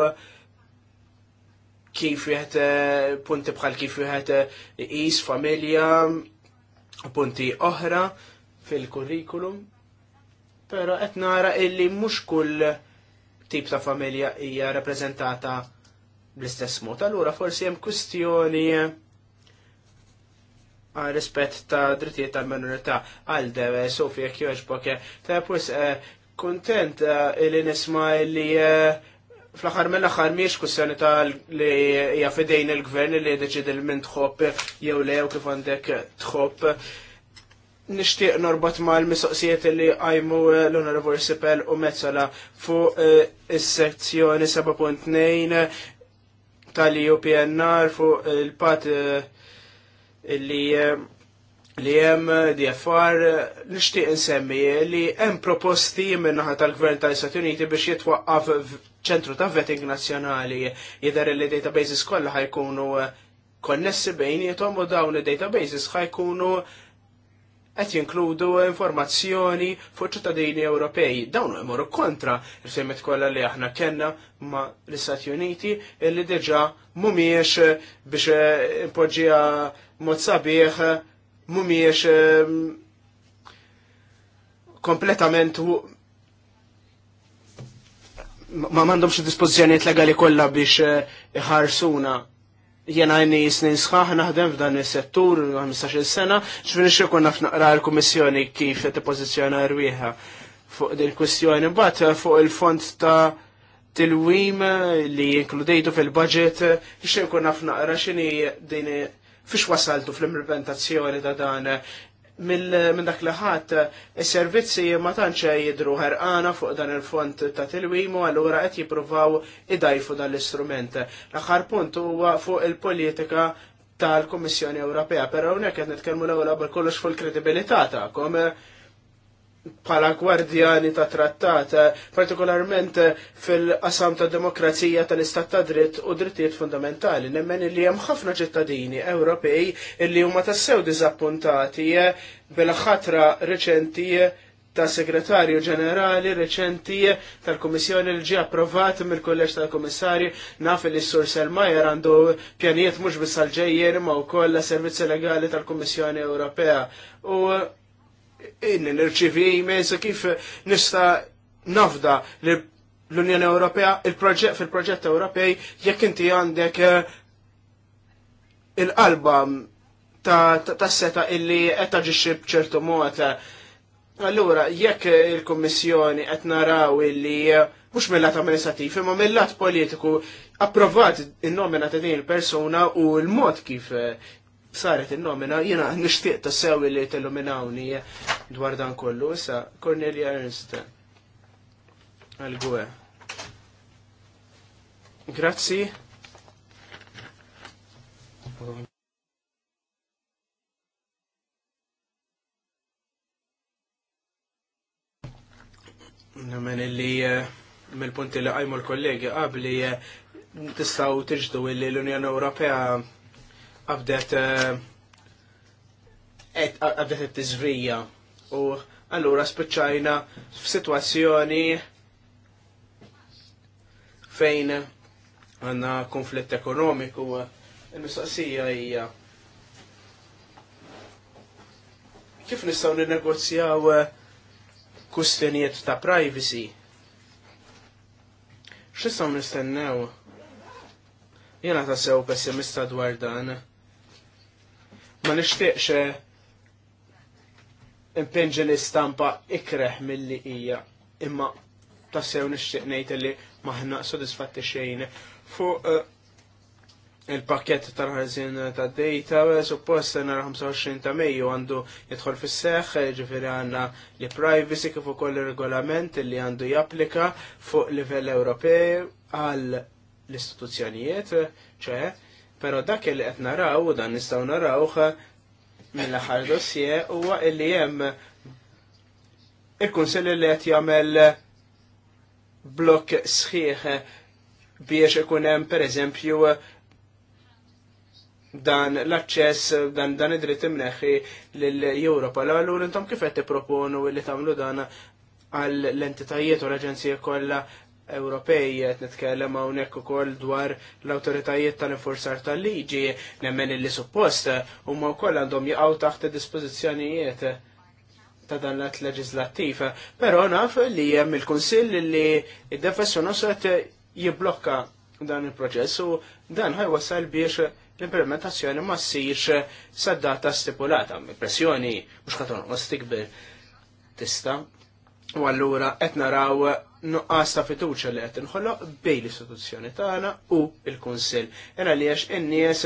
kif jħet eh, punti bħal kif jħet eh, is familja, punti oħra fil-kurrikulum. Pero qed nara illi mhux kull tip ta' familja hija rappreżentata bl-istess mod. Allura forsi hemm kwistjoni eh, għal rispett ta' drittijiet tal-minorità għal deve Sofia Kjoġbok. Ta' pus kontent li nisma' li fl-axar mill-axar miex kussjoni ta' li hija il-gvern li jiddeċid il-min tħobb jew le kif għandek tħobb. Nishtiq norbat ma' l-misoqsijiet li għajmu l-Honorable Sipel u mezzala fuq eh, is-sezzjoni 7.2 tal-UPNR fuq eh, il-pat eh, li li jem DFR nishtiq nsemmi li jem proposti minnaħat tal-gvern tal-Stati Uniti biex jitwaqqaf ċentru ta' vetting nazzjonali jidher li databases kollha ħajkunu eh, konnessi bejnietom u dawn id-databases ħajkunu qed jinkludu informazzjoni fuq ċittadini Ewropej. Dawn imorru kontra il-femmet kollha li aħna kellna ma' l-Istati Uniti illi diġà mhumiex eh, biex eh, impoġġiha mod sabiħ mumiex kompletament ma mandomx dispozizjoniet legali kollha biex eh, iħarsuna. Jena għajni snin sħaħ naħdem f'dan is-settur 15 sena, ġvini xikun naf naqra l komissjoni kif t rwieħa fuq din kwestjoni. Bat eh, fuq il-font ta' tilwim eh, li jinkludejtu fil-budget, xe naf f'naqra xini din fiex wasaltu fl-implementazzjoni ta' dan minn dak li ħadd is-servizzi ma tantx jidru ħerqana fuq dan il-font ta' Tilwimu allura qed jippruvaw idajfu dan l-istrument. L-aħħar punt huwa fuq il-politika tal-Kummissjoni Ewropea, però hawnhekk qed nitkellmu l-ewwel qabel kollox fuq il-kredibilità tagħkom bħala gwardjani ta' trattat, eh, partikolarment eh, fil-qasam ta' demokrazija tal-istat ta' dritt u drittijiet fundamentali. Nemmen li hemm ħafna ċittadini Ewropej li huma tassew diżappuntati eh, bil-ħatra reċenti ta' segretarju ġenerali reċenti tal-Komissjoni li ġi approvat mill-Kolleġġ tal komissari naf li s-Sur Selmajer għandu pjanijiet mhux bis ma' u ma' wkoll servizzi legali tal-Kummissjoni Ewropea. U inni nirċivi emails kif nista nafda li l-Unjoni Ewropea, il-proġett fil-proġett Ewropej, jekk inti għandek eh, il-qalba ta' seta illi qed taġixxi b'ċertu mod. Allura, jekk il-Kummissjoni qed naraw illi eh, mhux mill-lat amministrativ, imma mill politiku approvat in-nomina ta' din il-persuna u l-mod kif eh, saret il-nomina, jina nishtiq ta' sewi li t-illuminawni dwar dan kollu, issa Cornelia Ernst għal-gwe. Grazzi. Nemmen illi eh, mill-punti li għajmu l-kollegi qabli eh, tistaw tiġdu illi l-Unjoni Ewropea għabdet eh, għabdet it-tizvija u allura spiċċajna f'sitwazzjoni fejn għanna konflitt ekonomiku il-mistoqsija hija kif nistgħu ninnegozjaw eh, kustinijiet ta' privacy x'istgħu nistennew jiena ta' sew pessimista dwar dan ma nixtieqx eh, impinġi l-istampa ikreħ milli hija imma tassew nixtieq ngħid li maħna sodisfatti xejn fuq eh, il-pakket tal-ħarzin ta' data, eh, suppost sena 25 ta' Mejju għandu jidħol fis seħħ ġifiri għanna li privacy kif ukoll regolament li għandu japplika fuq livell Ewropej għal l-istituzzjonijiet, ċe, Pero dak li qed naraw u dan nistgħu narawh mill-aħħar dossier huwa li hemm il-kunsell li qed jagħmel blok sħiħ biex ikun hemm pereżempju dan l-aċċess dan dan id-dritt imneħħi lill-Ewropa. L-għallur intom kif qed tipproponu li tagħmlu dan għall entitajiet u l-aġenzija kollha Ewropej qed nitkellem hawnhekk ukoll dwar l-awtoritajiet tal-infurzar tal-liġi nemmen li suppost huma wkoll għandhom jaqgħu taħt dispożizzjonijiet ta' dan l-att leġislattiv. Però naf li hemm il-Kunsill li id-defessu qed jibblokka dan il-proċess u dan wasal biex l-implementazzjoni ma ssirx sad-data stipulata. Pressjoni mhux ħatonqos tikber tista' U allura qed naraw nuqqas ta' fiduċa li qed inħolloq bejn l-istituzzjoni tagħna u l-Kunsill. Era li għax in-nies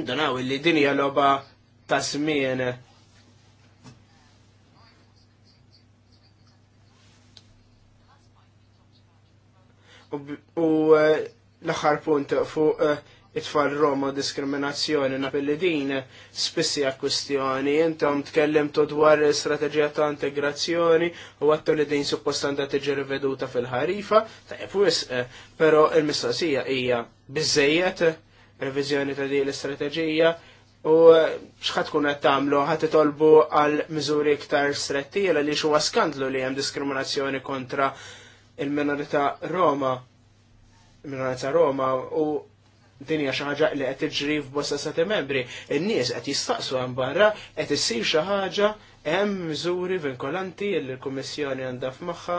indonaw li din hija logħba ta' żmien u eh, l-aħħar punt fuq uh it-tfal Roma diskriminazzjoni napilli din spissi kwistjoni. Intom tkellimtu dwar strategija ta' integrazzjoni u għattu li din suppostanda tiġi riveduta fil-ħarifa, ta' jepwis, eh, pero il-mistoqsija hija bizzejiet revizjoni ta' din l-istrateġija u eh, xħat kun qed tagħmlu ħadd tolbu għal miżuri iktar stretti għal li huwa skandlu li hemm diskriminazzjoni kontra il-minorità Roma il minoranza Roma u din hija xi ħaġa li qed tiġri f'bosta stati membri. In-nies qed jistaqsu hemm barra qed issir xi ħaġa hemm miżuri vinkolanti li l-Kummissjoni għandha f'moħħha.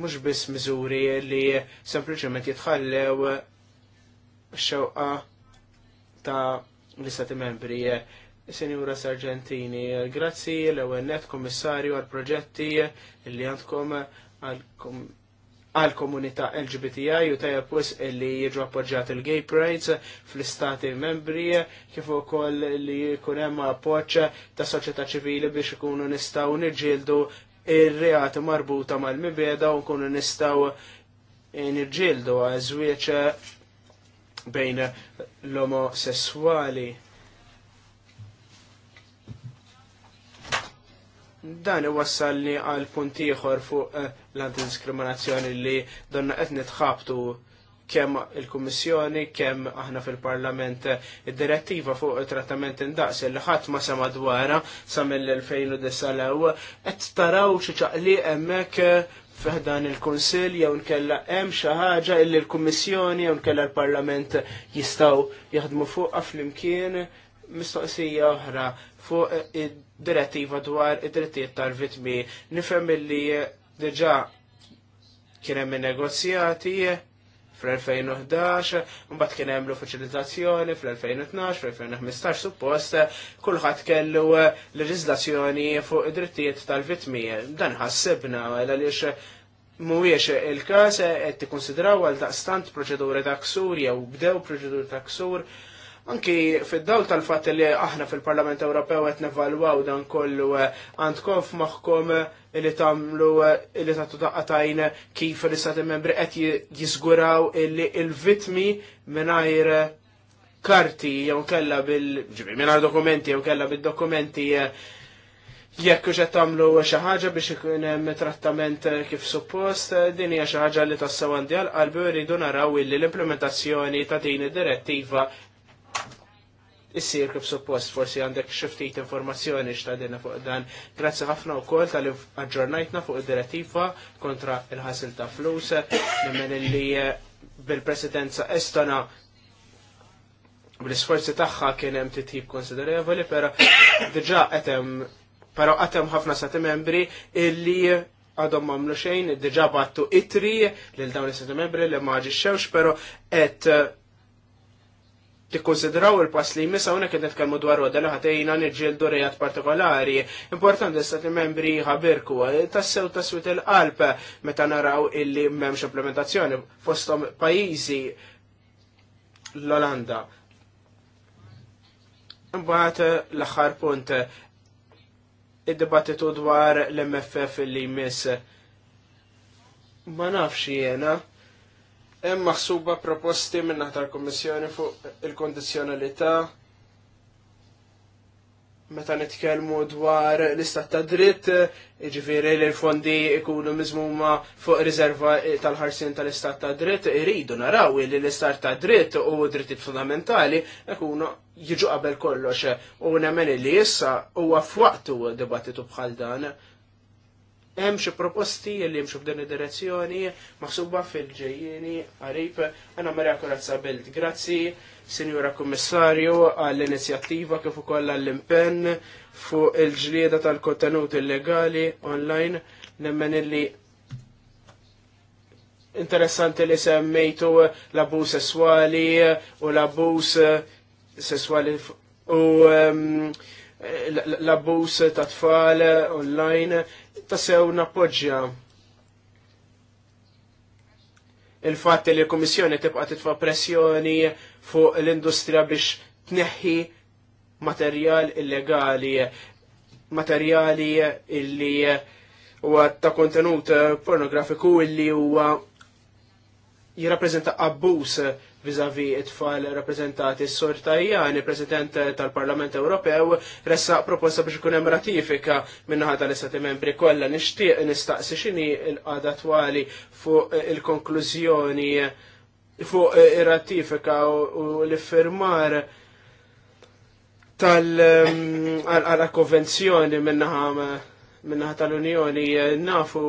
Mhux biss miżuri li sempliċement jitħallew xewqa ta' l-istati membri. Senjura Sargentini, grazzi l-ewennet kommissarju għal proġetti li għandkom għal għal komunità LGBTI u tajab wis li jiġu appoġġat il-gay rights fl-istati membri kif ukoll li jkun hemm appoġġ ta' soċjetà ċivili biex ikunu nistgħu niġġieldu ir-reati marbuta mal-mibeda u nkunu nistgħu nirġieldu għażwieġ bejn l-omosessuali. dan iwassalni għal punt ieħor fuq eh, l-antidiskriminazzjoni li donna qed nitħabtu kemm il-Kummissjoni, kemm aħna fil-Parlament eh, id-direttiva fuq trattament indaqs li ħadd ma sema dwarha sa mill-2009 l qed taraw xi ċaqli hemmhekk eh, fiħdan il-Kunsill jew nkella hemm xi ħaġa illi l-Kummissjoni jew nkella l-Parlament jistgħu jaħdmu fuqha flimkien mistoqsija oħra fuq eh, id-direttiva dwar id-drittijiet tal-vitmi. Nifhem li eh, diġà kien hemm negozjati fl-2011, mbagħad kien hemm l-uffiċilizzazzjoni fl-2012, fl-2015 suppost kulħadd kellu eh, leġiżlazzjoni fuq id-drittijiet tal-vitmi. Dan ħassibna għaliex Mhuwiex il-każ qed tikkonsidraw għal daqstant proċeduri ta' ksur jew bdew proċeduri ta' ksur Anki fid-dawl tal fat li aħna fil-Parlament Ewropew qed nevalwaw dan kollu eh, għandkom f'moħħkom eh, li tagħmlu eh, li tattu taqqatajn kif l-istati membri qed jiżguraw li il-vitmi mingħajr karti jew kella bil ġibi mingħajr dokumenti jew kella bil-dokumenti jekk qed tagħmlu xi ħaġa biex ikun hemm trattament kif suppost, din hija xi ħaġa li tassew għandi għall qalbi rridu naraw illi l-implementazzjoni ta' din id-direttiva issir kif suppost forsi għandek xiftit informazzjoni x'tadina fuq dan. Grazzi ħafna wkoll tal aġġornajtna fuq id-direttiva kontra il-ħasil ta' flus li li eh, bil-presidenza Estona bl-isforzi tagħha kien hemm titjib konsiderevoli, però diġà qed hemm però qatt hemm ħafna sati membri illi għadhom mamlu xejn, diġà battu itri lil dawn is-sati membri li ma ġixxewx, però qed eh, tikkonsidraw il-pass li jmissa unek qed nitkellmu dwar roda ħatejna niġġieldu rejat partikolari. Importanti sa ti membri ħabirku tassew taswit il-qalb meta naraw illi m'hemmx implementazzjoni fosthom pajjiżi l-Olanda. Imbagħad l-aħħar punt id-dibattitu dwar l-MFF li jmiss. Ma nafx jiena hemm maħsuba proposti minn tal kommissjoni fuq il-kondizzjonalità meta nitkellmu dwar l-istat ta' dritt, jiġifieri li l-fondi jkunu miżmuma fuq riserva tal-ħarsin tal-istat ta' dritt, iridu naraw li l-istat ta' dritt u drittijiet fundamentali jkunu jiġu qabel kollox u nemmen li issa huwa f'waqtu dibattitu bħal dan hemm xi proposti li jimxu f'din id-direzzjoni maħsuba fil-ġejjieni qarib għana Marja Kurazza Belt. Grazzi, Sinjura Kummissarju, għall-inizjattiva kif ukoll għall-impenn fuq il-ġlieda tal-kontenut illegali online nemmen illi interessanti li semmejtu l-abus sessuali u l-abus sessuali u ehm, l-abus ta' tfal online Ta' sew nappoġġja il-fatt li l-Komissjoni tibqa' titfa' pressjoni fuq l-industrija biex tneħħi materjal illegali, materjali illi huwa ta' kontenut pornografiku illi huwa jirrappreżenta abbuż vizavi it-tfal rappresentati s sorta Tajjani, President tal-Parlament Ewropew, ressa proposta biex ikun hemm ratifika minnaħa tal-Istati membri kollha nixtieq nistaqsi x'inhi l-qada twali fuq il-konklużjoni fuq ir-ratifika u l-iffirmar tal-konvenzjoni mm, minnaħa minnaħa tal-Unjoni nafu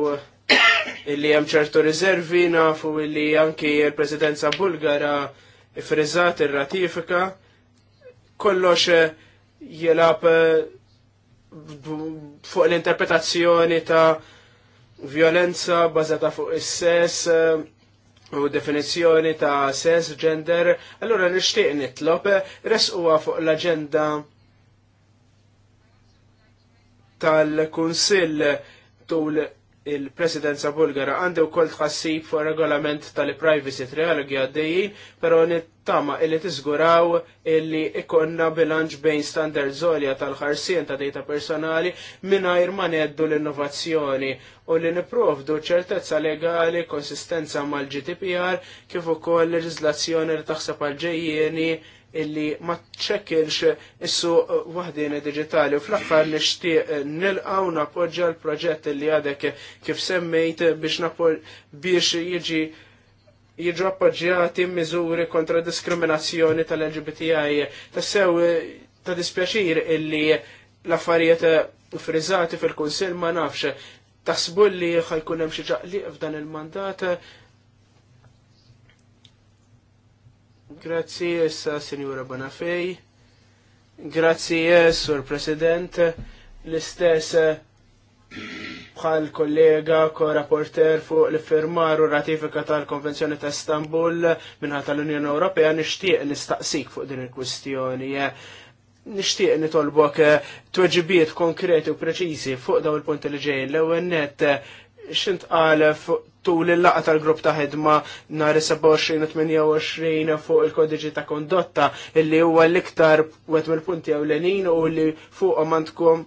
illi hemm ċertu riservi nafu illi anki l-Presidenza Bulgara ifriżat ir-ratifika kollox eh, jilab eh, fuq l-interpretazzjoni ta' violenza bazata fuq is-sess eh, u definizzjoni ta' sess, gender, allura nixtieq nitlob resquha fuq l-aġenda tal-Kunsill tul il-presidenza bulgara għandu kol tħassib fuq regolament tal-privacy trialogi għaddejjin, pero nittama illi tiżguraw illi ikonna bilanċ bejn standard zolja tal-ħarsien ta' data personali mingħajr ma neddu l-innovazzjoni u li niprovdu ċertezza legali, konsistenza mal-GDPR kif ukoll leġislazzjoni li taħseb għal ġejjieni illi ma tċekkilx issu uh, waħdin digitali u fl-axħar nixtieq uh, nilqa' u nappoġġja l-proġett illi għadek kif semmejt uh, biex biex jiġi jiġu appoġġjati miżuri kontra diskriminazzjoni tal-LGBTI. Tassew ta' dispjaċir illi l-affarijiet frizzati fil-Kunsill ma nafx tasbu li ħajkun hemm xi ġaqliq f'dan il-mandat Grazzi issa Signora Bonafej. Grazie, eh, Sur President. L-istess eh, bħal kollega ko-rapporter fuq l-firmar u ratifika tal-Konvenzjoni ta' Istanbul minna tal-Unjoni Ewropea nixtieq nistaqsik fuq din il-kwistjoni. Eh. Nixtieq nitolbok tweġibiet konkreti u preċiżi fuq daw il-punti li ġejn l-ewwel net xint għale tul il-laqa tal-grupp ta' ħedma nar 27-28 fuq il-kodiġi ta' kondotta illi huwa l-iktar wet mill-punti ewlenin u li fuq għandkom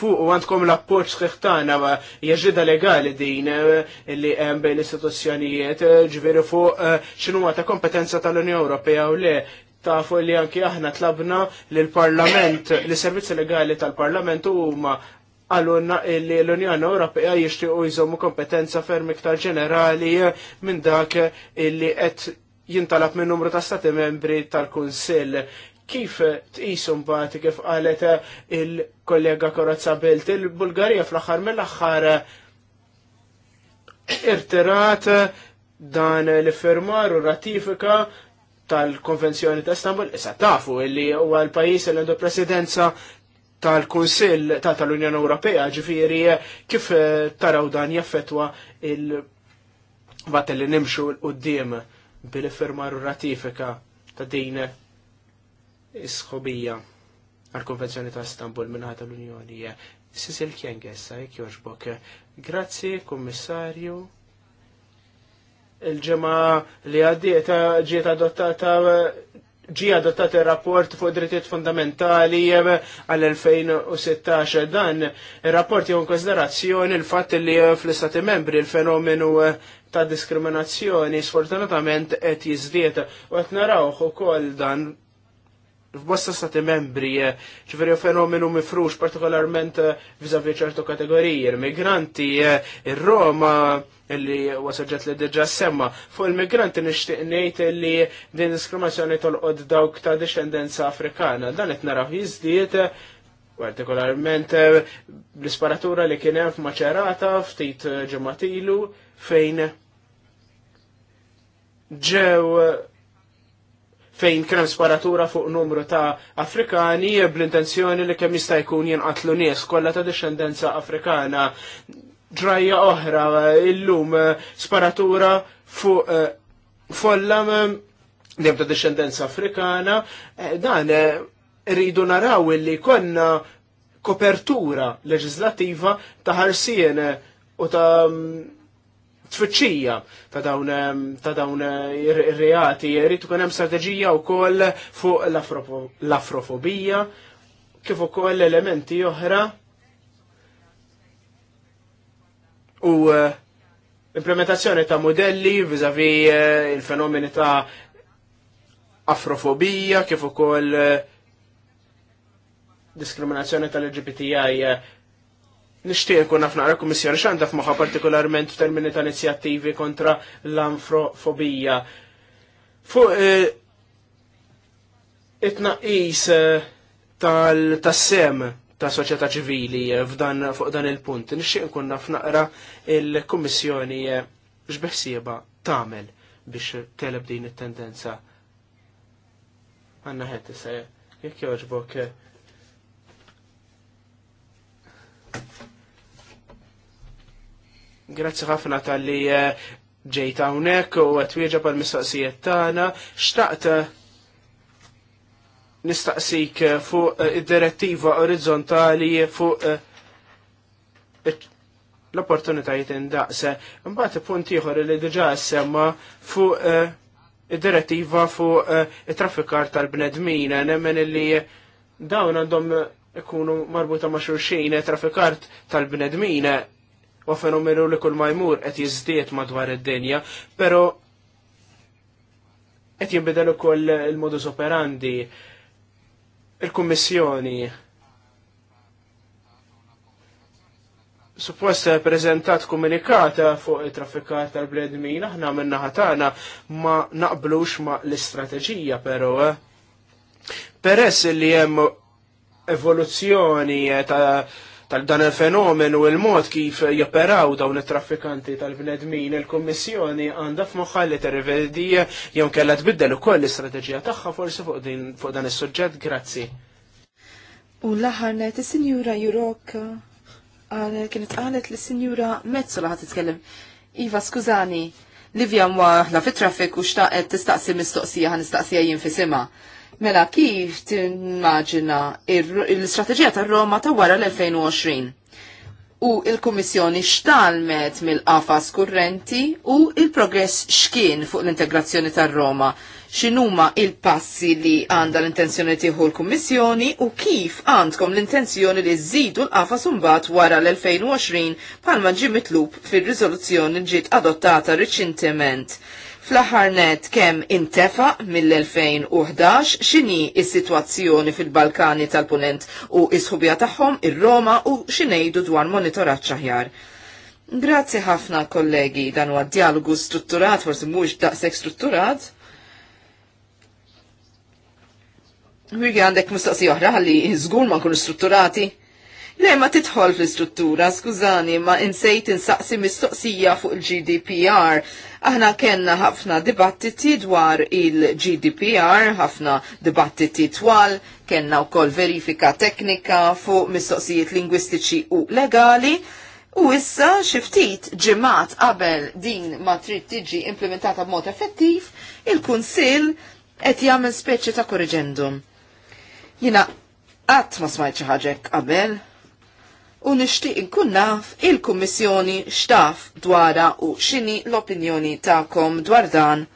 fuq u għandkom l-appoċ sħiħtana ma jieġida legali din eh, li hemm bejn l-istituzzjonijiet eh, ġviri fuq eh, xinu ta' kompetenza tal-Unjoni Ewropea u le tafu li anki aħna tlabna l-Parlament, l-Servizzi Legali tal-Parlament huma għalunna li l-Unjoni Ewropea jixtiequ jżommu kompetenza ferm iktar ġenerali minn dak illi qed jintalab minn numru ta' stati membri tal-Kunsill. Kif tqisu mbagħad kif qalet il-kollega Korazza Belt il-Bulgarija fl-aħħar mill-aħħar irtirat dan l-firmar u ratifika tal-Konvenzjoni ta' Istanbul, issa tafu illi huwa l-pajjiż li għandu presidenza tal-Kunsill ta' tal-Unjoni Ewropea, ġifieri kif eh, taraw dan jaffetwa il- Batta li nimxu l-qoddim bil-firmar ratifika ta' din isħobija għal-Konvenzjoni ta' Istanbul minnaħat tal-Unjoni. Sisil Kjengessa, jkjoġbok. Grazzi, kommissarju. Il-ġemma li għaddieta ġiet adottata ġi adottat il-rapport fuq drittijiet fundamentali għal-2016 dan il-rapport jew konsiderazzjoni il-fatt li fl-istati membri il-fenomenu ta' diskriminazzjoni sfortunatament qed jiżdied u qed narawh ukoll dan f'bosta stati membri ċveri fenomenu mifrux partikolarment vizavi ċertu kategoriji, il-migranti, il roma illi wasaġet li diġa semma. Fuq il-migranti nixtieq ngħid illi din diskriminazzjoni tolqod dawk ta' discendenza Afrikana. Dan qed naraw jiżdied partikolarment eh, l-isparatura li kien hemm f'Maċerata ftit eh, ġematilu fejn ġew fejn kienem sparatura fuq numru ta' Afrikani bl-intenzjoni li kemm jista' jkun jinqatlu nies kollha ta' discendenza Afrikana Draja oħra illum eh, sparatura fuq eh, folla dem ta' eh, descendenza afrikana, dan rridu naraw illi konna kopertura leġislativa ta' ħarsien u ta' mm, tfittxija ta' dawn ta' dawn ir-reati, rritu kun hemm strateġija wkoll fuq l-afrofobija, kif ukoll elementi oħra u eh, implementazzjoni ta' modelli vizavi eh, il-fenomeni ta' afrofobija kif ukoll eh, diskriminazzjoni tal-LGBTI nishtiq kun naf naqra kummissjoni x'għandha f'moħħa partikolarment f'termini ta' inizjattivi kontra l-anfrofobija. Fuq it-tnaqqis tal-tassem ta' soċjetà ċivili eh, f'dan fuq dan il-punt. Nixtieq nkun naf naqra il-Kummissjoni eh, x'beħsieba tagħmel biex teleb din it-tendenza. Għanna ħed issa eh, jekk jogħġbok. Grazzi ħafna tal-li ġejta hawnhekk u qed wieġeb għall-mistoqsijiet tagħna. Xtaqt nistaqsik eh, fuq eh, id-direttiva orizzontali fuq eh, l-opportunitajiet indaqse. Mbagħad punt ieħor li diġà semma fuq id-direttiva fuq it-traffikar tal-bnedmin, nemmen li dawn għandhom ikunu marbuta ma' xulxin traffikar tal-bnedmin u fenomenu li kull majmur jmur qed jiżdied madwar id-dinja, però qed jinbidel ukoll il-modus operandi il-Kummissjoni suppost prezentat komunikata fuq it-traffikat tal-bledmin, aħna minna ħatana ma naqblux ma l-istrateġija, pero eh, peress li jem evoluzzjoni ta' tal-dan il-fenomenu il-mod kif jopperaw dawn it-traffikanti tal-bnedmin il-Kommissjoni għandha f'moħħa li terrivedi jew kellha tbiddel ukoll l-istrateġija tagħha forsi fuq din fuq dan is-suġġett grazzi. U l-aħħar net is-Sinjura Jurok kienet qalet li sinjura Mezzola ħad titkellem. Iva, skużani, Livja mwaħla fit-traffiku xtaqet tistaqsi mistoqsija ħan nistaqsija jien fi sima. Mela, kif timmaġina l-istrateġija ta' Roma ta' wara l-2020? U il-Kummissjoni xtalmet mill-qafas kurrenti u il-progress xkien fuq l-integrazzjoni ta' Roma xinuma il-passi li għanda l-intenzjoni tiħu l kummissjoni u kif għandkom l-intenzjoni li żżidu l qafas umbat wara l-2020 palma ġie mitlub fil-rizoluzzjoni ġiet adottata riċentement. Fl-aħħar net kemm intefa mill-2011 x'inhi s-sitwazzjoni fil-Balkani tal-Punent u isħubja tagħhom ir-Roma u x'ingħidu dwar monitorat ċaħjar. Grazzi ħafna kollegi dan huwa dialogu strutturat, forsi mux daqshekk strutturat. Mirgi għandek mistoqsi oħra li żgur ma nkunu strutturati. Le, ma titħol fl-istruttura, skużani, ma insejt insaqsi mistoqsija fuq il-GDPR. Aħna kenna ħafna dibattiti dwar il-GDPR, ħafna dibattiti twal, kenna u kol verifika teknika fuq mistoqsijiet lingwistiċi u legali. U issa xiftit ġemat qabel din ma trid tiġi implementata b'mod effettiv, il-Kunsill qed jagħmel speċi ta' korreġendum. Jina qatt ma smajt xi ħaġa qabel u nixtieq inkun naf il-Kummissjoni xtaf dwara u x'inhi l-opinjoni tagħkom dwar dan.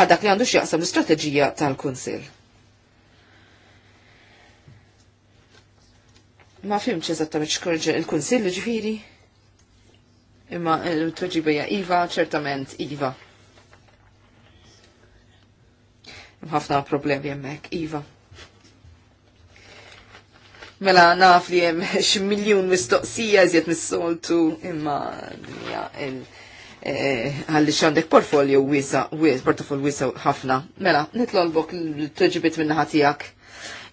Għadak li għandu x'jaqsam l-istrateġija tal-Kunsill. Ma fimċ eżattament xkorġa il-Kunsill ġifiri. Imma l-tweġibija Iva, ċertament Iva. Mħafna problemi jemmek, Iva. Mela naf li hemm miljon mistoqsija iżjed mis-soltu imma eh, għalli xandek portfolio wisa, wis, portfolio wisa ħafna. Mela, nitlolbok l-tġibit minna ħatijak.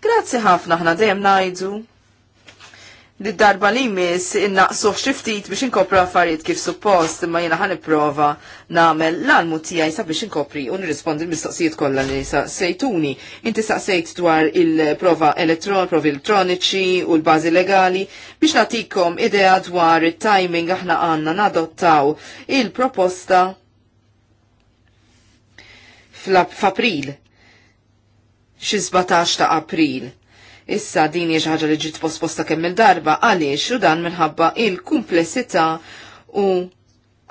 Grazzi ħafna ħna dejjem najdu li darba li mis innaqsu xiftit biex inkopra affarijiet kif suppost imma jiena ħan prova nagħmel l-almu tiegħi sabiex inkopri u rispondi l-mistoqsijiet kollha li sejtuni. Inti saqsejt dwar il-prova elettron, provi elettroniċi u l-bażi legali biex nagħtikom idea dwar it-timing aħna għandna nadottaw il-proposta f'April xi 17 ta' April Issa din hija xi ħaġa li ġiet posposta kemm il-darba għaliex u dan minħabba il-kumplessità u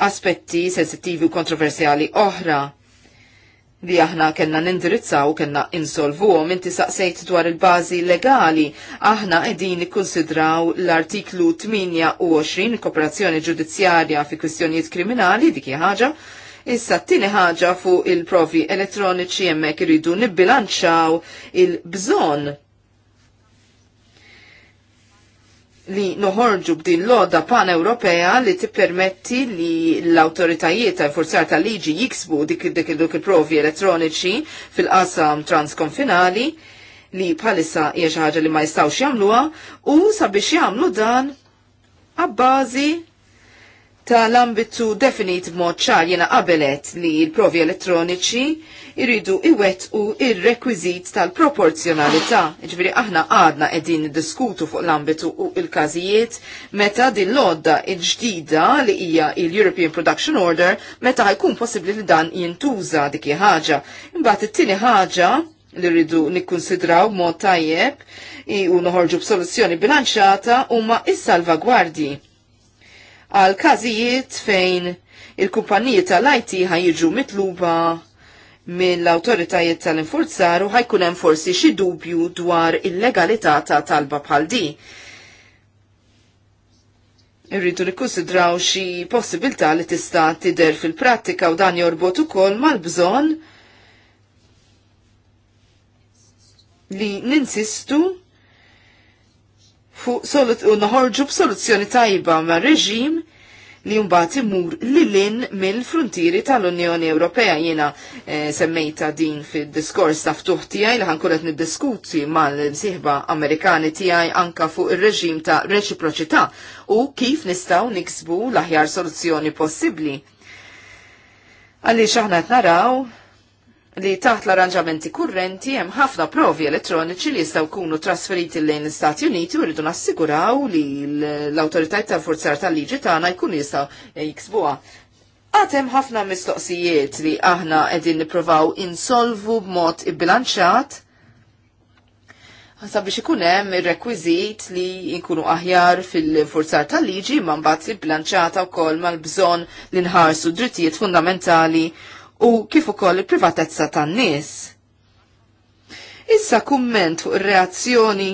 aspetti sensittivi u kontroversjali oħra li aħna kena nindirizzaw, kena insolvu, inti saqsejt dwar il-bazi legali, aħna edin ikkonsidraw l-artiklu 28, kooperazzjoni ġudizzjarja fi kwistjonijiet kriminali, dikja ħaġa, Issa t-tini ħaġa fuq il-provi elettroniċi jemmek irridu nibbilanċaw il-bżon li noħorġu b'din loda pan-Ewropea li tippermetti li l-autoritajiet ta' forzar ta' liġi jiksbu dik dik il-provi elettroniċi fil-qasam transkonfinali li palissa hija xi ħaġa li ma jistgħux jagħmluha u sabiex jagħmlu dan għabbażi tal-ambitu definit mod ċar jena qabelet li l-provi elettroniċi iridu iwet u ir-rekwizit tal-proporzjonalità. Ġviri aħna għadna edin diskutu fuq l-ambitu u il-kazijiet meta din l-odda il-ġdida li hija il-European Production Order meta ħajkun possibli li dan jintuża dik ħaġa. Imbagħad it-tieni ħaġa li rridu nikkonsidraw mod tajjeb u noħorġu b'soluzzjoni bilanċata huma s salvagwardji għal każijiet fejn il-kumpaniji tal-IT ħajġu mitluba mill-autoritajiet tal-infurzar u ħajkun hemm forsi xi dubju dwar il-legalità ta' talba bħal di. Irridu nikkunsidraw xi possibilità li tista' tidher fil-prattika u dan jorbot ukoll mal-bżonn li ninsistu fuq u noħorġu b'soluzzjoni tajba ma' reġim li mbagħad imur lilin mill frontiri tal-Unjoni Ewropea jiena e, semmejta din fid-diskors ta' ftuħ tiegħi li ħankun qed niddiskuti mal-sieħba Amerikani tiegħi anka fuq ir-reġim ta' reċiproċità u kif nistgħu niksbu l-aħjar soluzzjoni possibbli. Għalli xaħna naraw li taħt l-arranġamenti kurrenti hemm ħafna provi elettroniċi li jistgħu jkunu trasferiti lejn l-Istati Uniti u rridu nassiguraw li l-awtoritajiet tal-forzar tal-liġi tagħna jkun jistgħu jiksbuha. Għatem ħafna mistoqsijiet li aħna qegħdin nippruvaw insolvu b'mod ibbilanċat sabiex ikun hemm ir-rekwiżit li jkunu aħjar fil-forzar tal-liġi ma mbagħad li blanċata wkoll mal-bżonn li nħarsu drittijiet fundamentali u kif ukoll il-privatezza tan-nies. Issa kumment fuq ir-reazzjoni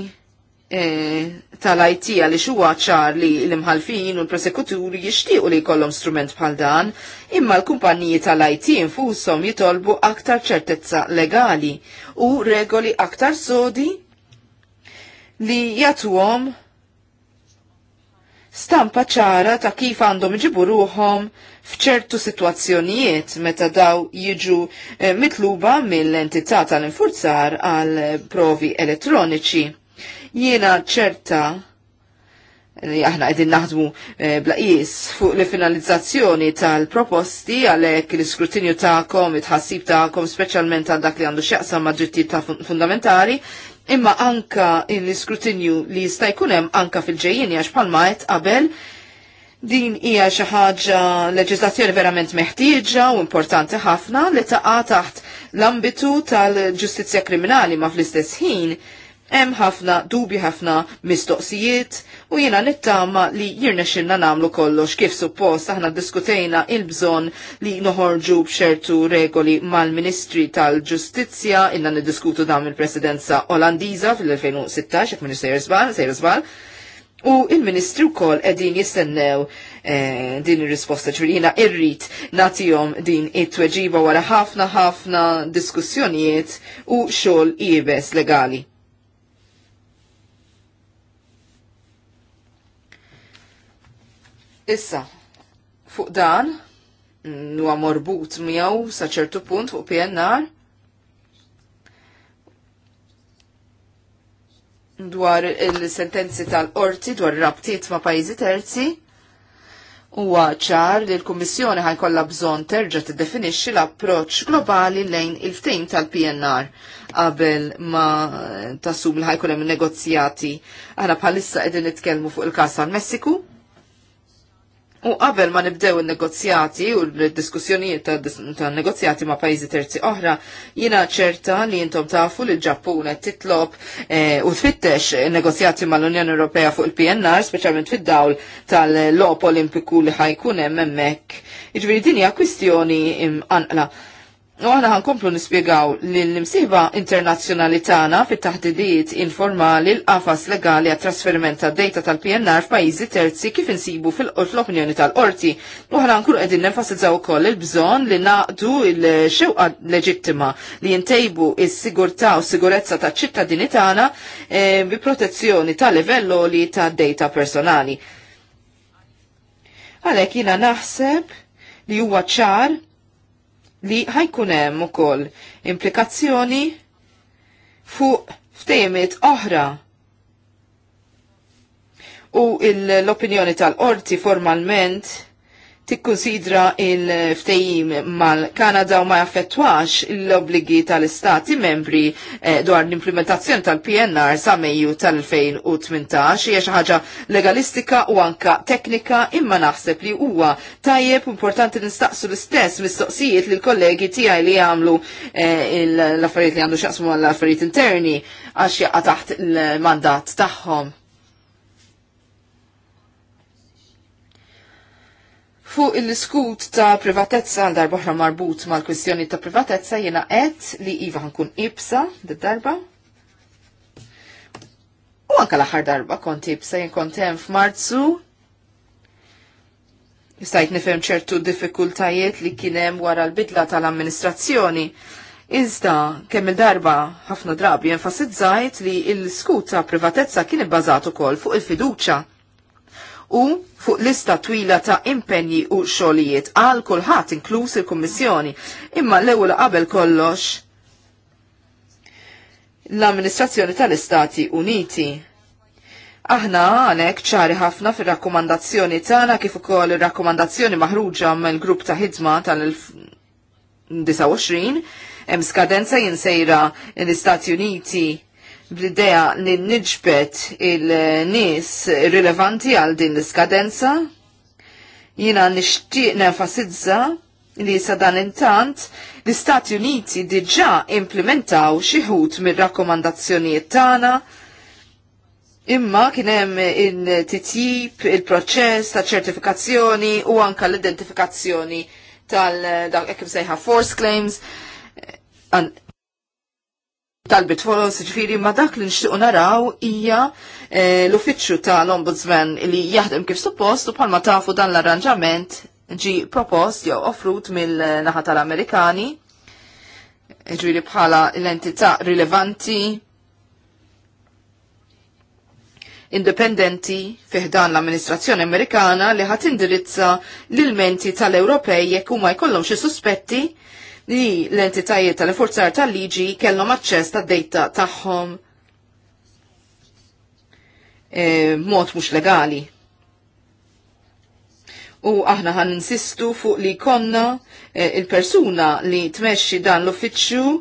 eh, tal-IT li xuwa ċar li l-imħalfin u l-prosekuturi jixtiequ li jkollhom strument bħal dan, imma l kumpanniji tal-IT infushom jitolbu aktar ċertezza legali u regoli aktar sodi li jagħtuhom stampa ċara ta' kif għandhom ġibu ruħom fċertu situazzjonijiet meta daw jiġu eh, mitluba mill-entità tal-infurzar għal provi elettroniċi. Jiena ċerta li aħna għedin naħdmu eh, blaqis fuq li finalizzazzjoni tal-proposti għalek l-iskrutinju ta'kom, it-ħassib ta'kom, specialment għal dak li għandu xieqsa maġġittib ta' fundamentali, imma anka l-iskrutinju li jista' jkun hemm anka fil ġejjien għax bħalma qed qabel din hija xi ħaġa leġislazzjoni verament meħtieġa u importanti ħafna li taqa' taħt l-ambitu tal-ġustizzja kriminali ma fl-istess ħin hemm ħafna dubi ħafna mistoqsijiet u jiena nittama li xinna nagħmlu kollox kif suppost aħna diskutejna il-bżonn li noħorġu b'xertu regoli mal-Ministri tal-Ġustizzja inna niddiskutu dam il-Presidenza Olandiża fil-2016 jekk Minister U il-ministru kol edin jistennew eh, din il-risposta ċvirina irrit natijom din it-tweġiba wara ħafna ħafna diskussjonijiet u xol ibes legali. Issa, fuq dan, huwa morbut miegħu sa ċertu punt fuq PNR, dwar il-sentenzi tal-qorti dwar rabtiet ma' pajjiżi terzi, huwa ċar li l-Kummissjoni ħajkollha bżonn terġa' tiddefinixxi l-approċċ globali lejn il-ftehim tal-PNR qabel ma tassum li ħajkun hemm negozjati. Aħna bħalissa qegħdin nitkellmu fuq il-każ tal-Messiku, U qabel ma nibdew il-negozjati u l-diskussjonijiet ta' negozjati ma' pajjiżi terzi oħra, jina ċerta li jintom tafu li l-Ġappun qed titlob eh, u tfittex negozjati mal-Unjoni Ewropea fuq il-PNR, speċjalment fid-dawl tal-lop Olimpiku li ħajkun hemm hemmhekk. Jiġifieri din hija kwistjoni anqla. U għana għankomplu nispiegaw l-imsiba internazjonali tana fit taħdidiet informali l-qafas legali għat trasferiment ta' data tal-PNR f'pajjiżi terzi kif insibu fil-opinjoni tal-qorti. U għana għankun għedin nenfasizzaw kol il-bżon li naqdu il-xewqa leġittima li jintejbu il-sigurta u sigurezza ta' ċittadini tana e, bi protezzjoni ta' livello li ta' data personali. Għalek jina naħseb li huwa ċar li ħajkun hemm ukoll implikazzjoni fuq ftejmiet oħra. U l-opinjoni tal-qorti formalment tikkunsidra il-ftejim mal-Kanada u ma jaffettwax l-obligi tal-istati membri eh, dwar l-implementazzjoni tal-PNR sa' Mejju tal-2018 hija xi ħaġa legalistika u anka teknika imma naħseb li huwa tajjeb importanti nistaqsu l-istess mistoqsijiet l kollegi tiegħi li jagħmlu eh, l-affarijiet li għandu x'jaqsmu għall affarijiet interni għax jaqa' taħt il-mandat tagħhom. Fuq il-skut ta' privatezza għal darba marbut mal-kwistjoni ta' privatezza jena qed li iva nkun ibsa d-darba U anka l-aħħar darba konti kont hemm f'Marzu. Istajt nifhem ċertu diffikultajiet li kienem wara l-bidla tal-amministrazzjoni. Iżda kemm il-darba ħafna drabi enfasizzajt li l-skut ta' privatezza kien ibbażat ukoll fuq il-fiduċa u fuq lista twila ta' impenji u xogħlijiet għal kulħadd inkluż il-Kummissjoni. Imma l-ewwel qabel kollox l-Amministrazzjoni tal-Istati Uniti. Aħna għanek ċari ħafna fil-rakkomandazzjoni tagħna kif ukoll ir-rakkomandazzjoni maħruġa mill-grupp ta' ħidma tal-29 hemm skadenza jinsejra l-Istati Uniti bl-idea li nġbet il-nis rilevanti għal din l-iskadenza. Jina nishtiq nenfasizza li sa dan intant l-Istati Uniti diġa implementaw xiħut mir-rakkomandazzjonijiet tagħna imma kien hemm il-titjib, il-proċess ta' ċertifikazzjoni u anka l-identifikazzjoni tal-dak sejħa force claims talbit follows ġifiri ma dak li nxtiqu naraw hija eh, l-uffiċċju tal-Ombudsman li jaħdem kif suppost u bħalma tafu dan l-arranġament ġi propost jew offrut mill-naħa tal-Amerikani eh, ġifiri bħala l-entità rilevanti indipendenti fiħdan l-amministrazzjoni Amerikana li ħat indirizza l-ilmenti tal-Ewropej jekk huma jkollhom xi suspetti li l-entitajiet tal-forzar tal-liġi kellhom aċċess tad-dejta tagħhom e, mod mhux legali. U aħna ħan insistu fuq li konna e, il-persuna li tmexxi dan l-uffiċċju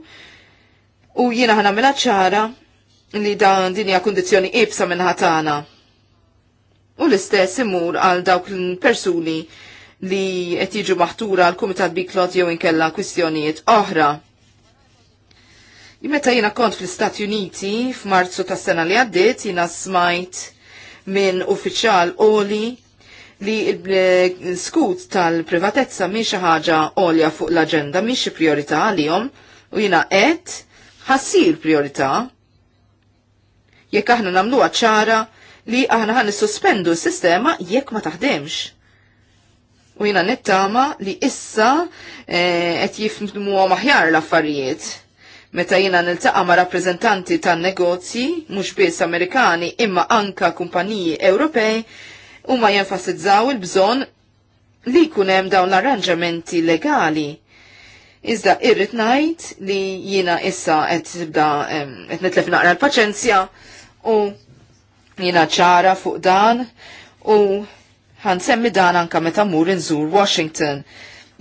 u jiena ħan nagħmilha ċara li dan dinja kondizjoni ibsa minn ħatana. U l-istess imur għal dawk l-persuni li qed jiġu maħtura l-Kumitat Biklot jew inkella kwistjonijiet oħra. Meta jiena kont fl-Istati Uniti f'Marzu tas-sena li għaddiet jiena smajt minn uffiċjal oli li l-skut tal-privatezza mhi xi ħaġa għolja fuq l-aġenda mi xi priorità għalihom u jiena qed ħassir priorità jekk aħna nagħmluha ċara li aħna ħan sospendu s-sistema jekk ma taħdemx u jina nittama li issa eh, qed jifmu maħjar l-affarijiet. Meta jina niltaqa ma' rappreżentanti tan negozji, mhux biss Amerikani imma anka kumpaniji Ewropej, u ma jenfasizzaw il-bżon li kunem dawn l-arranġamenti legali. Iżda irrit najt li jina issa qed tibda qed nitlef naqra l-paċenzja u jina ċara fuq dan u ħansemmi dan anka meta mur nżur Washington.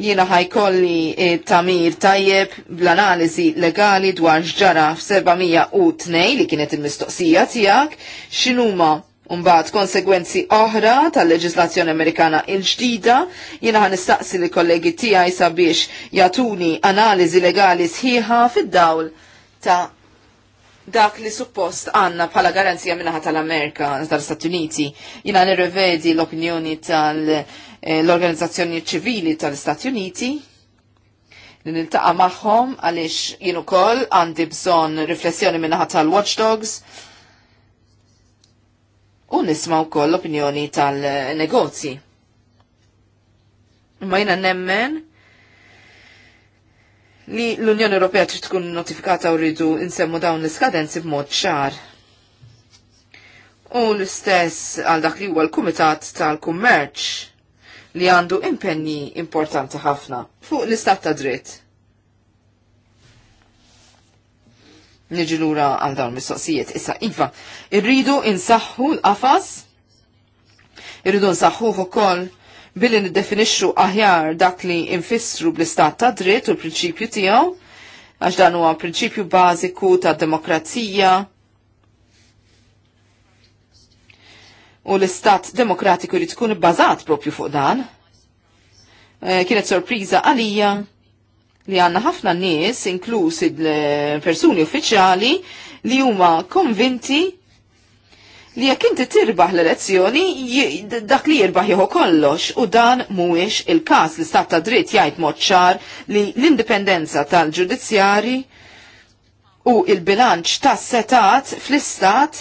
Jiena ħajkolli eh, tamir tajjeb bl-analiżi legali dwar x'ġara 702 li kienet il-mistoqsija tiegħek x'inhuma Umbat konsegwenzi oħra tal-leġislazzjoni Amerikana il-ġdida, jina għan istaqsi li kollegi tijaj sabiex jatuni analizi legali sħiħa fid-dawl ta' dak li suppost għanna bħala garanzija minnaħa tal-Amerika, tal-Stati Uniti. Jina nirrevedi l-opinjoni tal-Organizzazzjoni eh, ċivili tal-Stati Uniti li nil-taqa maħħom għalix jienu kol għandi bżon riflessjoni minnaħa tal-Watchdogs u nismaw kol l-opinjoni tal-negozji. Ma jina nemmen li l-Unjoni Ewropea trid tkun notifikata u rridu nsemmu dawn l-iskadenzi b'mod ċar. U l-istess għal dak li huwa l-Kumitat tal-Kummerċ li għandu impenni importanti ħafna fuq l-istat ta' dritt. Niġi lura għal dawn mistoqsijiet. Issa, iva, irridu insaħħu l-qafas, irridu nsaħħu ukoll billi niddefinixxu aħjar dak li infissru bl-istat ta' dritt u l-prinċipju tiegħu, għax dan huwa prinċipju bażiku ta' demokrazija u l-istat demokratiku li tkun bbażat propju fuq dan. Eh, kienet sorpriża għalija li għanna ħafna nies, inkluż il-persuni uffiċjali, li huma konvinti li jekk inti tirbaħ l-elezzjoni, dak li jirbaħ jieħu kollox u dan mhuwiex il-każ li stat ta' dritt jgħid mod ċar li l-indipendenza tal-ġudizzjari u il-bilanċ tas setat fl-istat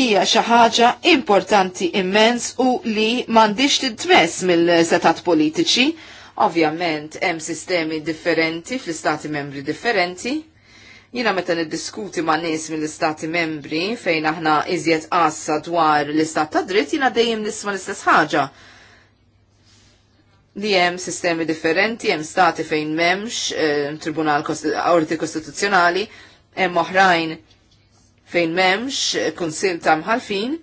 hija xi ħaġa importanti immens u li m'għandix titmess mill-setat politiċi. Ovvjament hemm sistemi differenti fl-istati membri differenti Jina meta niddiskuti ma' nies mill-istati membri fejn aħna iżjed qassa dwar l-istat ta' dritt jina dejjem nisma' l-istess ħaġa. Li hemm sistemi differenti, hemm stati fejn m'hemmx eh, tribunal orti kostituzzjonali, hemm oħrajn fejn m'hemmx eh, kunsil ta' mħalfin,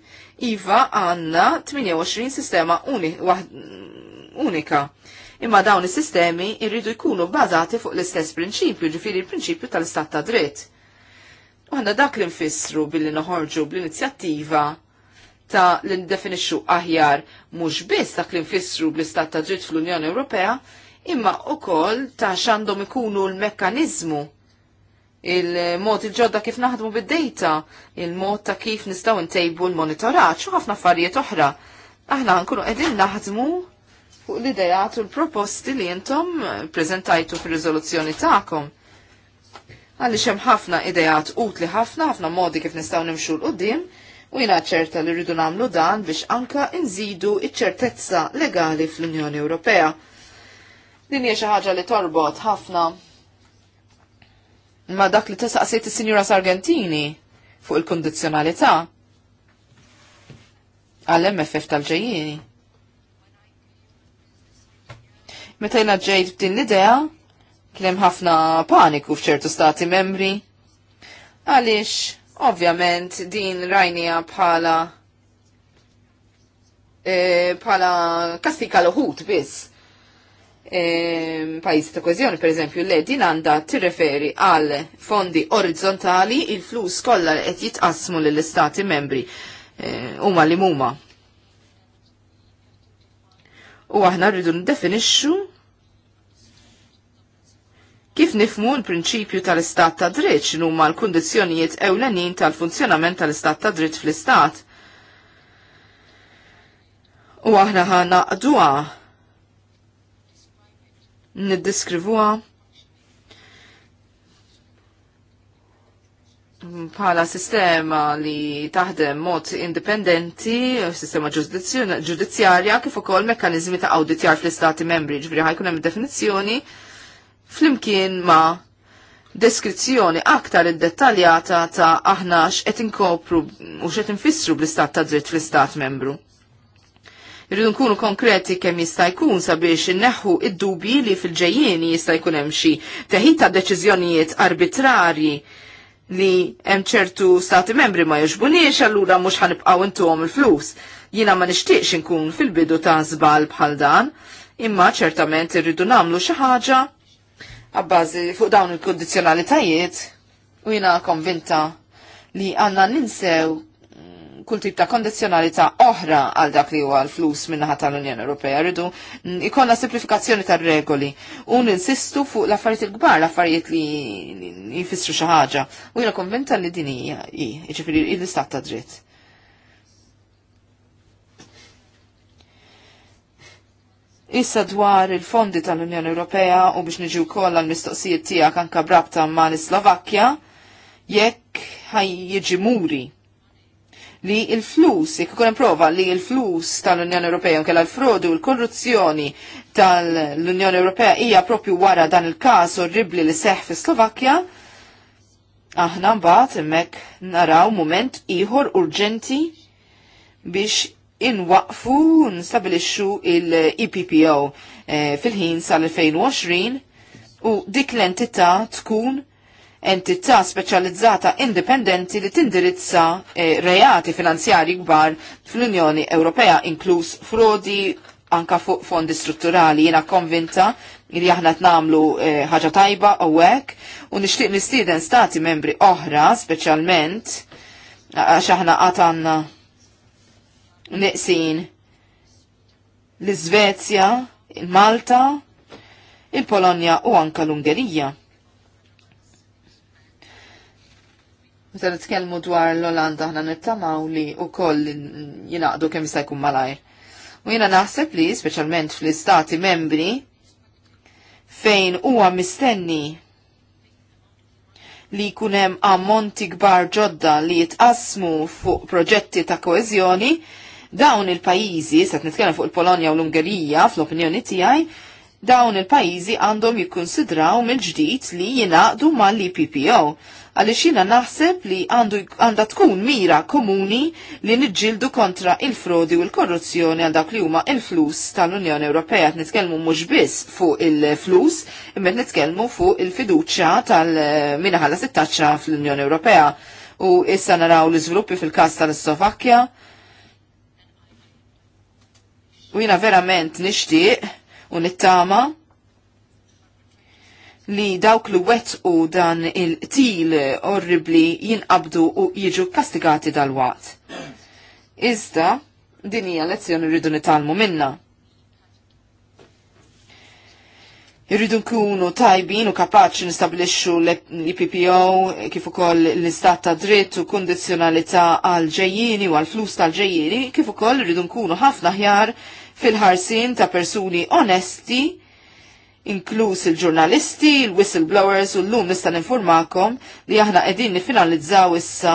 iva għandna 28 sistema uni, unika imma dawn is-sistemi irridu jkunu bbażati fuq l-istess prinċipju, ġifiri l-prinċipju tal-istat ta' dritt. U għanna dak li nfissru billi noħorġu bl-inizjattiva ta' li ndefinixxu aħjar mhux biss dak li nfissru bl-istat ta' dritt fl-Unjoni Ewropea, imma wkoll ta' x'għandhom ikunu l-mekkaniżmu il-mod il-ġodda kif naħdmu bid-dejta, il-mod ta' kif nistgħu ntejbu l monitorat u ħafna affarijiet oħra. Aħna nkunu qegħdin naħdmu fuq l-idejat u l-proposti li jentom prezentajtu fil-rizoluzzjoni ta'kom. Għalli xem ħafna idejat utli ħafna, ħafna modi kif nistaw nimxu l-qoddim, u jina ċerta li rridu namlu dan biex anka nżidu iċ-ċertezza legali fl-Unjoni Ewropea. Din hija xi ħaġa li torbot ħafna ma dak li tisaqsiet is-Sinjura Sargentini fuq il-kondizzjonalità għall-MFF tal ġejjini Meta jina ġejt din l-idea, kienem ħafna paniku fċertu stati membri. Għalix, ovvjament, din rajnija bħala e, bħala kastika l ħut biss. E, pajis ta' kozjoni, per eżempju, le din għanda tirreferi għal fondi orizzontali il-flus kollha qed jitqassmu lill-istati membri e, huma e, li huma u aħna rridu ndefinixxu kif nifmu l-prinċipju tal-istat ta' dritt x'inhu huma l-kundizzjonijiet ewlenin tal-funzjonament tal-istat ta' dritt fl-istat. U aħna ħa naqduha niddiskrivuha bħala sistema li taħdem mod indipendenti, sistema ġudizzjarja, kif ukoll mekkanizmi ta' auditjar fl-istati membri, ġifri ħajkun hemm definizzjoni flimkien ma' deskrizzjoni aktar id-dettaljata ta' aħna x'qed inkopru u x'qed infissru bl-istat ta' dritt fl-istat membru. Irridu nkunu konkreti kemm jista' jkun sabiex inneħħu id-dubji li fil-ġejjieni jista' jkun hemm xi teħid ta' deċiżjonijiet arbitrarji li hemm ċertu stati membri ma jiġbuniex allura mhux ħanibqgħu intuhom il-flus. Jiena ma nixtieqx inkun fil-bidu ta' żbal bħal dan, imma ċertament irridu nagħmlu xi ħaġa għabbażi fuq dawn il kundizzjonalitajiet u jiena konvinta li għandna ninsew kull tip ta' kondizjonalità oħra għal dak li huwa l-flus minnaħa tal-Unjoni Ewropea. Rridu ikollna simplifikazzjoni tar-regoli u ninsistu fuq l-affarijiet il-kbar, l-affarijiet li jfissru xi ħaġa. U jiena konventa li din hija jiġifieri l-istat ta' dritt. Issa dwar il-fondi tal-Unjoni Ewropea u biex niġu wkoll għall-mistoqsijiet tiegħek anke brabta ma' l-Slovakkja, jekk ħaj jiġi muri li il-flus, jek kunem prova li il-flus tal-Unjoni Ewropea nkella l-frodu, l-korruzzjoni tal-Unjoni Ewropea hija propju wara dan il-każ orribli li seħ fi Slovakkja, aħna mbagħad hemmhekk naraw mument ieħor urġenti biex inwaqfu nstabilixxu il-EPPO eh, fil-ħin sal-2020 u dik l-entità tkun entità speċjalizzata indipendenti li tindirizza eh, reati finanzjari kbar fl-Unjoni Ewropea, inkluż frodi anka fuq fondi strutturali. Jena konvinta li aħna tnamlu eh, ħaġa tajba u hekk u nixtieq nistieden stati membri oħra speċjalment għax aħna qatt għandna neqsin l-Iżvezja, il-Malta, il-Polonja u anka l-Ungerija Meta nitkellmu dwar l-Olanda aħna nittamaw li wkoll jingħaqdu kemm jista' jkun malajr. U jiena naħseb li speċjalment fl-istati membri fejn huwa mistenni li kunem ammonti kbar ġodda li jitqasmu fuq proġetti ta' koezjoni, dawn il-pajizi, set nitkellem fuq il-Polonja u l-Ungerija, fl-opinjoni tiegħi, dawn il-pajizi għandhom jikkonsidraw mill-ġdid li jinaqdu mal-IPPO għaliex jiena naħseb li għandha tkun mira komuni li niġġieldu kontra il-frodi u l-korruzzjoni għal dak li huma il-flus tal-Unjoni Ewropea qed nitkellmu mhux biss fuq il-flus, imma nitkellmu fuq il-fiduċja tal-minaħalla sittaċċa fl-Unjoni Ewropea. U issa naraw l-iżviluppi fil-każ tal-Slovakkja. U jina verament nixtieq u nittama li dawk li u dan il-til orribli jinqabdu u jiġu kastigati dal-waqt. Iżda, din hija lezzjoni rridu nitalmu minna. Irridu nkunu tajbin u kapaċi nistabilixxu l-IPPO kif ukoll l-istat ta' dritt u kondizjonalità għal ġejjini u għal flus tal-ġejjini kif ukoll irridu nkunu ħafna ħjar fil-ħarsin ta' persuni onesti inkluż il-ġurnalisti, il-whistleblowers u l-lum nista' informakom li aħna qegħdin nifinalizzaw issa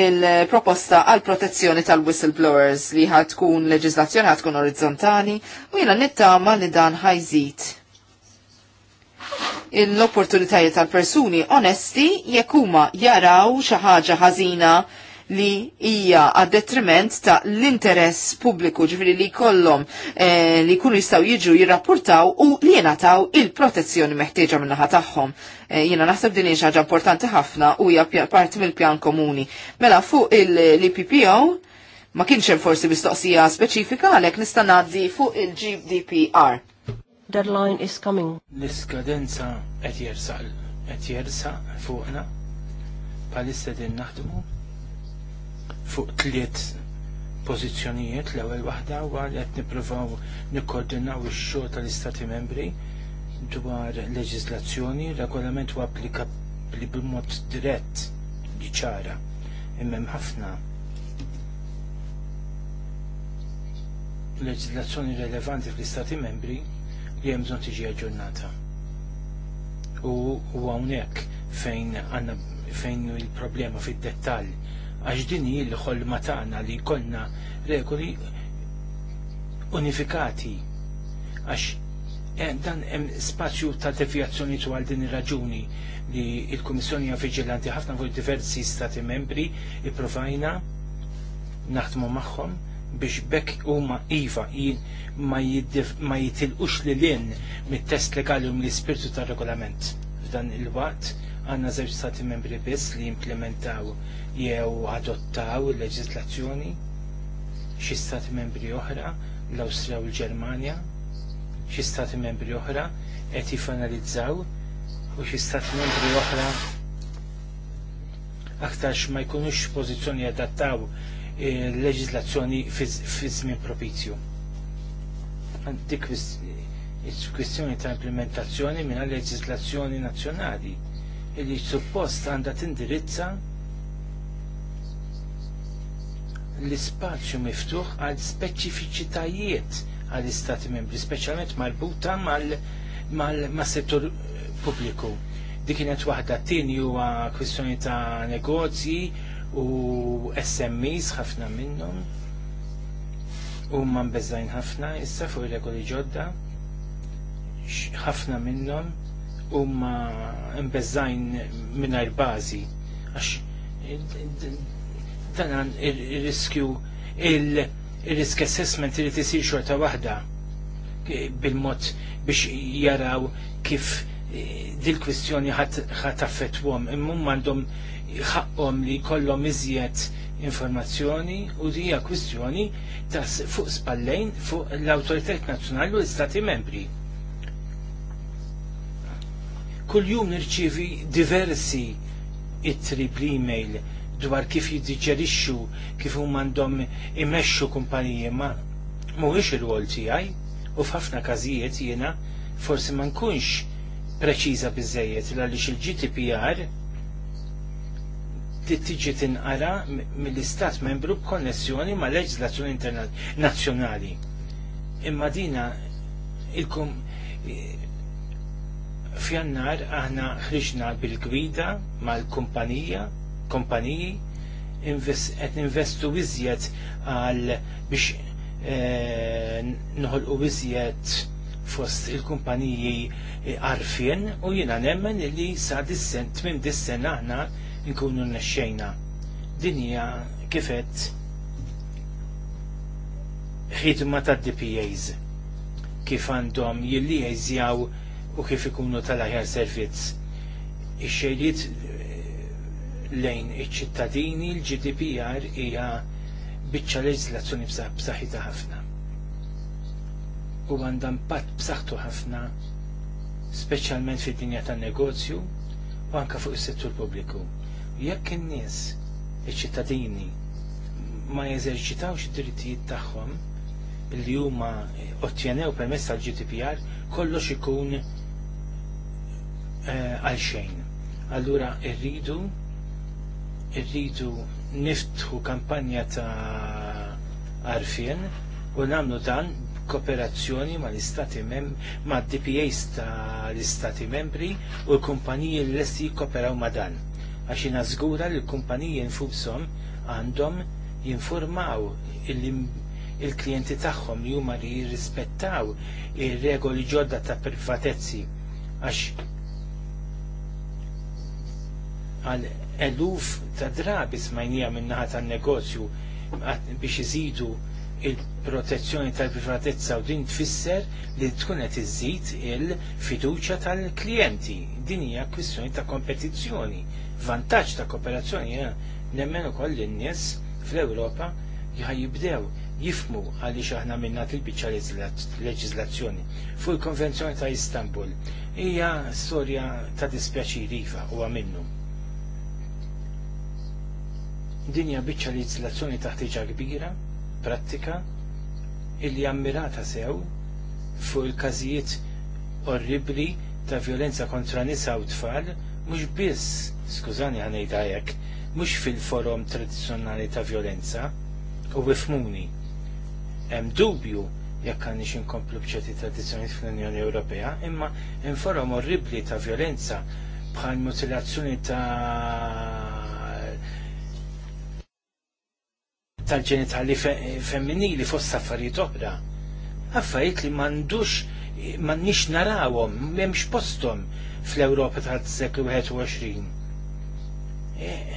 il-proposta għal protezzjoni tal-whistleblowers li ħad tkun leġislazzjoni ħad tkun orizzontali u jiena nittama li dan ħajżid l-opportunitajiet tal-persuni onesti jekk huma jaraw xi ħaġa ħażina li hija għad detriment ta' l-interess pubbliku ġifiri li kollom eh, li kunu jistaw jiġu jirrapportaw u li jenataw il-protezzjoni meħtieġa minnaħa tagħhom. Eh, Jiena naħseb din ħaġa importanti ħafna u hija parti mill-pjan komuni. Mela fuq il-PPO ma kienx hemm forsi mistoqsija speċifika għalhekk nista' ngħaddi fuq il-GDPR. Deadline is coming. L-iskadenza qed jersaq qed jersaq fuqna palissa din naħdmu fuq tliet pożizzjonijiet l-ewwel waħda u li qed nippruvaw nikkoordinaw ix-xogħol tal-Istati Membri dwar leġiżlazzjoni, regolament u applikabbli b'mod dirett li ċara. imem ħafna leġislazzjoni rilevanti fl-Istati Membri li hemm bżonn tiġi aġġornata. U hawnhekk fejn għandna fejn il-problema fid-dettall għax din hi l-ħolma tagħna li jkollna regoli unifikati għax eh, dan hemm spazju ta' devjazzjoni dwar din ir-raġuni li l-Kummissjoni hija viġilanti ħafna fuq diversi stati membri ipprovajna naħdmu magħhom biex bekk huma iva jien ma jitilqux li lin mit-test legali u mill-ispirtu tar-regolament f'dan il-waqt għanna żewġ stati membri biss li implementaw jew adottaw il-leġislazzjoni xi stati membri oħra l-Awstrija u l-Ġermanja, xi stati membri oħra qed jifanalizzaw u xi stati membri oħra aktarx ma jkunux pożizzjoni adattaw il-leġislazzjoni eh, fi żmien propizju. Dik eh, kwistjoni ta' implementazzjoni minn leġislazzjoni nazzjonali illi suppost għandha tindirizza l-ispazju miftuħ għal speċifiċitajiet għal istati membri, speċjalment marbuta mal-settur pubbliku. Dik kienet waħda t-tieni huwa kwistjoni ta' negozji u SMEs ħafna minnhom u man bezzajn ħafna issa fuq ir regoli ġodda ħafna minnhom huma mbeżajn mingħajr bażi għax dan ir-riskju il-risk assessment irid isir xorta waħda bil-mod biex jaraw kif eh, dil-kwistjoni ħat affettwom. Immum għandhom ħaqqom li kollhom iżjed informazzjoni u dija kwistjoni ta' fuq spallejn fuq l-autoritet nazzjonali u l-istati membri. Kuljum nirċivi diversi it-tripli email dwar kif jiddiġerixxu kif huma għandhom imexxu kumpaniji ma mhuwiex ir-rwol tiegħi u f'ħafna każijiet jiena forsi ma nkunx preċiża biżejjed għaliex il-GDPR tittiġi tinqara mill-istat membru b'konnessjoni ma' leġislazzjoni internazzjonali. Imma dina il Fjannar aħna ħriġna bil-gwida mal-kumpanija, kumpaniji, qed investu iżjed għal biex e, noħolqu iżjed fost il-kumpaniji għarfien u jiena nemmen li sa dissen, tmim dissen aħna nkunu nnexxejna. Dinja kifet ħidma tad DPAs kif għandhom jilli jizjaw u kif ikunu tal-aħjar servizz. Ix-xejriet eh, lejn iċ-ċittadini l-GDPR hija biċċa leġislazzjoni b'saħħitha ħafna. U għandha impatt b'saħħtu ħafna speċjalment fid-dinja tan-negozju u anke fuq is-settur pubbliku. Jekk in-nies iċ-ċittadini ma jeżerċitawx id-drittijiet tagħhom li huma ottjenew permess tal-GDPR kollox ikun Eh, għal xejn. Allura irridu irridu niftħu kampanja ta' arfien u namlu dan kooperazzjoni ma' l-istati membri, ma' DPAs ta' l-istati membri u l-kumpaniji l-lesti kooperaw ma' dan. Għaxina zgura li l-kumpaniji nfubsom għandhom jinformaw il-klienti tagħhom li huma li jirrispettaw ir-regoli ġodda ta' privatezzi għax għal eluf ta' drabi smajnija minnaħat tan negozju biex iżidu il-protezzjoni tal-privatezza u din tfisser li tkun qed iżid il-fiduċja tal-klijenti. Din hija kwistjoni ta' kompetizzjoni, vantaġġ ta' kooperazzjoni ja. Eh? nemmen ukoll in-nies fl-Ewropa jibdew jifmu għaliex aħna minnat il bicċa leġizlazzjoni fuq il-Konvenzjoni ta' Istanbul. Hija storja ta' dispjaċir iva u għamilnu. Dinja biċċa leġislazzjoni taħtiġa kbira, prattika, illi ammirata sew fuq il-każijiet orribli ta' violenza kontra nisa u tfal, mhux biss, skużani ngħidha hekk, mhux fil-forum tradizzjonali ta' violenza, u wifmuni. Hemm dubju jekk għandix inkomplu bċerti tradizzjonijiet fl-Unjoni Ewropea, imma hemm forum orribli ta' violenza bħal mutilazzjoni ta' tal-ġenitali femminili fost affarijiet oħra. Affarijiet li m'għandux m'għandniex narawhom, m'hemmx posthom fl-Ewropa tal-seklu 21. Eh,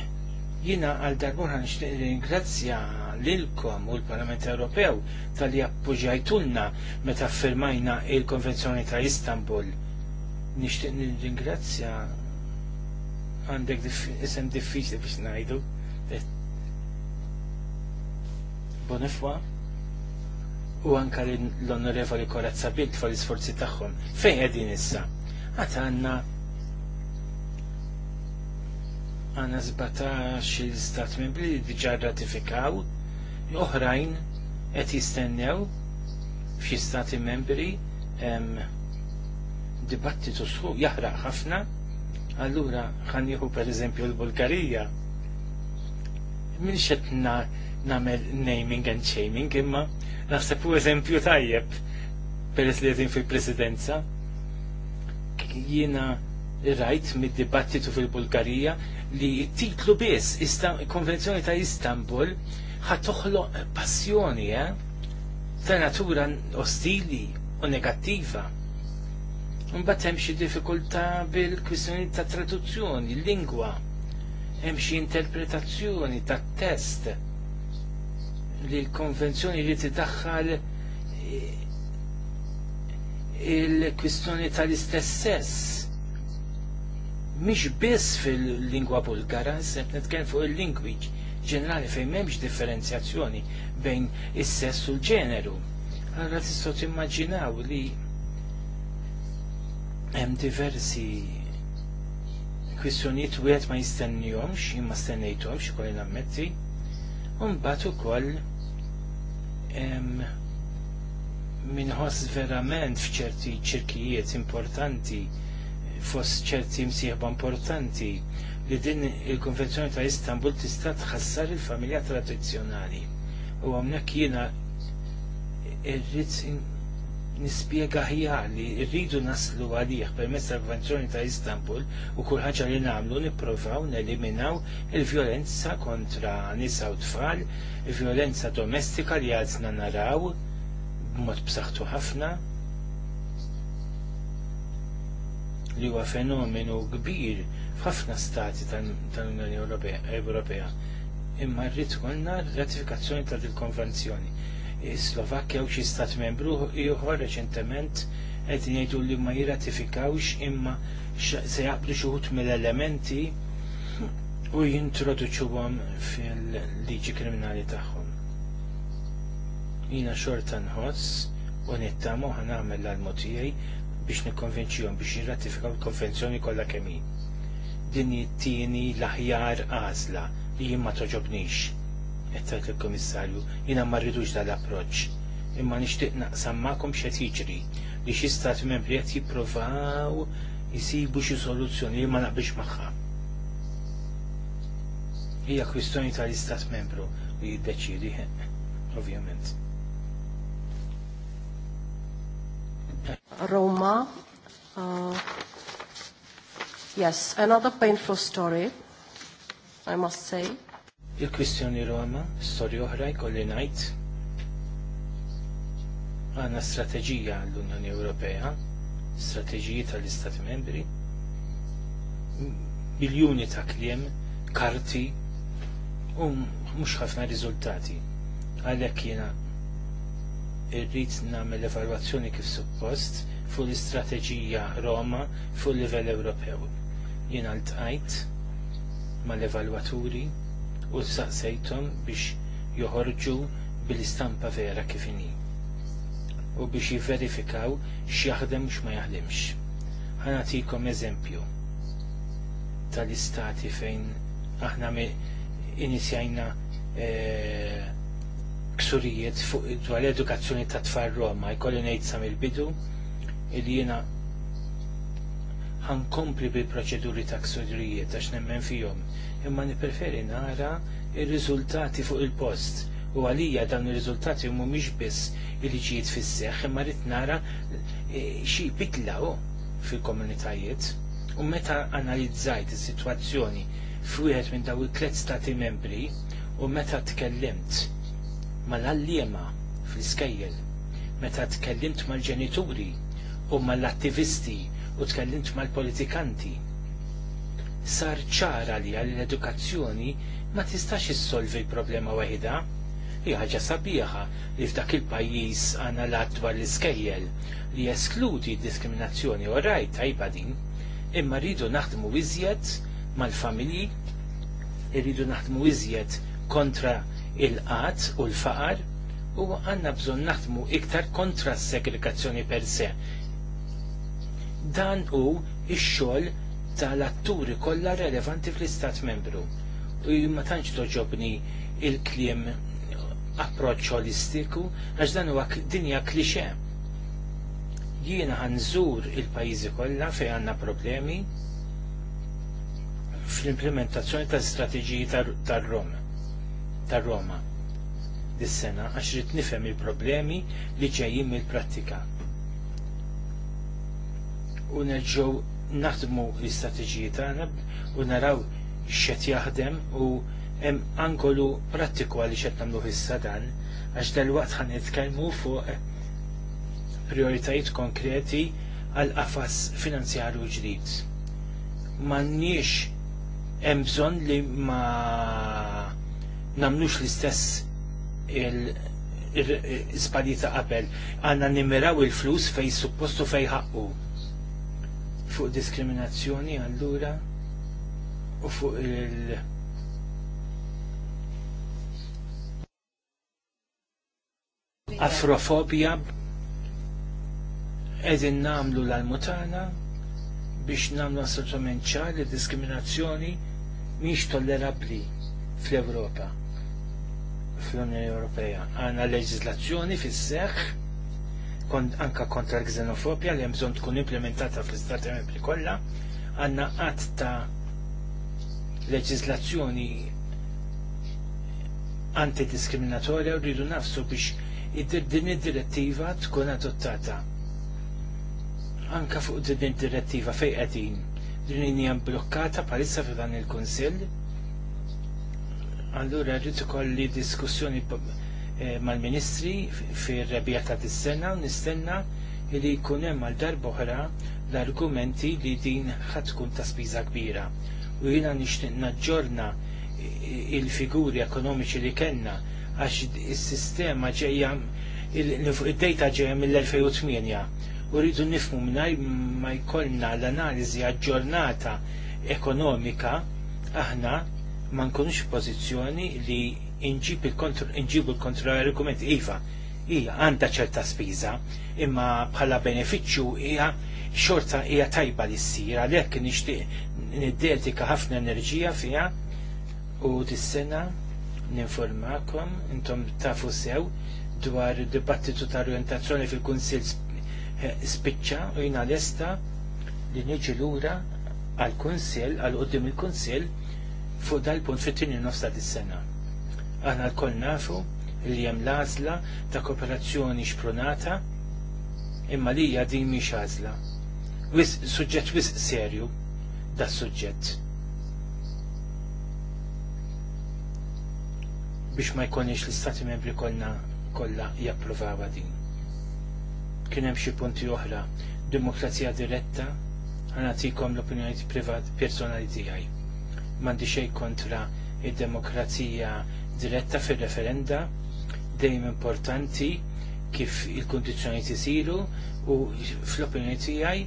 jina għal darbun ħan ringrazzja lilkom u l-Parlament Ewropew tal-li appoġġajtulna meta firmajna il-Konvenzjoni ta' Istanbul. Nixtieq nirringrazzja għandek isem diffiċli biex ngħidu Bonifwa u anka l-onorevoli Korazza Bilt fuq l-isforzi tagħhom. Fejn qegħdin issa? Għad għandna għandna żbatax il-stat membri li diġà ratifikaw oħrajn qed jistennew f'xi stati membri dibattitu sħu jaħraq ħafna. Allura ħanjieħu per eżempju l-Bulgarija. Min xetna namel naming and shaming imma naħseb u eżempju tajjeb peress li jedin fil-presidenza jiena rajt mid-dibattitu fil-Bulgarija li titlu biss konvenzjoni ta' Istanbul ħat toħloq passjoni eh? ta' natura ostili u negattiva. Mbagħad hemm xi diffikultà bil-kwistjoni ta' traduzzjoni, lingwa, hemm xi interpretazzjoni tat test li l-konvenzjoni li tiddaħħal il-kwistjoni tal-istess sess mhix biss fil-lingwa bulgara, sepp netken fuq il-lingwi ġenerali fejn m'hemmx differenzjazzjoni bejn is-sess u l-ġeneru. Allora tistgħu timmaġinaw li hemm diversi kwistjonijiet wieħed ma jistennihomx, jien ma stennejthomx ukoll nammetti, u mbagħad ukoll minħoss verament fċerti ċirkijiet importanti fost ċerti msieħba importanti li din il-Konvenzjoni ta' Istanbul tista' tħassar il-familja tradizzjonali. U għamnek jiena irrid nispjega ħjar li rridu naslu għalih permezz tal-Konvenzjoni ta' Istanbul u kull ħaġa li nagħmlu nippruvaw neliminaw il-vjolenza kontra nisa u tfal, il-vjolenza domestika li għadna naraw b'mod b'saħħtu ħafna li huwa fenomenu kbir f'ħafna stati tal-Unjoni Ewropea. Imma rrid konna ratifikazzjoni ta' dil-konvenzjoni Slovakkja u xi stat membru ieħor reċentement qed jgħidu li ma jirratifikawx imma se jaqblu xi wħud mill-elementi u jintroduċuhom fil-liġi kriminali tagħhom. Jina xorta nħoss u nittamu ħan nagħmel l-motijaj biex nikkonvinċihom biex jirratifikaw il-konvenzjoni kollha kemm Din it-tieni l-aħjar għażla li jien ma toġobnix qed tgħid il-Kummissarju, jiena ma rridux dal-approċċ. Imma nixtieq naqsam maqom x'qed jiġri li xi stat membri qed jippruvaw jisibu xi soluzzjoni li ma naqbilx magħha. Hija kwistjoni tal-istat membru li jiddeċidi ovvjament. Roma, uh, yes, another painful story, I must say. Il-kwistjoni Roma, storja oħra jkolli ngħid għandna strateġija għall-Unjoni Ewropea, strateġiji tal-Istati Membri, biljuni ta' kliem, karti, u mhux ħafna riżultati. Għalhekk jiena rrid nagħmel evalwazzjoni kif suppost fuq l-istrateġija Roma fuq livell Ewropew. Jiena ltqajt mal-evalwaturi u saqsejtom biex joħorġu bil-istampa vera kif inhi u biex jiverifikaw x'jaħdem u x'ma jaħdimx. Ħanatikom eżempju tal-istati fejn aħna inizjajna e, ksurijiet fuq dwar edukazzjoni ta' tfal Roma, jkolli ngħid sa mill-bidu il jiena ħankompli bil-proċeduri ta' ksurijiet għax nemmen fihom imma nipreferi nara il riżultati fuq il-post u għalija dan ir-riżultati mhumiex biss il ġiet fis-seħħ imma rrit nara e, xi bitlaw fil-komunitajiet u meta analizzajt is-sitwazzjoni f'wieħed minn daw il tliet stati membri u meta tkellimt mal-allima fl-iskejjel, meta tkellimt mal-ġenituri u mal-attivisti u tkellimt mal-politikanti sar ċara li għal l-edukazzjoni ma tistax issolvi l-problema waħida. Hija ħaġa sabiħa li f'dak il-pajjiż għandna l dwar l-iskejjel li eskludi diskriminazzjoni u rajt tajba din, imma rridu naħdmu iżjed mal-familji, rridu naħdmu iżjed kontra il-qat u l-faqar, u għanna bżon naħdmu iktar kontra s-segregazzjoni per se. Dan u ix-xogħol tal-atturi kollha relevanti fl-istat membru. U ma tantx toġobni il-kliem approċċ holistiku għax dan huwa dinja klixe. Jiena ħanżur il-pajjiżi kollha fejn għandna problemi fl-implementazzjoni tal-istrateġiji tar-Roma. Tar-Roma dis-sena għax rid nifhem il-problemi li ġejjin mill-prattika. U nerġgħu naħdmu l-istrateġiji tagħna u naraw x'qed jaħdem u hemm angolu prattiku għaliex qed nagħmlu issa dan għax dalwaqt ħan nitkellmu fuq prioritajiet konkreti għal qafas finanzjarju ġdid. M'għandniex hemm bżonn li ma namlux l-istess il-żbalji ta' qabel, għanna nimmiraw il-flus fej suppostu fej ħaqqu fuq diskriminazzjoni allura u fuq il- afrofobija edin namlu l-almutana biex namlu assolutament ċar li diskriminazzjoni miex tollerabli fl-Europa fl-Unjoni Ewropea għanna leġizlazzjoni fis-seħħ kont anka kontra l-xenofobja li jemżon tkun implementata fl-Istati Membri kollha, għanna qatt ta' leġizlazzjoni antidiskriminatorja u rridu nafsu biex din id-direttiva tkun adottata. Anka fuq din id-direttiva fej qegħdin din hija blokkata bħalissa f'dan il-Kunsill. Allura rridu ikolli diskussjoni Eh, mal-Ministri fir-rebija ta' dis-sena u nistenna li jkun hemm għal darba l-argumenti li din ħadd tkun ta' spiża kbira. U jiena nixtieq naġġorna il-figuri ekonomiċi li kellna għax is-sistema ġejja id-dejta ġejja mill-2008 u rridu nifmu mingħajr ma jkollna l-analiżi aġġornata ekonomika aħna ma nkunux pożizzjoni li inġibu l-kontra l-argument iva, hija għandha ċerta spiża, imma bħala benefiċċju hija xorta hija tajba li ssir għalhekk nixtieq niddedika ħafna enerġija fiha u dis-sena ninformakom intom tafu sew dwar id-dibattitu ta' orientazzjoni fil-Kunsill eh, spiċċa u jina lesta li niġi lura għal-Kunsill għal qudiem il-Kunsill fuq dal-punt fit-tieni nofs ta' dis-sena. Aħna l-koll nafu li jem lazla ta' kooperazzjoni xpronata imma li hija din mhix għażla. Wis suġġett wis serju da' suġġett. Biex ma jkunniex l-istati membri kolna kollha japprovawa din. Kien hemm xi punti oħra, demokrazija diretta, ħanatikom l-opinjoni privat personali tiegħi. M'għandi xejn kontra id-demokrazija diretta fil-referenda dejjem importanti kif il-kondizjoni tisiru u fl-opinjoni tiegħi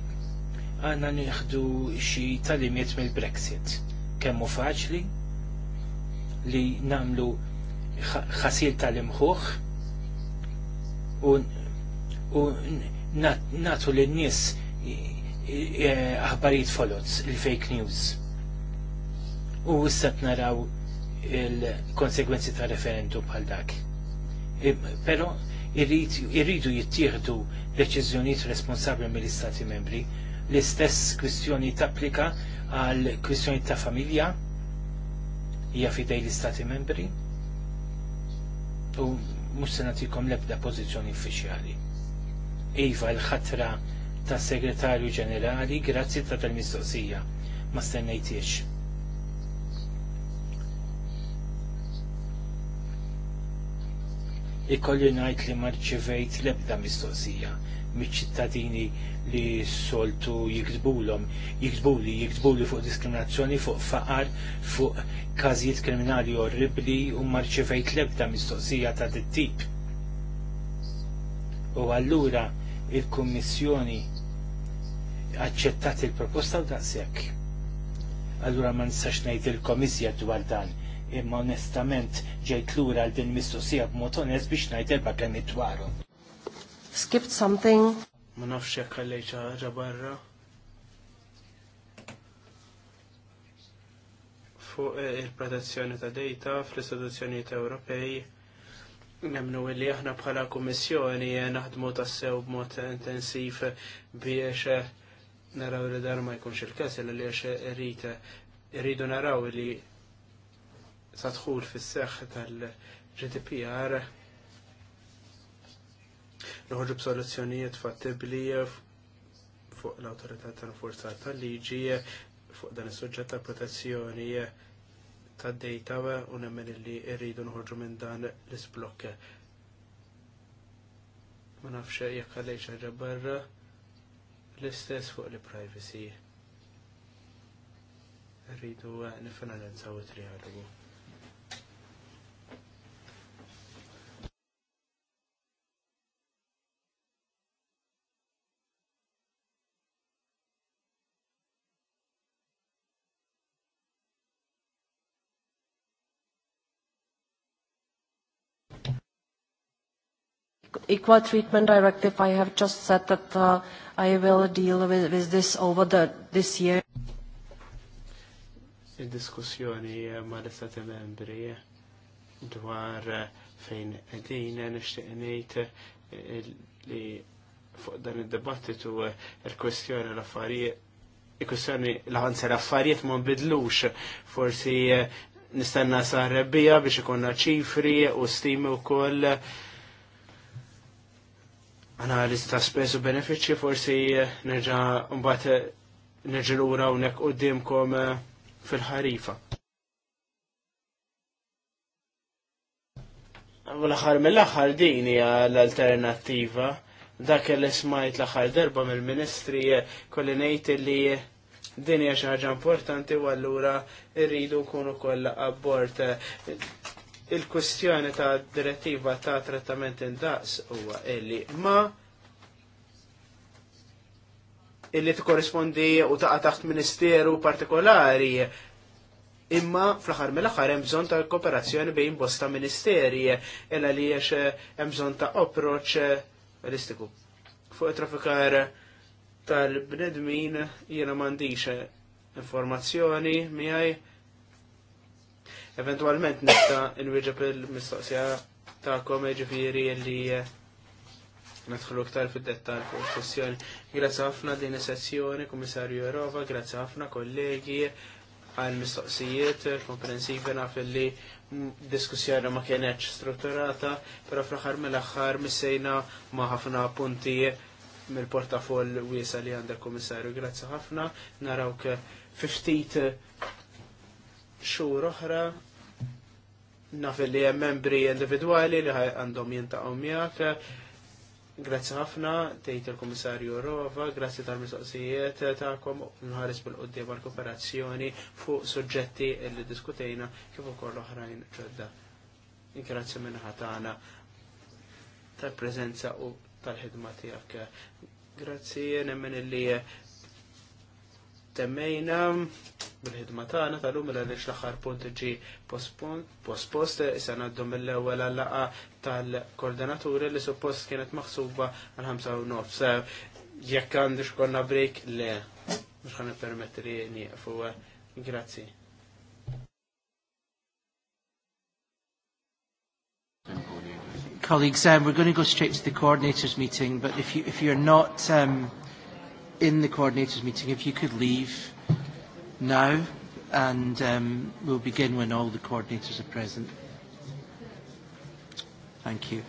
għandna nieħdu xi talimiet mill-Brexit. Kemm hu faċli li namlu ħasil tal-imħuħ u, u natu li n nies eh, aħbarijiet folots, il-fake news. U issa naraw il-konsekwenzi ta' referendum bħal dak. Però irridu jittieħdu deċiżjonijiet responsabbli mill-Istati membri. L-istess kwistjoni tapplika għal kwistjoni ta' familja hija fidej l-Istati membri u mhux se nagħtikom l-ebda pożizzjoni uffiċjali. Iva l-ħatra tas segretarju ġenerali grazzi ta' tal-mistoqsija ma stennejtiex ikolli ngħid li marċivejt l-ebda mistoqsija miċ-ċittadini li soltu jiktbulhom, jiktbuli, jiktbuli fuq diskriminazzjoni, fuq faqar, fuq każijiet kriminali orribli u marċivejt l-ebda mistoqsija ta' dit-tip. U allura il-Kummissjoni aċċettat il-proposta u daqshekk. Allura ma nistax ngħid il-Komissja dwar dan imma onestament ġejt lura għal din mistoqsija b'mod onest biex ngħid erba' kemm dwaru. Skipped something. Ma nafx jekk għallejt ħaġa barra. Fuq eh, il-protezzjoni ta' data fl-istituzzjonijiet Ewropej Nemnu li aħna bħala kummissjoni eh, naħdmu tassew b'mod intensiv biex eh, naraw li dar ma jkunx il-kas li għax rridu naraw li sa tħul fis-seħħ tal-GDPR noħorġu b'soluzzjonijiet fattibbli fuq l-autorità tal-forza tal-liġi fuq dan is-suġġett ta' protezzjoni tad data u nemmen li rridu noħorġu minn dan l-isblokk. Ma nafx jekk għalejx ħaġa barra l-istess fuq li privacy. Rridu nifinalizzaw it-trialogu. equal treatment directive, I have just said that uh, I will deal with, with this over the, this year. Il-diskussjoni uh, ma l-istati membri uh, dwar uh, fejn edin nishtiq nejt li fuq dan il-debattitu il-kwestjoni l-affarijiet il-kwestjoni l l affarijiet ma bidlux forsi nistenna saħrebbija biex ikonna ċifri u stimi u koll analiz ta' spes u benefiċi forsi eh, nerġa mbagħad eh, nerġilura hawnhekk quddiemkom eh, fil-ħarifa. L-aħħar mill-aħħar din hija l-alternattiva dak li smajt l-aħħar darba mill-Ministri kolli ngħid li din hija xi ħaġa importanti u allura rridu nkunu kollha abbord il-kwestjoni ta' direttiva ta' trattament indaqs huwa illi ma illi t-korrespondi u ta' taħt ministeru partikolari imma fl-axar mill-axar hemm bżonn ta' kooperazzjoni bejn bosta ministeri illa li eh, hemm bżonn ta' approċ realistiku. Fuq trafikar tal-bnedmin jiena m'għandix informazzjoni miegħi eventualment nista nwieġeb il-mistoqsija ta'kom ġifiri li eh, nadħlu ktar fil-dettal fuq sessjoni. Grazzi ħafna din is-sessjoni, Kummissarju Erova, grazzi ħafna kollegi għal mistoqsijiet komprensivi naf li diskussjoni ma kienetx strutturata, pero fl-axar mill-axar missejna ma ħafna punti mill-portafoll wiesa li għandek komissarju. Grazzi ħafna, narawk ftit xhur oħra naf li hemm membri individwali li għandhom jintaqgħu miegħek. Grazzi ħafna, tgħid il-Kummissarju Rova, grazzi tal-mistoqsijiet tagħkom nħares bil-qudiem għall-kooperazzjoni fuq suġġetti li diskutejna kif ukoll oħrajn ġodda. Grazzi minn ħatana tal-preżenza u tal-ħidma tiegħek. Grazzi nemmen illi temmejna mill-ħidma tagħna tal-lum mela għaliex l-aħħar punt ġi pospost issa ngħaddu mill-ewwel laqa tal-koordinaturi li suppost kienet maħsuba għal ħamsa u nofs. Jekk għandix konna break le mhux ħan permetti li nieqfu. Grazzi. Colleagues, um, we're going to go straight to the coordinators meeting, but if, you, if you're not um, in the coordinators meeting, if you could leave now and um, we'll begin when all the coordinators are present. Thank you.